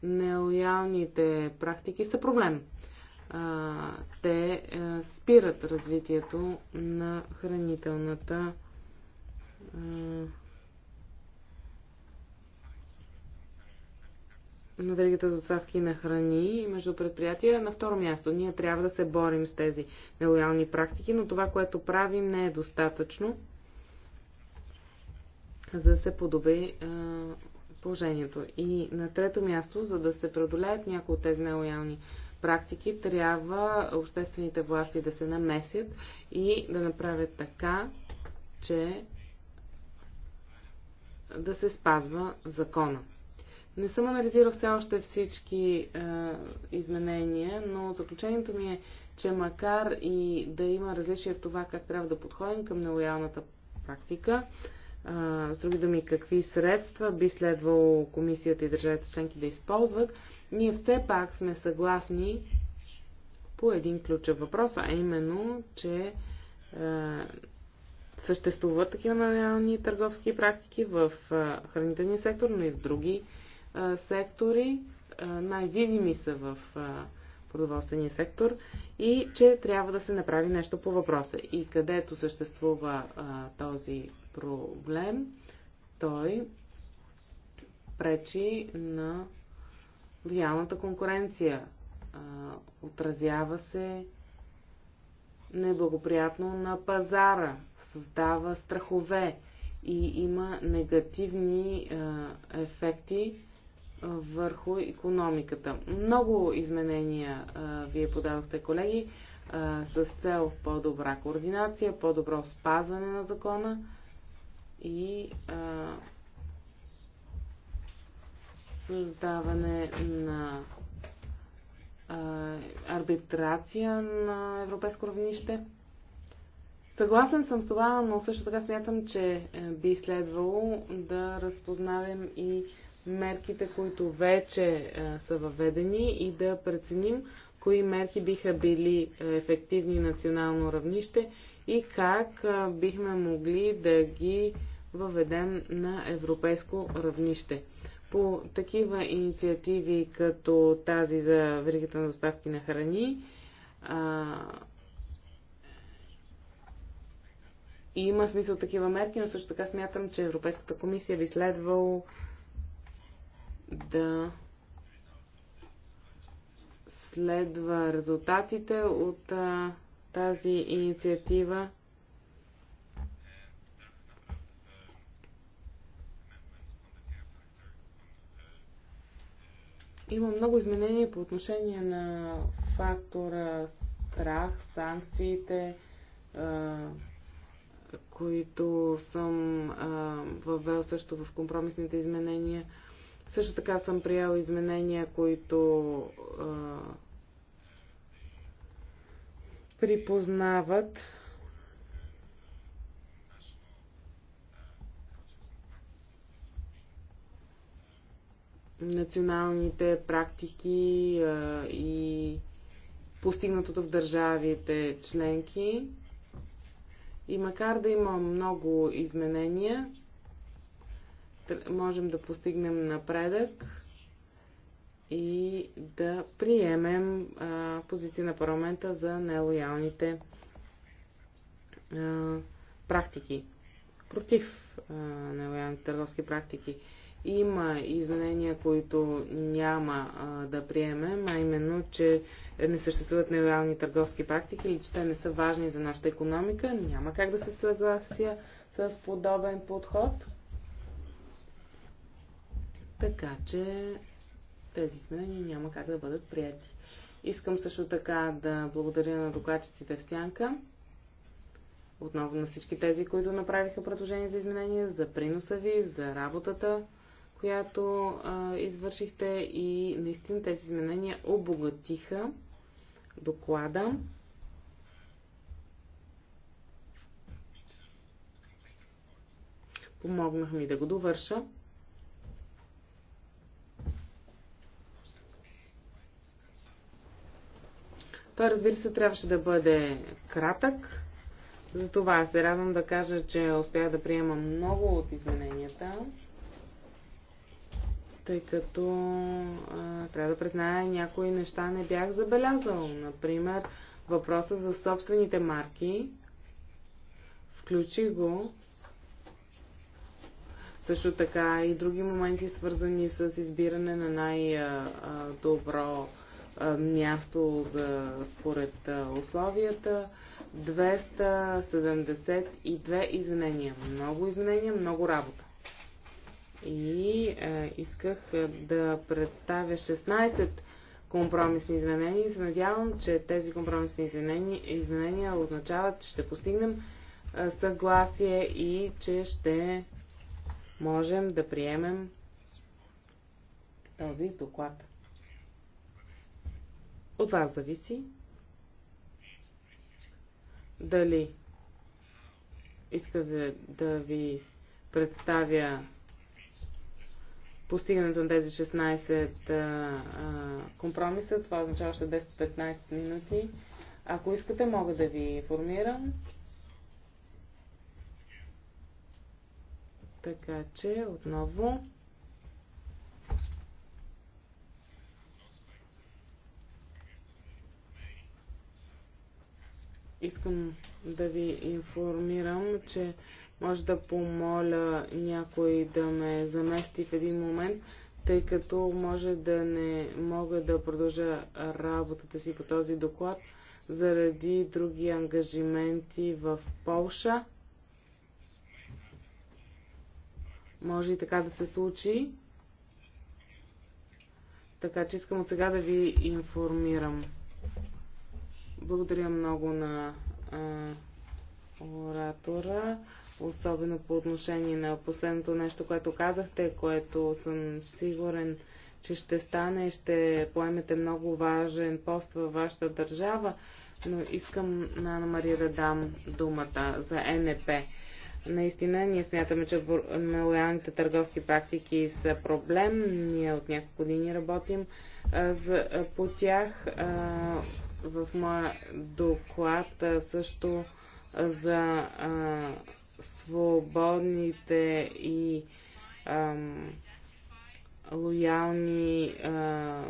нелоялните практики са проблем те а, спират развитието на хранителната а, на веригата за доставки на храни между предприятия. На второ място, ние трябва да се борим с тези нелоялни практики, но това, което правим, не е достатъчно за да се подобри а, положението. И на трето място, за да се преодолеят някои от тези нелоялни практики, трябва обществените власти да се намесят и да направят така, че да се спазва закона. Не съм анализирал все още всички е, изменения, но заключението ми е, че макар и да има различия в това как трябва да подходим към нелоялната практика, е, с други думи какви средства би следвало комисията и държавите членки да използват, ние все пак сме съгласни по един ключов въпрос, а именно, че е, съществуват такива нелоялни търговски практики в е, хранителния сектор, но и в други е, сектори. Е, най-видими са в е, продоволствения сектор и че трябва да се направи нещо по въпроса. И където съществува е, този проблем, той пречи на лоялната конкуренция. А, отразява се неблагоприятно на пазара, създава страхове и има негативни а, ефекти върху економиката. Много изменения а, вие подавахте, колеги, а, с цел по-добра координация, по-добро спазване на закона и а, създаване на арбитрация на европейско равнище. Съгласен съм с това, но също така смятам, че е, би следвало да разпознаем и мерките, които вече е, са въведени и да преценим кои мерки биха били ефективни национално равнище и как е, бихме могли да ги въведем на европейско равнище по такива инициативи, като тази за веригата на доставки на храни, а, има смисъл такива мерки, но също така смятам, че Европейската комисия би следвало да следва резултатите от а, тази инициатива Има много изменения по отношение на фактора страх, санкциите, които съм въвел също в компромисните изменения. Също така съм приел изменения, които припознават националните практики а, и постигнатото в държавите членки. И макар да има много изменения, можем да постигнем напредък и да приемем а, позиции на парламента за нелоялните а, практики. Против а, нелоялните търговски практики. Има изменения, които няма а, да приемем, а именно, че не съществуват нелоялни търговски практики или че те не са важни за нашата економика. Няма как да се съглася с подобен подход. Така че тези изменения няма как да бъдат прияти. Искам също така да благодаря на докладчиците в Сянка, отново на всички тези, които направиха предложения за изменения, за приноса ви, за работата която а, извършихте и наистина тези изменения обогатиха доклада. Помогнах ми да го довърша. Той, разбира се, трябваше да бъде кратък. Затова се радвам да кажа, че успях да приема много от измененията тъй като а, трябва да призная, някои неща не бях забелязал. Например, въпроса за собствените марки. Включи го. Също така и други моменти, свързани с избиране на най-добро място за, според условията. 272 изменения. Много изменения, много работа и е, исках да представя 16 компромисни изменения и се надявам, че тези компромисни изменения, изменения означават, че ще постигнем е, съгласие и че ще можем да приемем този доклад. От вас зависи дали искате да ви представя постигането на тези 16 а, а, компромиса. Това означава още 10-15 минути. Ако искате, мога да ви информирам. Така че, отново. Искам да ви информирам, че може да помоля някой да ме замести в един момент, тъй като може да не мога да продължа работата си по този доклад заради други ангажименти в Полша. Може и така да се случи. Така че искам от сега да ви информирам. Благодаря много на а, оратора особено по отношение на последното нещо, което казахте, което съм сигурен, че ще стане, ще поемете много важен пост във вашата държава, но искам на Анна Мария да дам думата за НП. Наистина, ние смятаме, че нелоялните търговски практики са проблем. Ние от няколко години работим по тях. в моя доклад също за а, свободните и ам, лоялни а,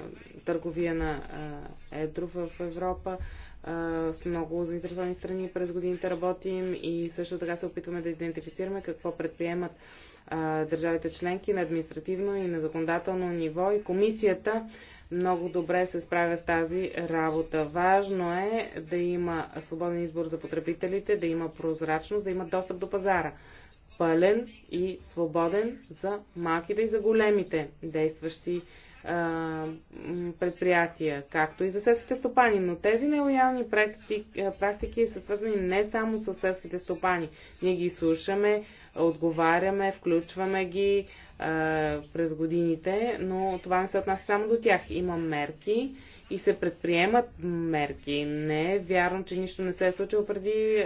търговия на а, едро в Европа. А, с много заинтересовани страни през годините работим и също така се опитваме да идентифицираме какво предприемат а, държавите членки на административно и на законодателно ниво и комисията много добре се справя с тази работа. Важно е да има свободен избор за потребителите, да има прозрачност, да има достъп до пазара. Пълен и свободен за малките и за големите действащи предприятия, както и за селските стопани. Но тези нелоялни практики, практики са свързани не само с селските стопани. Ние ги слушаме, отговаряме, включваме ги а, през годините, но това не се отнася само до тях. Има мерки и се предприемат мерки. Не е вярно, че нищо не се е случило преди а,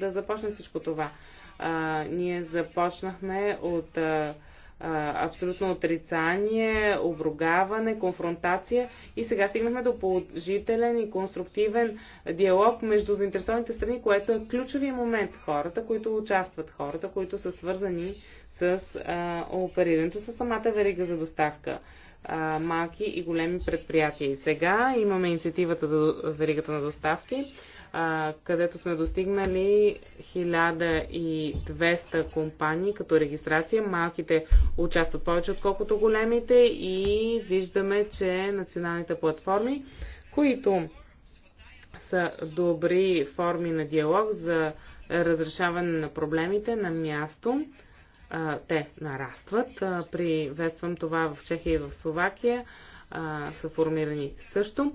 да започне всичко това. А, ние започнахме от. А, абсолютно отрицание, обругаване, конфронтация и сега стигнахме до положителен и конструктивен диалог между заинтересованите страни, което е ключовия момент. Хората, които участват, хората, които са свързани с а, оперирането с самата верига за доставка а, малки и големи предприятия. И сега имаме инициативата за веригата на доставки където сме достигнали 1200 компании като регистрация. Малките участват повече, отколкото големите и виждаме, че националните платформи, които са добри форми на диалог за разрешаване на проблемите на място, те нарастват. Приветствам това в Чехия и в Словакия. Са формирани също.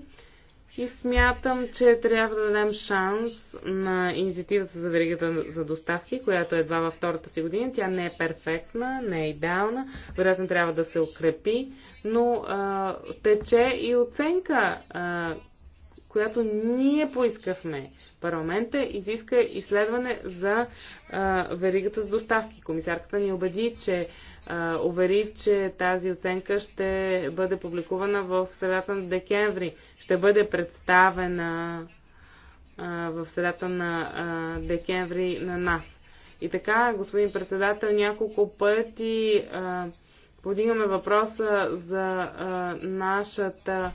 И смятам, че трябва да дадем шанс на инициативата за веригата за доставки, която едва във втората си година. Тя не е перфектна, не е идеална, вероятно трябва да се укрепи, но а, тече и оценка, а, която ние поискахме. Парламента изиска изследване за а, веригата с доставки. Комисарката ни убеди, че увери, че тази оценка ще бъде публикувана в средата на декември. Ще бъде представена в средата на декември на нас. И така, господин председател, няколко пъти подигаме въпроса за нашата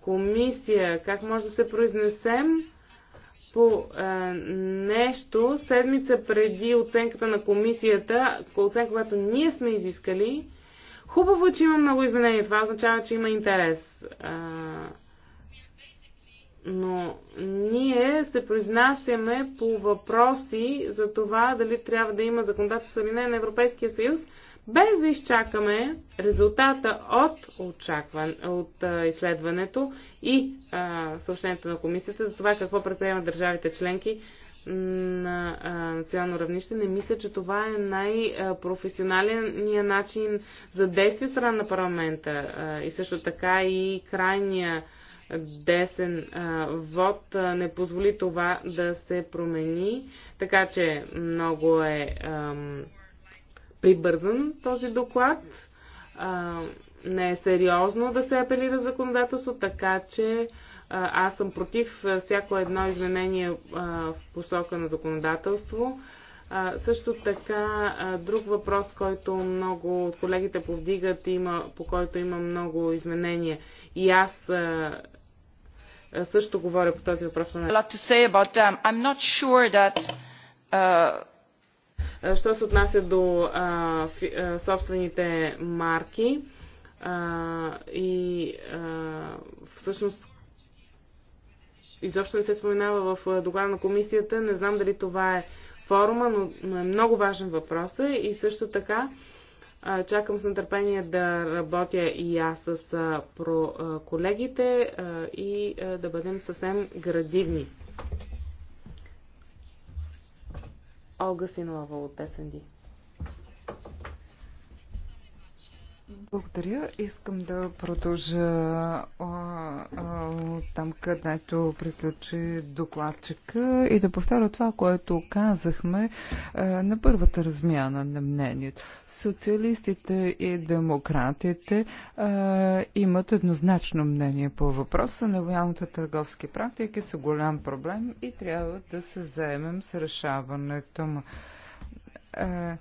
комисия. Как може да се произнесем по е, нещо седмица преди оценката на комисията, оценка, която ние сме изискали. Хубаво, е, че има много изменения. Това означава, че има интерес. Е, но ние се произнасяме по въпроси за това дали трябва да има законодателство или не на Европейския съюз без да изчакаме резултата от, очакван, от а, изследването и а, съобщението на комисията за това какво предприемат държавите членки на национално равнище. Не мисля, че това е най-професионалният начин за действие страна на парламента а, и също така и крайния десен а, вод а, не позволи това да се промени. Така че много е. А, прибързан този доклад. А, не е сериозно да се апелира законодателство, така че а, аз съм против всяко едно изменение а, в посока на законодателство. А, също така, а, друг въпрос, който много от колегите повдигат, има, по който има много изменения. И аз а, също говоря по този въпрос. Що се отнася до а, фи, а, собствените марки а, и а, всъщност изобщо не се споменава в доклада на комисията, не знам дали това е форума, но, но е много важен въпрос и също така а, чакам с нетърпение да работя и аз с а, про, а, колегите а, и а, да бъдем съвсем градивни. Олга Синлова от СНД. Благодаря. Искам да продължа а, а, там, където приключи докладчика и да повторя това, което казахме а, на първата размяна на мнението. Социалистите и демократите а, имат еднозначно мнение по въпроса. Нелоялните търговски практики са голям проблем и трябва да се заемем с решаването му. А,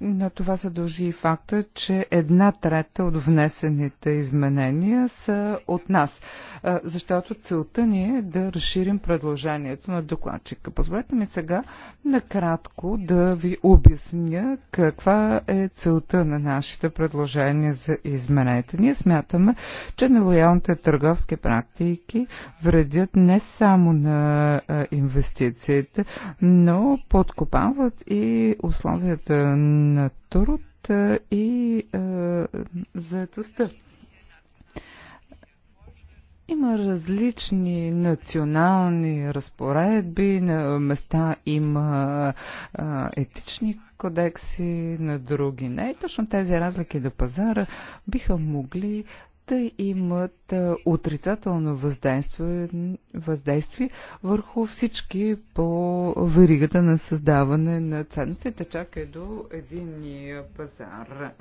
на това се дължи и факта, че една трета от внесените изменения са от нас, защото целта ни е да разширим предложението на докладчика. Позволете ми сега накратко да ви обясня каква е целта на нашите предложения за измененията. Ние смятаме, че нелоялните търговски практики вредят не само на инвестициите, но подкопават и условията на труд и заедостта. Има различни национални разпоредби, на места има а, етични кодекси, на други не. И точно тези разлики до пазара биха могли да имат отрицателно въздействие, въздействие върху всички по веригата на създаване на ценностите, чак и е до единния пазар.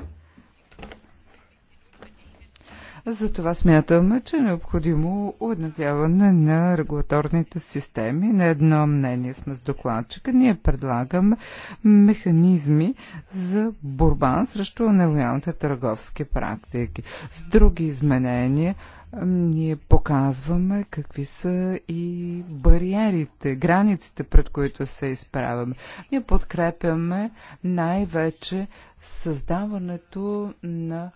Затова смятаме, че е необходимо уеднаквяване на регулаторните системи. На едно мнение сме с докладчика. Ние предлагаме механизми за борба срещу нелоялните търговски практики. С други изменения ние показваме какви са и бариерите, границите, пред които се изправяме. Ние подкрепяме най-вече създаването на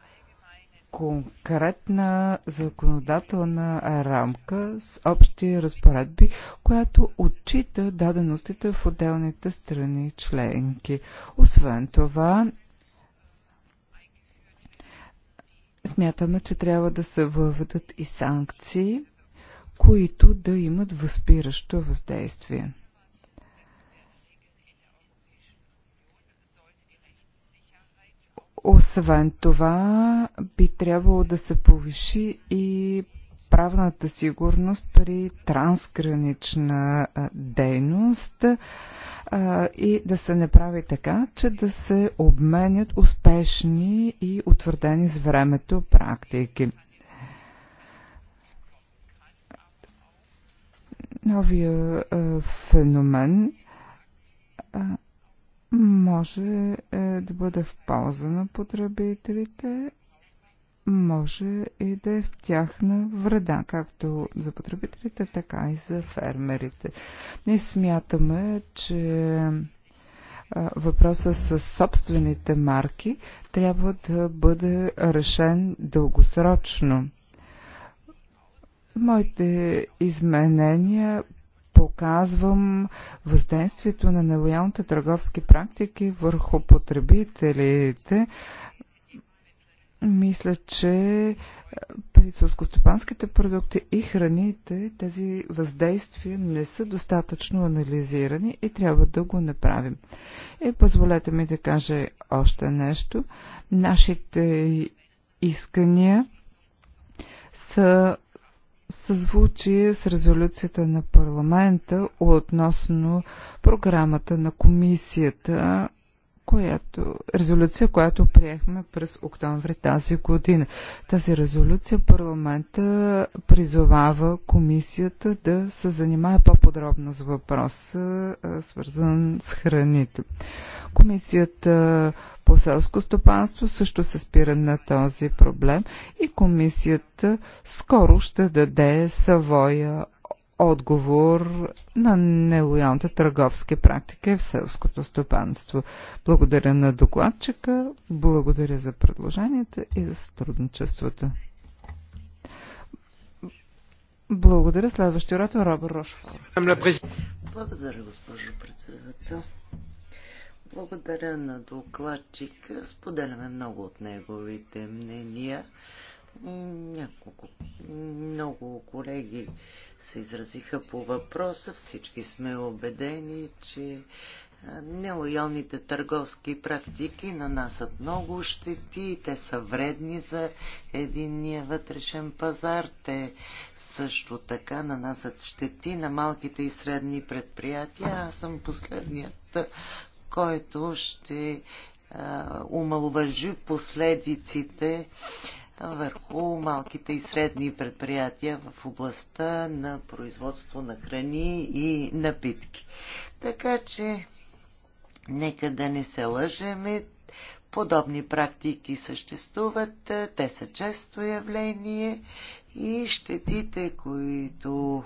конкретна законодателна рамка с общи разпоредби, която отчита даденостите в отделните страни членки. Освен това, смятаме, че трябва да се въведат и санкции, които да имат възпиращо въздействие. Освен това, би трябвало да се повиши и правната сигурност при трансгранична дейност и да се направи така, че да се обменят успешни и утвърдени с времето практики. Новия феномен може е, да бъде в полза на потребителите, може и да е в тяхна вреда, както за потребителите, така и за фермерите. Ние смятаме, че е, въпросът с собствените марки трябва да бъде решен дългосрочно. Моите изменения показвам въздействието на нелоялните търговски практики върху потребителите. Мисля, че е, при сълскостопанските продукти и храните тези въздействия не са достатъчно анализирани и трябва да го направим. И позволете ми да кажа още нещо. Нашите искания са съзвучие с резолюцията на парламента относно програмата на комисията която, резолюция, която приехме през октомври тази година. Тази резолюция парламента призовава комисията да се занимае по-подробно с въпроса, свързан с храните. Комисията по селско стопанство също се спира на този проблем и комисията скоро ще даде своя отговор на нелоялните търговски практики в селското стопанство. Благодаря на докладчика, благодаря за предложенията и за сътрудничеството. Благодаря. Следващия оратор Робър Рошфор. Благодаря, госпожо председател. Благодаря на докладчика. Споделяме много от неговите мнения. Няколко, много колеги се изразиха по въпроса. Всички сме убедени, че нелоялните търговски практики нанасят много щети, те са вредни за единния вътрешен пазар, те също така нанасят щети на малките и средни предприятия. Аз съм последният, който ще умалважи последиците върху малките и средни предприятия в областта на производство на храни и напитки. Така че, нека да не се лъжеме, подобни практики съществуват, те са често явление и щетите, които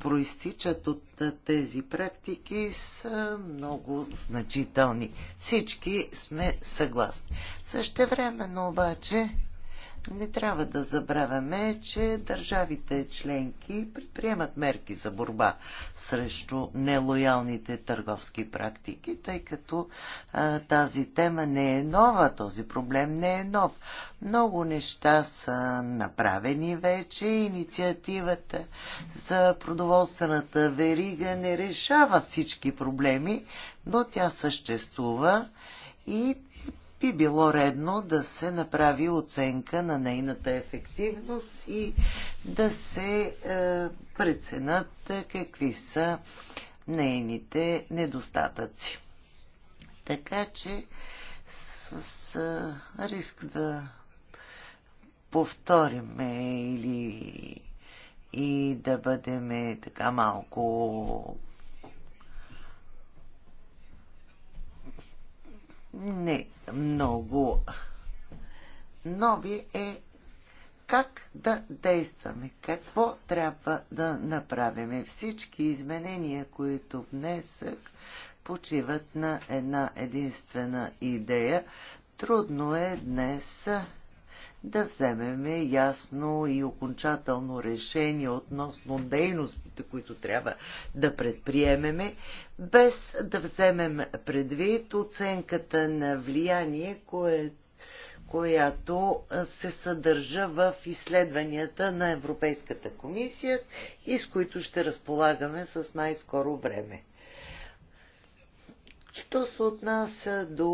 проистичат от тези практики са много значителни. Всички сме съгласни. Същевременно обаче не трябва да забравяме, че държавите членки предприемат мерки за борба срещу нелоялните търговски практики, тъй като а, тази тема не е нова, този проблем не е нов. Много неща са направени вече. Инициативата за продоволствената верига не решава всички проблеми, но тя съществува и би било редно да се направи оценка на нейната ефективност и да се е, преценят е, какви са нейните недостатъци. Така че с е, риск да повториме или и да бъдем така малко не много нови е как да действаме, какво трябва да направим. Всички изменения, които внесах, почиват на една единствена идея. Трудно е днес да вземем ясно и окончателно решение относно дейностите, които трябва да предприемеме, без да вземем предвид оценката на влияние, кое, която се съдържа в изследванията на Европейската комисия и с които ще разполагаме с най-скоро време. Що се отнася до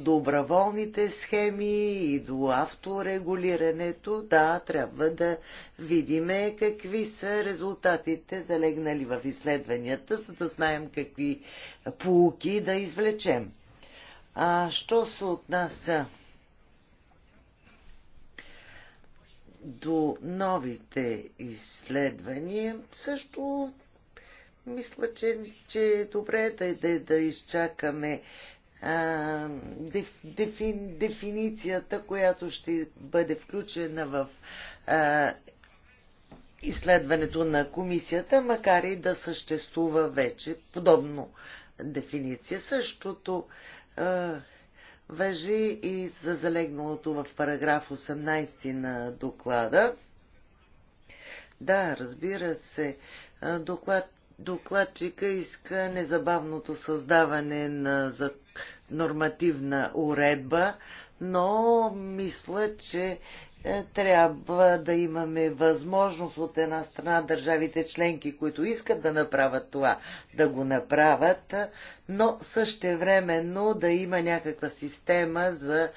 доброволните схеми и до авторегулирането, да, трябва да видиме какви са резултатите залегнали в изследванията, за да знаем какви полуки да извлечем. А що се отнася до новите изследвания, също мисля, че, че е добре да, да, да изчакаме а, дефи, дефиницията, която ще бъде включена в а, изследването на комисията, макар и да съществува вече подобно дефиниция. Същото а, въжи и за залегналото в параграф 18 на доклада. Да, разбира се, доклад, Докладчика иска незабавното създаване на нормативна уредба, но мисля, че е, трябва да имаме възможност от една страна държавите членки, които искат да направят това, да го направят, но същевременно да има някаква система за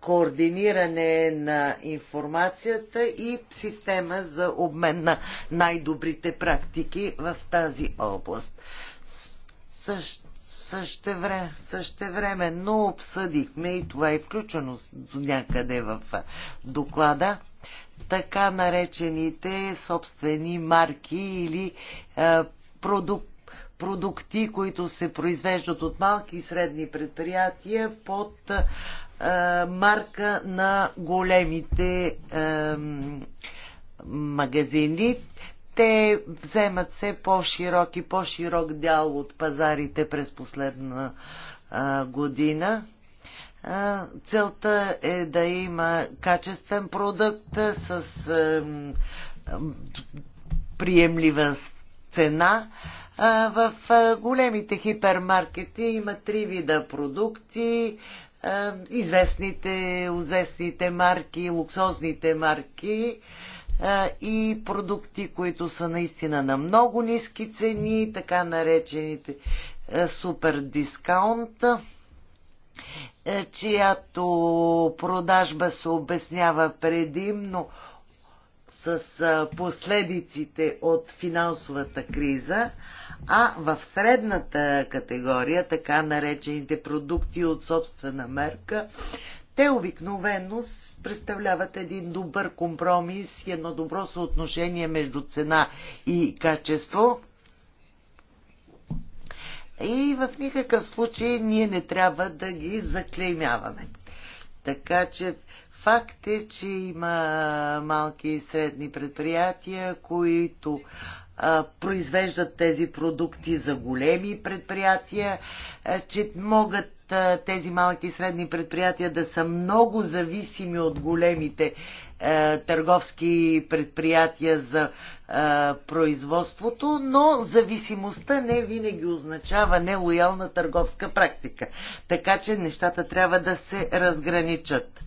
координиране на информацията и система за обмен на най-добрите практики в тази област. Също Същевременно време, обсъдихме и това е включено някъде в доклада така наречените собствени марки или е, продук, продукти, които се произвеждат от малки и средни предприятия под е, марка на големите е, магазини. Те вземат все по-широк и по-широк дял от пазарите през последна е, година. Целта е да има качествен продукт с приемлива цена. В големите хипермаркети има три вида продукти е, известните, известните марки, луксозните марки е, и продукти, които са наистина на много ниски цени, така наречените е, супер дискаунт, чиято продажба се обяснява предимно с последиците от финансовата криза, а в средната категория, така наречените продукти от собствена мерка, те обикновено представляват един добър компромис и едно добро съотношение между цена и качество. И в никакъв случай ние не трябва да ги заклеймяваме. Така че факт е, че има малки и средни предприятия, които произвеждат тези продукти за големи предприятия, че могат тези малки и средни предприятия да са много зависими от големите търговски предприятия за производството, но зависимостта не винаги означава нелоялна търговска практика. Така че нещата трябва да се разграничат.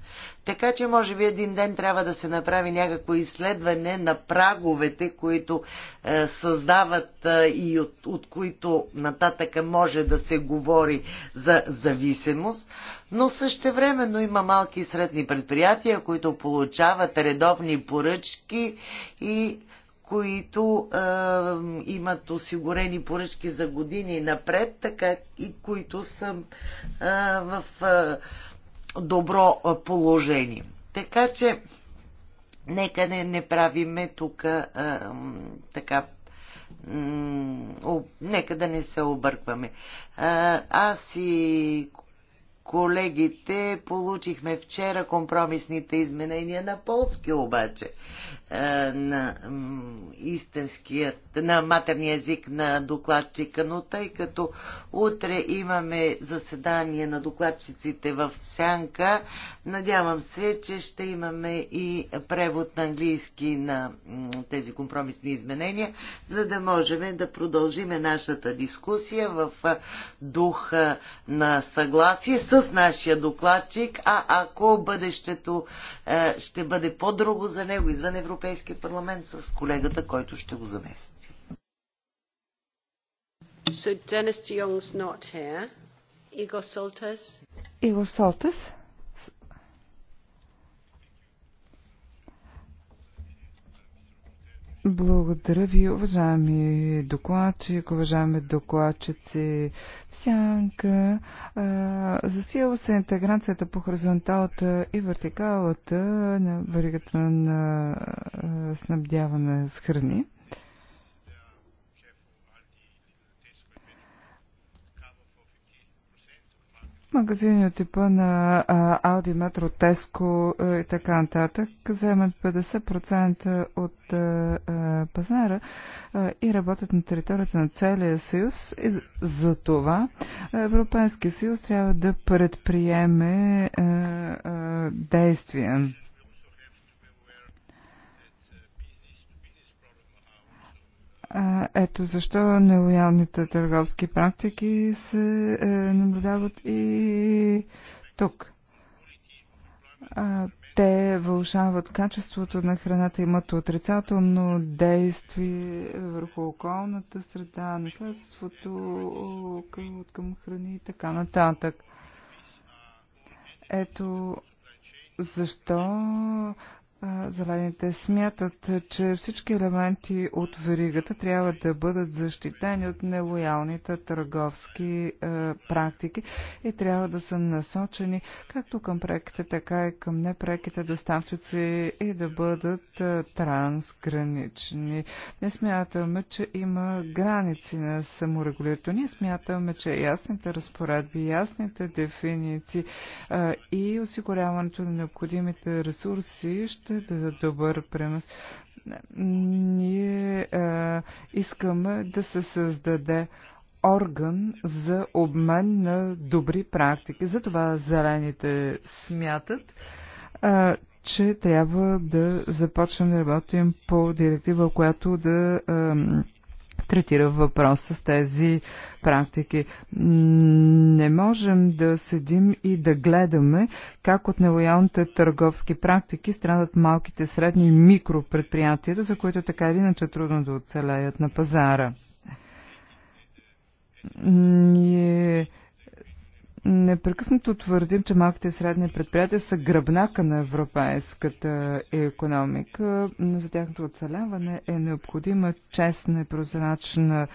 Така че може би един ден трябва да се направи някакво изследване на праговете, които е, създават е, и от, от които нататъка може да се говори за зависимост. Но същевременно има малки и средни предприятия, които получават редовни поръчки и които е, имат осигурени поръчки за години напред, така и които са е, в. Е, добро положение. Така че, нека не, не правиме тук така. М, нека да не се объркваме. А, аз и колегите получихме вчера компромисните изменения на полски обаче, е, на истинският, на матерния език на докладчика, но тъй като утре имаме заседание на докладчиците в Сянка, Надявам се, че ще имаме и превод на английски на тези компромисни изменения, за да можем да продължиме нашата дискусия в духа на съгласие с нашия докладчик, а ако бъдещето е, ще бъде по-друго за него извън Европейския парламент с колегата, който ще го замести. So Dennis de Jong's not here. Igor Soltes. Igor Soltes. Благодаря ви, уважаеми докладчик, уважаеми докладчици сянка. Засилва се интеграцията по хоризонталата и вертикалата на варигата на снабдяване с храни. магазини от типа на Ауди, Метро, Теско и така нататък вземат 50% от а, е, е, пазара а, е, и работят на територията на целия съюз. И за, за това Европейския съюз трябва да предприеме а, действия. Ето защо нелоялните търговски практики се е, наблюдават и тук. Те вълшават качеството на храната, имат отрицателно действие върху околната среда, наследството към, към храни и така нататък. Ето защо Зелените смятат, че всички елементи от веригата трябва да бъдат защитени от нелоялните търговски е, практики и трябва да са насочени както към преките, така и към непреките доставчици и да бъдат е, трансгранични. Не смятаме, че има граници на саморегулирането. Ние смятаме, че ясните разпоредби, ясните дефиниции е, и осигуряването на необходимите ресурси ще ще да, добър пренос. Ние а, е, искаме да се създаде орган за обмен на добри практики. Затова зелените смятат, а, е, че трябва да започнем да работим по директива, която да. А, третира въпрос с тези практики. Не можем да седим и да гледаме как от нелоялните търговски практики страдат малките, средни и микропредприятията, за които така или иначе е трудно да оцелеят на пазара. Ние Непрекъснато твърдим, че малките и средни предприятия са гръбнака на европейската економика, но за тяхното оцеляване е необходима честна и прозрачна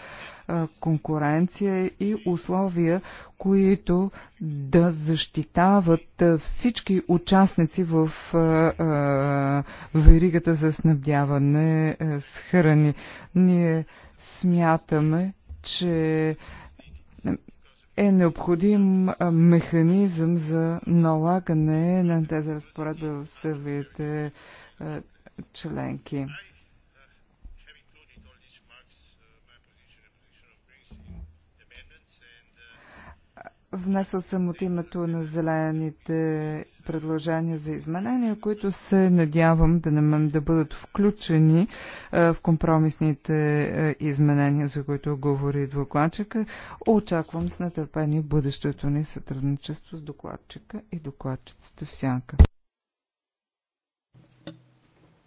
конкуренция и условия, които да защитават всички участници в веригата за снабдяване с храни. Ние смятаме, че е необходим механизъм за налагане на тези разпоредби в съвите членки. Внесъл съм от името на зелените предложения за изменения, които се надявам да, не, да бъдат включени е, в компромисните е, изменения, за които говори докладчика. Очаквам с нетърпение бъдещето ни сътрудничество с докладчика и докладчицата всяка.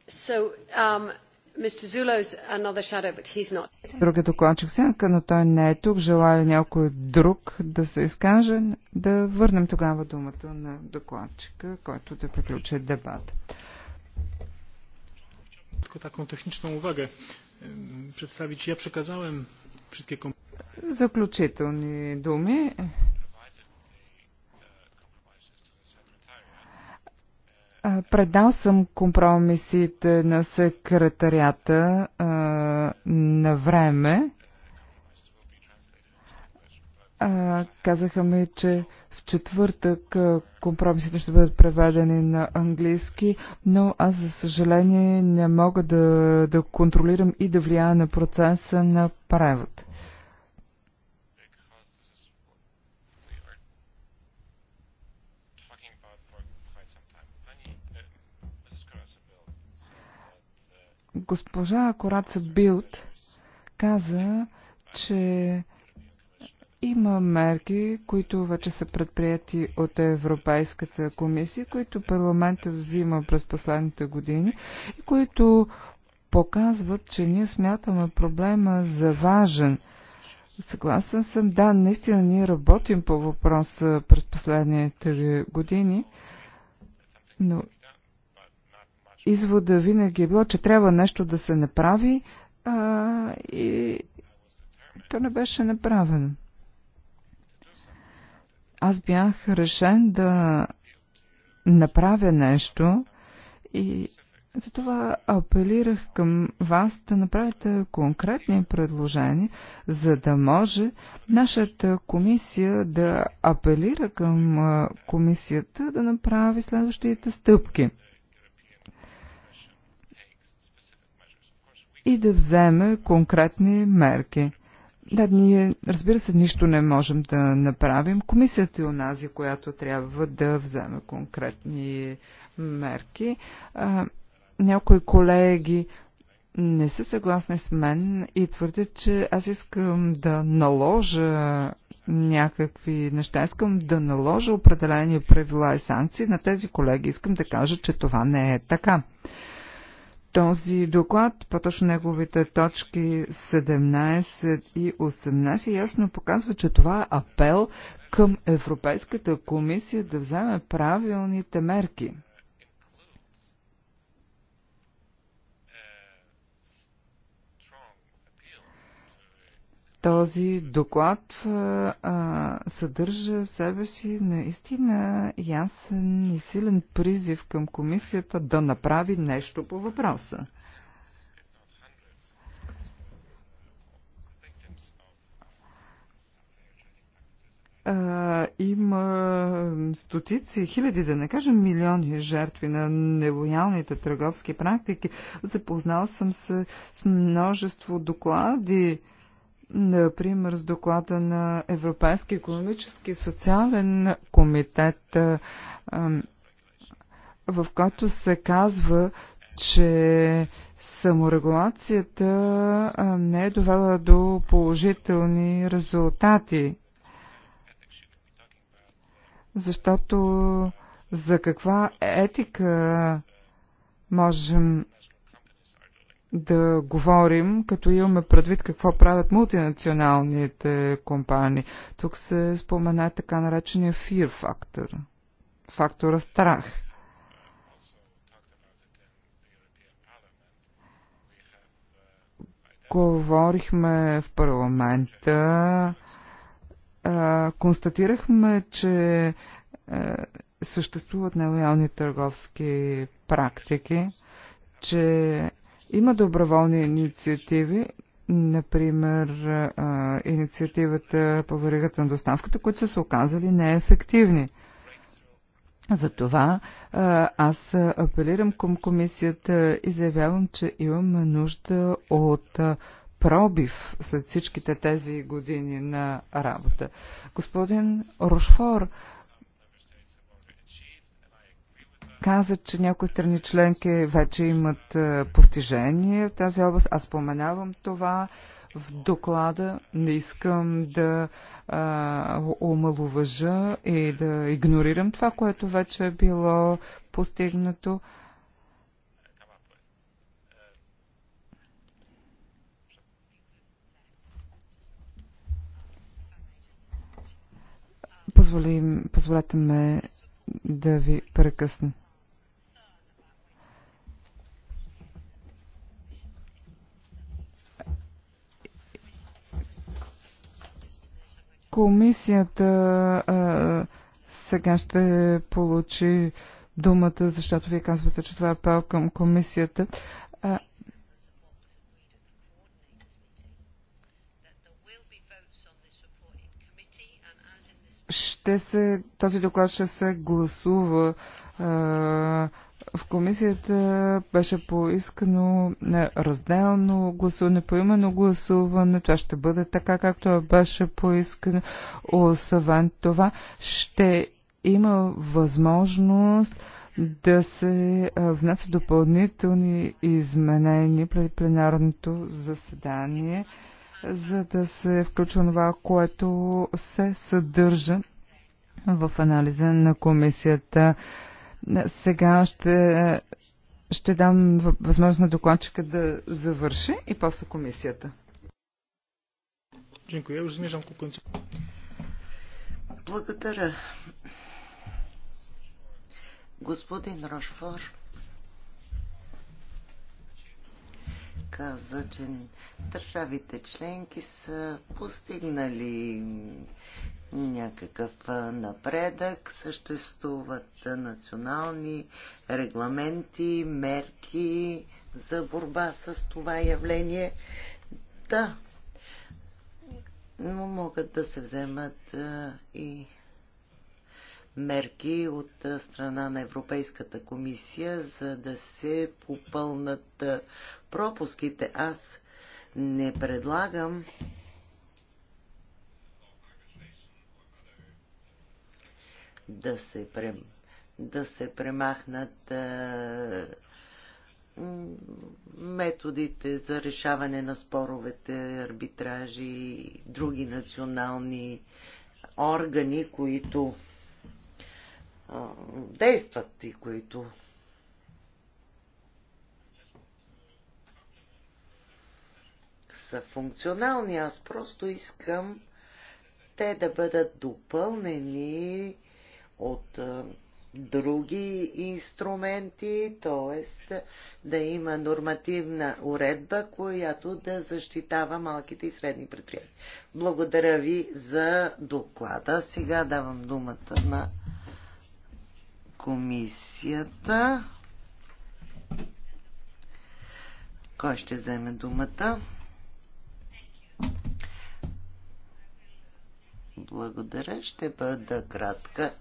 So, um, Друг е докладчик сянка, но той не е тук. Желая някой друг да се изкаже? Да върнем тогава думата на докладчика, който да приключи дебат. Tylko taką techniczną uwagę przedstawić. Ja przekazałem wszystkie Заключителни думи. Предал съм компромисите на секретарията а, на време. А, казаха ми, че в четвъртък компромисите ще бъдат преведени на английски, но аз, за съжаление, не мога да, да контролирам и да влияя на процеса на превод. Госпожа Кораца Билд каза, че има мерки, които вече са предприяти от Европейската комисия, които парламента взима през последните години и които показват, че ние смятаме проблема за важен. Съгласен съм, да, наистина ние работим по въпроса през последните години, но извода винаги е било, че трябва нещо да се направи а, и то не беше направено. Аз бях решен да направя нещо и затова апелирах към вас да направите конкретни предложения, за да може нашата комисия да апелира към комисията да направи следващите стъпки. и да вземе конкретни мерки. Да, ние, разбира се, нищо не можем да направим. Комисията е онази, която трябва да вземе конкретни мерки. А, някои колеги не са съгласни с мен и твърдят, че аз искам да наложа някакви неща. Искам да наложа определени правила и санкции на тези колеги. Искам да кажа, че това не е така този доклад, по-точно неговите точки 17 и 18, ясно показва, че това е апел към Европейската комисия да вземе правилните мерки. Този доклад а, съдържа в себе си наистина ясен и силен призив към комисията да направи нещо по въпроса. а, има стотици, хиляди, да не кажем милиони жертви на нелоялните търговски практики. Запознал съм се с множество доклади Например, с доклада на Европейски економически и социален комитет, в който се казва, че саморегулацията не е довела до положителни резултати. Защото за каква етика можем да говорим, като имаме предвид какво правят мултинационалните компании. Тук се спомена така наречения fear factor, фактора страх. Говорихме в парламента, констатирахме, че съществуват нелоялни търговски практики, че има доброволни инициативи, например, а, инициативата по веригата на доставката, които са се оказали неефективни. Затова аз апелирам към комисията и заявявам, че имаме нужда от пробив след всичките тези години на работа. Господин Рошфор каза, че някои страни членки вече имат е, постижение в тази област. Аз споменавам това в доклада. Не искам да а, е, омалуважа и да игнорирам това, което вече е било постигнато. позволете ме да ви прекъсна. Комисията а, сега ще получи думата, защото вие казвате, че това е апел към комисията. А, ще се, този доклад ще се гласува а, в комисията беше поискано е, разделно гласуване, поименно гласуване. Това ще бъде така, както беше поискано. Освен това, ще има възможност да се е, внасят допълнителни изменения пред пленарното заседание, за да се включва това, което се съдържа в анализа на комисията. Сега ще, ще дам възможност на докладчика да завърши и после комисията. Dziękuję. Już zmierzam ku końcu. Благодаря. Господин Рошфор, каза, че държавите членки са постигнали някакъв напредък, съществуват национални регламенти, мерки за борба с това явление. Да, но могат да се вземат и мерки от страна на Европейската комисия, за да се попълнат пропуските. Аз не предлагам да се, прем... да се премахнат методите за решаване на споровете, арбитражи и други национални органи, които действат и които са функционални. Аз просто искам те да бъдат допълнени от други инструменти, т.е. да има нормативна уредба, която да защитава малките и средни предприятия. Благодаря ви за доклада. Сега давам думата на комисията. Кой ще вземе думата? Благодаря, ще бъда кратка.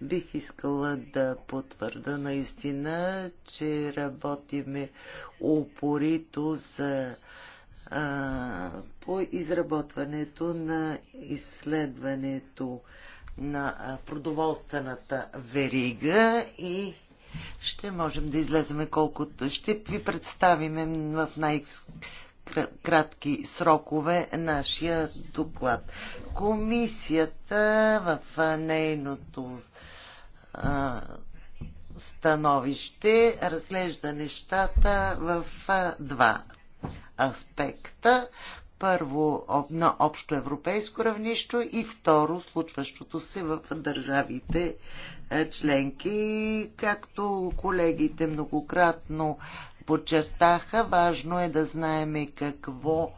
Бих искала да потвърда наистина, че работиме упорито за а, по изработването на изследването на продоволствената верига и ще можем да излеземе колкото ще ви представим в най-кратки срокове нашия доклад. Комисията в нейното становище разглежда нещата в два аспекта първо на общо европейско равнище и второ случващото се в държавите е, членки. Както колегите многократно подчертаха, важно е да знаем какво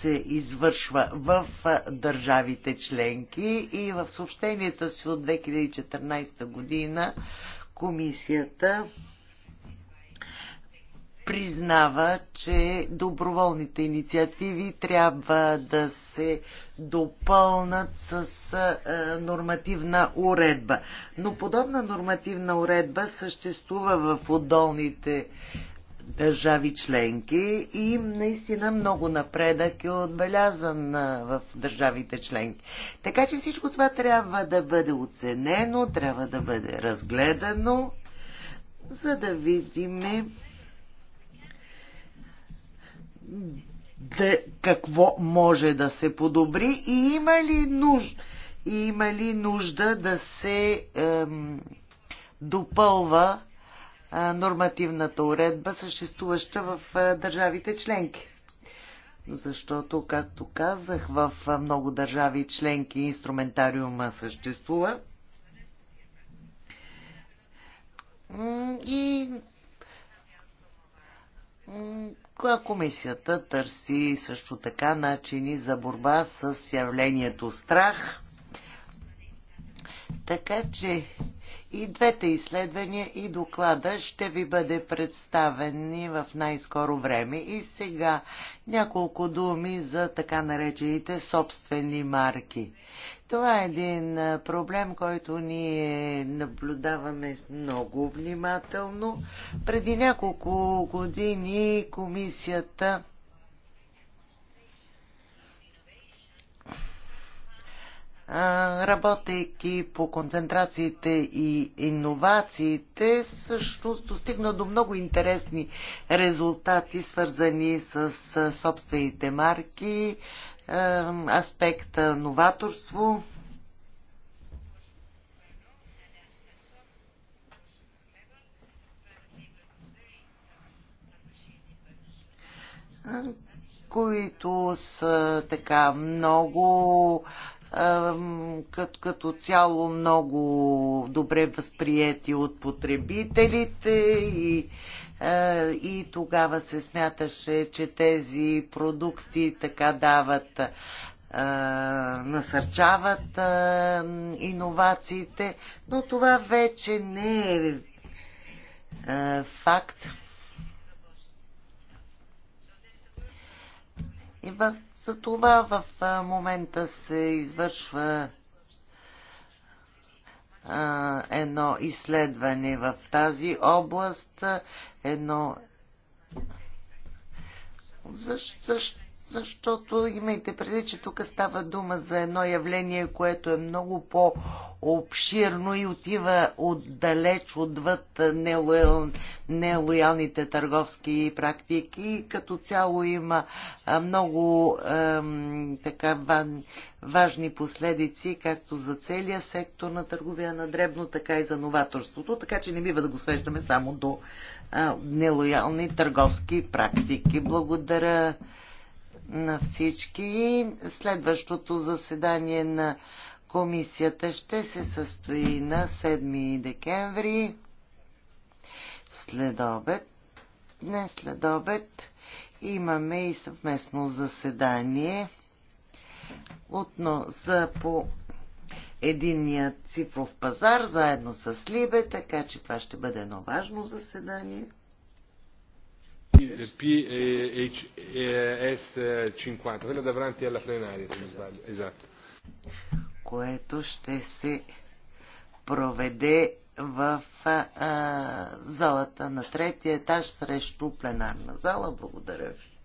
се извършва в е, държавите членки и в съобщенията си от 2014 година комисията признава, че доброволните инициативи трябва да се допълнат с нормативна уредба. Но подобна нормативна уредба съществува в отдолните държави членки и наистина много напредък е отбелязан в държавите членки. Така че всичко това трябва да бъде оценено, трябва да бъде разгледано, за да видиме да, какво може да се подобри и има ли нужда, има ли нужда да се ем, допълва е, нормативната уредба, съществуваща в е, държавите членки. Защото, както казах, в много държави членки инструментариума съществува. И Комисията търси също така начини за борба с явлението страх. Така че и двете изследвания и доклада ще ви бъде представени в най-скоро време. И сега няколко думи за така наречените собствени марки. Това е един проблем, който ние наблюдаваме много внимателно. Преди няколко години комисията работейки по концентрациите и иновациите, всъщност достигна до много интересни резултати, свързани с собствените марки, аспекта новаторство. които са така много като, като цяло много добре възприяти от потребителите и е, и тогава се смяташе, че тези продукти така дават е, насърчават е, иновациите, но това вече не е факт. И в, за това в момента се извършва едно изследване в тази област, едно защо, защо, защото имайте преди, че тук става дума за едно явление, което е много по-обширно и отива отдалеч, отвъд нелоял, нелоялните търговски практики. И като цяло има много ем, така важни последици, както за целия сектор на търговия на дребно, така и за новаторството, така че не бива да го свеждаме само до е, нелоялни търговски практики. Благодаря на всички. Следващото заседание на комисията ще се състои на 7 декември след обед. Днес след обед имаме и съвместно заседание отно за по единния цифров пазар заедно с Либе, така че това ще бъде едно важно заседание. E, e, quella davanti e alla plenaria, se non sbaglio. Esatto. Което ще се проведе в а, залата на третия етаж срещу пленарна зала. Благодаря ви.